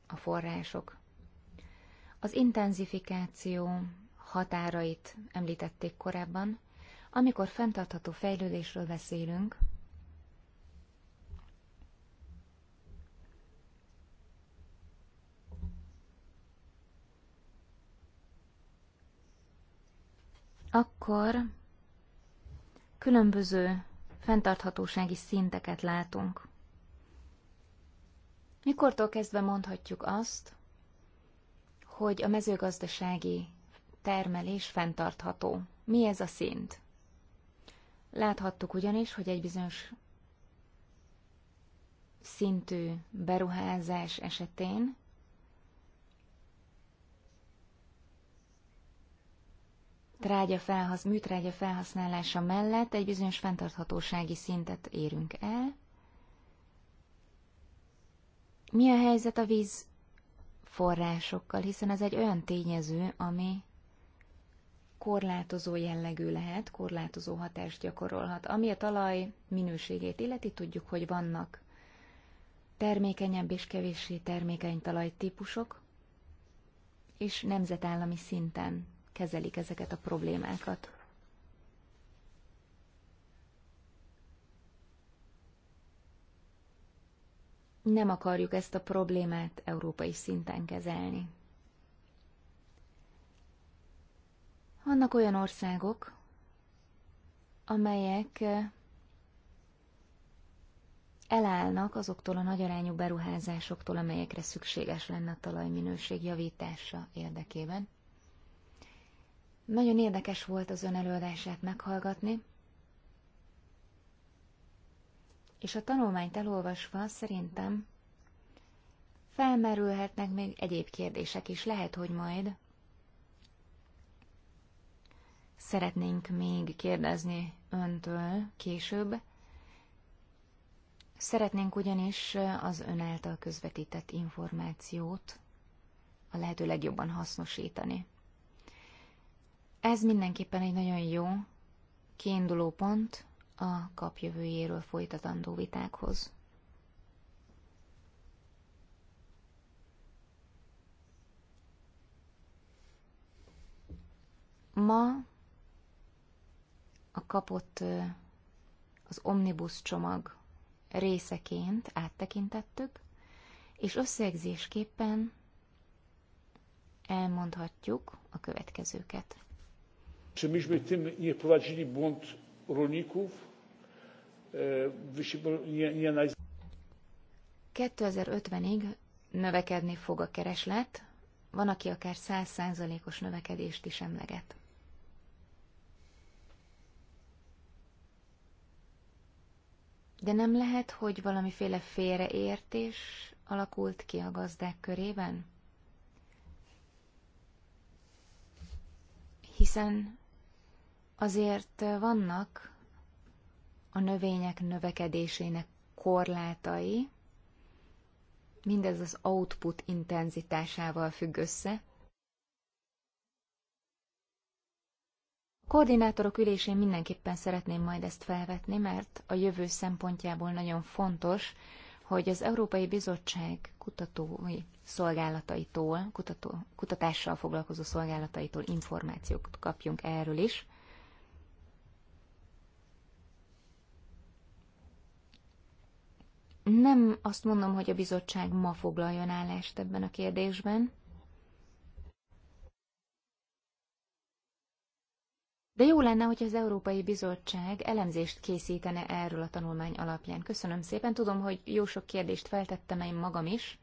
a források. Az intenzifikáció határait említették korábban, amikor fenntartható fejlődésről beszélünk, akkor különböző fenntarthatósági szinteket látunk. Mikortól kezdve mondhatjuk azt, hogy a mezőgazdasági termelés fenntartható? Mi ez a szint? Láthattuk ugyanis, hogy egy bizonyos szintű beruházás esetén trágya felhasz, műtrágya felhasználása mellett egy bizonyos fenntarthatósági szintet érünk el. Mi a helyzet a víz forrásokkal, hiszen ez egy olyan tényező, ami korlátozó jellegű lehet, korlátozó hatást gyakorolhat. Ami a talaj minőségét illeti, tudjuk, hogy vannak termékenyebb és kevéssé termékeny talajtípusok, és nemzetállami szinten kezelik ezeket a problémákat. Nem akarjuk ezt a problémát európai szinten kezelni. Vannak olyan országok, amelyek eh, elállnak azoktól a nagyarányú beruházásoktól, amelyekre szükséges lenne a talajminőség javítása érdekében. Nagyon érdekes volt az ön előadását meghallgatni, és a tanulmányt elolvasva szerintem felmerülhetnek még egyéb kérdések is. Lehet, hogy majd szeretnénk még kérdezni öntől később. Szeretnénk ugyanis az ön által közvetített információt a lehető legjobban hasznosítani. Ez mindenképpen egy nagyon jó kiinduló pont a kapjövőjéről folytatandó vitákhoz. Ma a kapott az omnibus csomag részeként áttekintettük, és összegzésképpen elmondhatjuk a következőket. Czy myśmy tym nie wprowadzili błąd rolników? 2050-ig e, növekedni fog a kereslet, van, aki akár 100%-os növekedést is emleget. De nem lehet, hogy valamiféle félreértés alakult ki a gazdák körében? Hiszen Azért vannak a növények növekedésének korlátai, mindez az output intenzitásával függ össze. A koordinátorok ülésén mindenképpen szeretném majd ezt felvetni, mert a jövő szempontjából nagyon fontos, hogy az Európai Bizottság kutatói szolgálataitól, kutató, kutatással foglalkozó szolgálataitól információkat kapjunk erről is. Nem azt mondom, hogy a bizottság ma foglaljon állást ebben a kérdésben, de jó lenne, hogy az Európai Bizottság elemzést készítene erről a tanulmány alapján. Köszönöm szépen, tudom, hogy jó sok kérdést feltettem én magam is,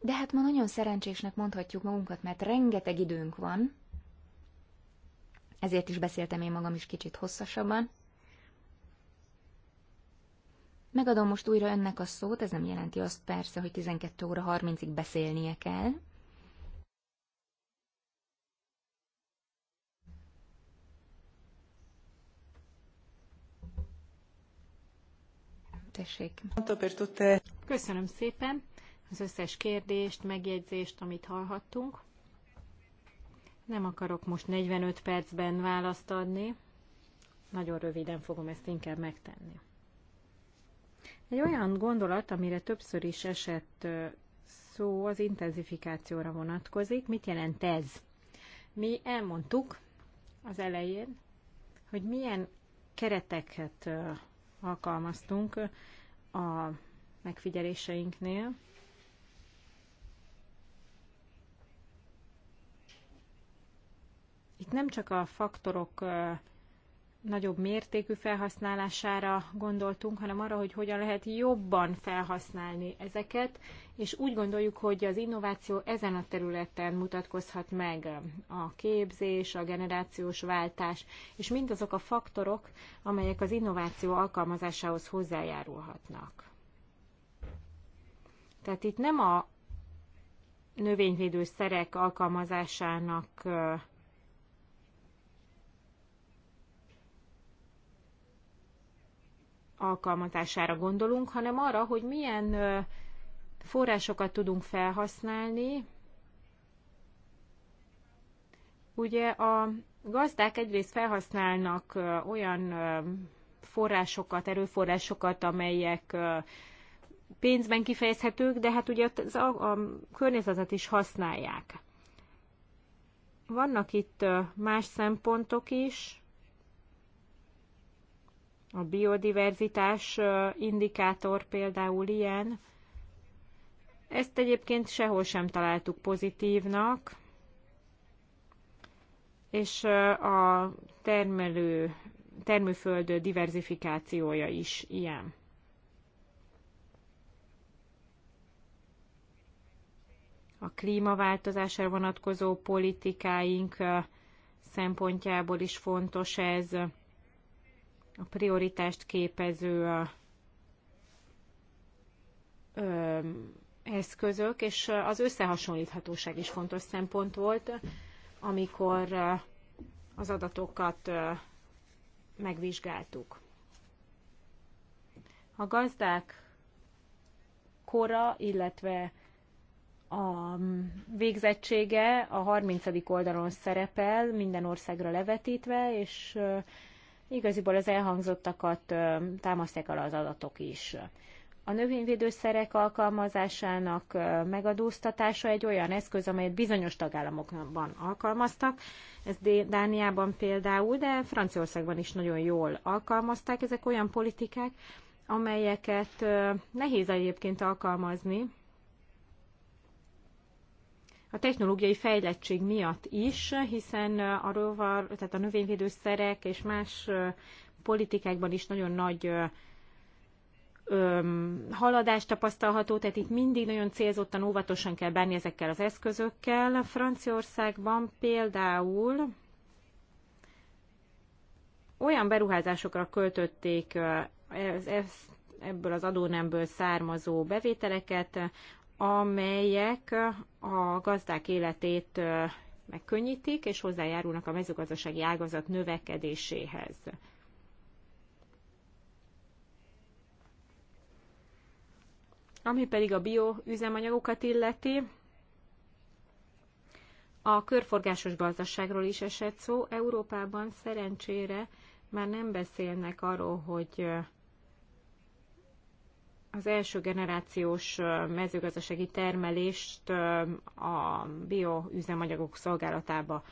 de hát ma nagyon szerencsésnek mondhatjuk magunkat, mert rengeteg időnk van, ezért is beszéltem én magam is kicsit hosszasabban. Megadom most újra önnek a szót, ez nem jelenti azt persze, hogy 12 óra 30-ig beszélnie kell. Tessék. Köszönöm szépen az összes kérdést, megjegyzést, amit hallhattunk. Nem akarok most 45 percben választ adni. Nagyon röviden fogom ezt inkább megtenni. Egy olyan gondolat, amire többször is esett szó, az intenzifikációra vonatkozik. Mit jelent ez? Mi elmondtuk az elején, hogy milyen kereteket alkalmaztunk a megfigyeléseinknél. Itt nem csak a faktorok nagyobb mértékű felhasználására gondoltunk, hanem arra, hogy hogyan lehet jobban felhasználni ezeket, és úgy gondoljuk, hogy az innováció ezen a területen mutatkozhat meg a képzés, a generációs váltás, és mindazok a faktorok, amelyek az innováció alkalmazásához hozzájárulhatnak. Tehát itt nem a növényvédőszerek alkalmazásának alkalmazására gondolunk, hanem arra, hogy milyen forrásokat tudunk felhasználni. Ugye a gazdák egyrészt felhasználnak olyan forrásokat, erőforrásokat, amelyek pénzben kifejezhetők, de hát ugye a, a környezetet is használják. Vannak itt más szempontok is, a biodiverzitás indikátor például ilyen. Ezt egyébként sehol sem találtuk pozitívnak, és a termelő, termőföld diverzifikációja is ilyen. a klímaváltozásra vonatkozó politikáink szempontjából is fontos ez a prioritást képező a, ö, eszközök, és az összehasonlíthatóság is fontos szempont volt, amikor az adatokat megvizsgáltuk. A gazdák kora, illetve a végzettsége a 30. oldalon szerepel, minden országra levetítve, és Igaziból az elhangzottakat támasztják alá az adatok is. A növényvédőszerek alkalmazásának megadóztatása egy olyan eszköz, amelyet bizonyos tagállamokban alkalmaztak. Ez Dániában például, de Franciaországban is nagyon jól alkalmazták. Ezek olyan politikák, amelyeket nehéz egyébként alkalmazni, a technológiai fejlettség miatt is, hiszen a rovar, tehát a növényvédőszerek és más politikákban is nagyon nagy haladást tapasztalható, tehát itt mindig nagyon célzottan, óvatosan kell bánni ezekkel az eszközökkel. Franciaországban például olyan beruházásokra költötték ez, ebből az adónemből származó bevételeket, amelyek a gazdák életét megkönnyítik, és hozzájárulnak a mezőgazdasági ágazat növekedéséhez. Ami pedig a bioüzemanyagokat illeti, a körforgásos gazdaságról is esett szó. Európában szerencsére már nem beszélnek arról, hogy az első generációs mezőgazdasági termelést a bioüzemanyagok szolgálatába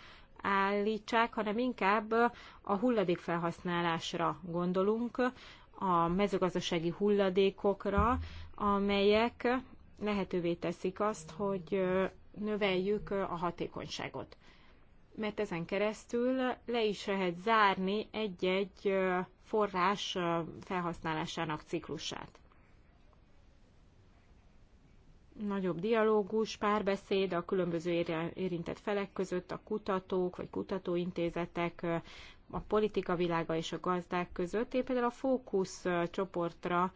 állítsák, hanem inkább a hulladékfelhasználásra gondolunk, a mezőgazdasági hulladékokra, amelyek lehetővé teszik azt, hogy növeljük a hatékonyságot. Mert ezen keresztül le is lehet zárni egy-egy forrás felhasználásának ciklusát nagyobb dialógus, párbeszéd a különböző érintett felek között, a kutatók vagy kutatóintézetek, a politika világa és a gazdák között. Én például a Fókusz csoportra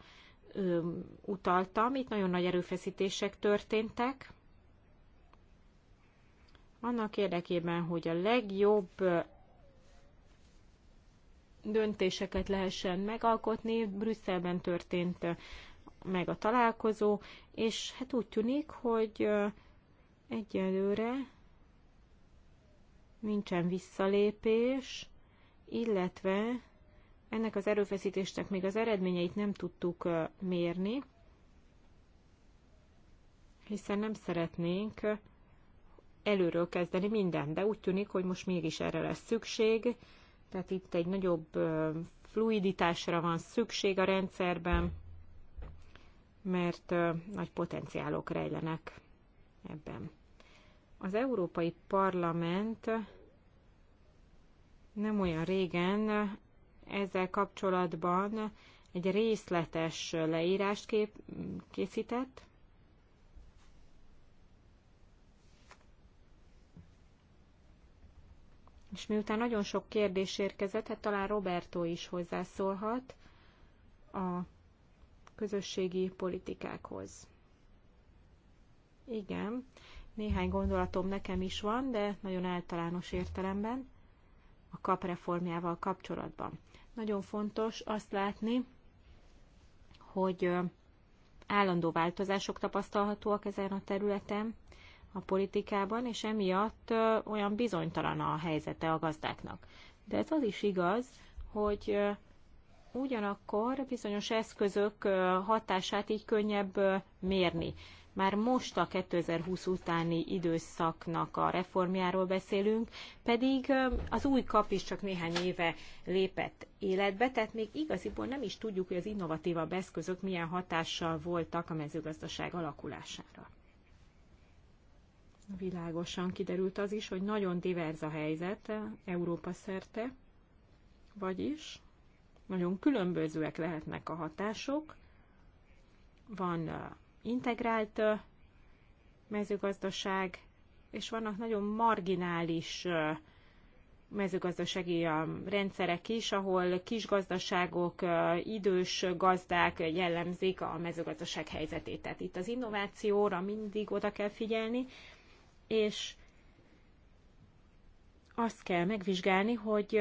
utaltam, itt nagyon nagy erőfeszítések történtek, annak érdekében, hogy a legjobb döntéseket lehessen megalkotni. Brüsszelben történt meg a találkozó, és hát úgy tűnik, hogy egyelőre nincsen visszalépés, illetve ennek az erőfeszítésnek még az eredményeit nem tudtuk mérni, hiszen nem szeretnénk előről kezdeni minden, de úgy tűnik, hogy most mégis erre lesz szükség, tehát itt egy nagyobb fluiditásra van szükség a rendszerben mert nagy potenciálok rejlenek ebben. Az Európai Parlament nem olyan régen ezzel kapcsolatban egy részletes leírást kép, készített. És miután nagyon sok kérdés érkezett, hát talán Roberto is hozzászólhat a közösségi politikákhoz. Igen, néhány gondolatom nekem is van, de nagyon általános értelemben a kap reformjával kapcsolatban. Nagyon fontos azt látni, hogy állandó változások tapasztalhatóak ezen a területen, a politikában, és emiatt olyan bizonytalan a helyzete a gazdáknak. De ez az is igaz, hogy ugyanakkor bizonyos eszközök hatását így könnyebb mérni. Már most a 2020 utáni időszaknak a reformjáról beszélünk, pedig az új kap is csak néhány éve lépett életbe, tehát még igaziból nem is tudjuk, hogy az innovatívabb eszközök milyen hatással voltak a mezőgazdaság alakulására. Világosan kiderült az is, hogy nagyon diverz a helyzet Európa szerte, vagyis nagyon különbözőek lehetnek a hatások. Van integrált mezőgazdaság, és vannak nagyon marginális mezőgazdasági rendszerek is, ahol kis gazdaságok, idős gazdák jellemzik a mezőgazdaság helyzetét. Tehát itt az innovációra mindig oda kell figyelni, és azt kell megvizsgálni, hogy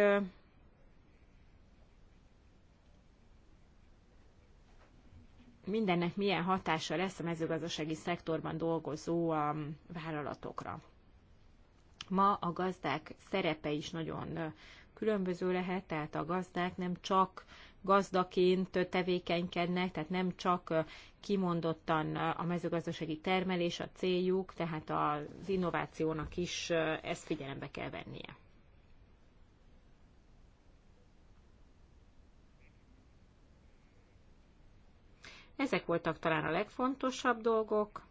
mindennek milyen hatása lesz a mezőgazdasági szektorban dolgozó um, vállalatokra. Ma a gazdák szerepe is nagyon különböző lehet, tehát a gazdák nem csak gazdaként tevékenykednek, tehát nem csak kimondottan a mezőgazdasági termelés a céljuk, tehát az innovációnak is ezt figyelembe kell vennie. Ezek voltak talán a legfontosabb dolgok,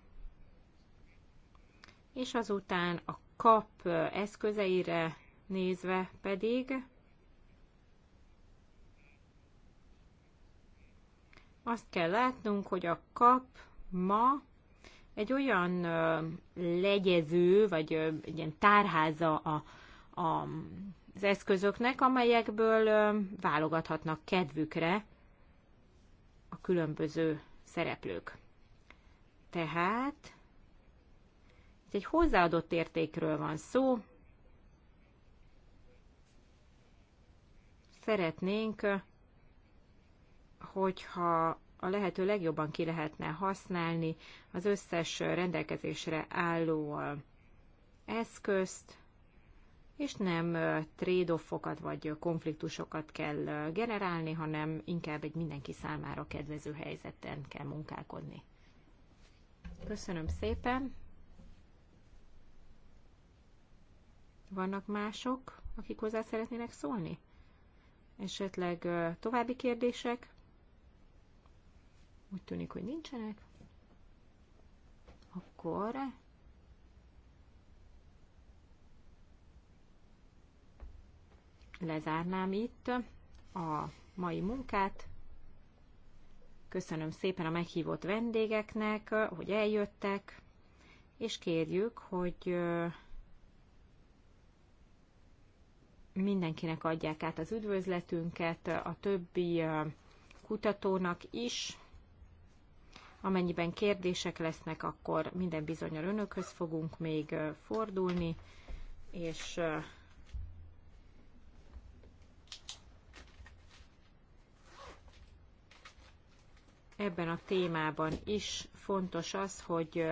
és azután a kap eszközeire nézve pedig azt kell látnunk, hogy a kap ma egy olyan legyező, vagy egy ilyen tárháza a, a, az eszközöknek, amelyekből válogathatnak kedvükre a különböző szereplők. Tehát itt egy hozzáadott értékről van szó. Szeretnénk, hogyha a lehető legjobban ki lehetne használni az összes rendelkezésre álló eszközt, és nem trade-offokat vagy konfliktusokat kell generálni, hanem inkább egy mindenki számára kedvező helyzeten kell munkálkodni. Köszönöm szépen! Vannak mások, akik hozzá szeretnének szólni? Esetleg további kérdések? Úgy tűnik, hogy nincsenek. Akkor lezárnám itt a mai munkát. Köszönöm szépen a meghívott vendégeknek, hogy eljöttek, és kérjük, hogy mindenkinek adják át az üdvözletünket, a többi kutatónak is. Amennyiben kérdések lesznek, akkor minden bizonyal önökhöz fogunk még fordulni, és ebben a témában is fontos az, hogy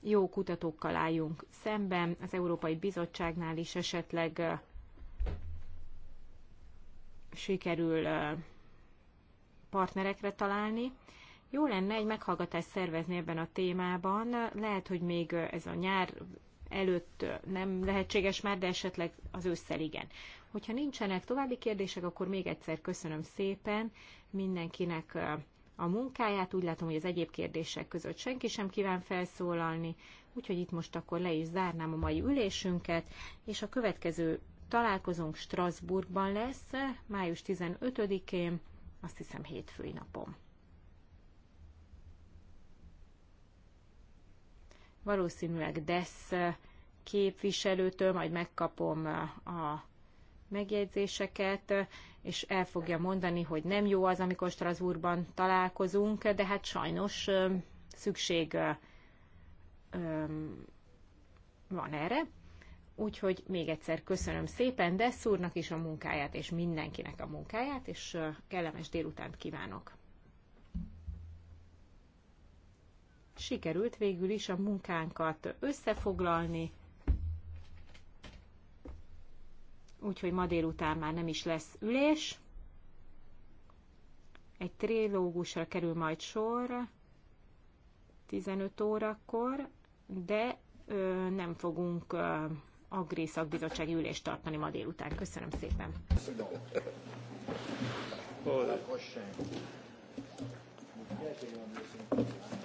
jó kutatókkal álljunk szemben, az Európai Bizottságnál is esetleg sikerül partnerekre találni. Jó lenne egy meghallgatást szervezni ebben a témában. Lehet, hogy még ez a nyár előtt nem lehetséges már, de esetleg az ősszel igen. Hogyha nincsenek további kérdések, akkor még egyszer köszönöm szépen mindenkinek a munkáját. Úgy látom, hogy az egyéb kérdések között senki sem kíván felszólalni, úgyhogy itt most akkor le is zárnám a mai ülésünket, és a következő találkozónk Strasbourgban lesz, május 15-én, azt hiszem hétfői napom. Valószínűleg DESZ képviselőtől majd megkapom a megjegyzéseket, és el fogja mondani, hogy nem jó az, amikor Strasbourgban találkozunk, de hát sajnos szükség van erre. Úgyhogy még egyszer köszönöm szépen Dessz úrnak is a munkáját, és mindenkinek a munkáját, és kellemes délutánt kívánok! Sikerült végül is a munkánkat összefoglalni, úgyhogy ma délután már nem is lesz ülés. Egy trilógusra kerül majd sor 15 órakor, de ö, nem fogunk ö, Agri szakbizottsági ülést tartani ma délután. Köszönöm szépen. Köszönöm.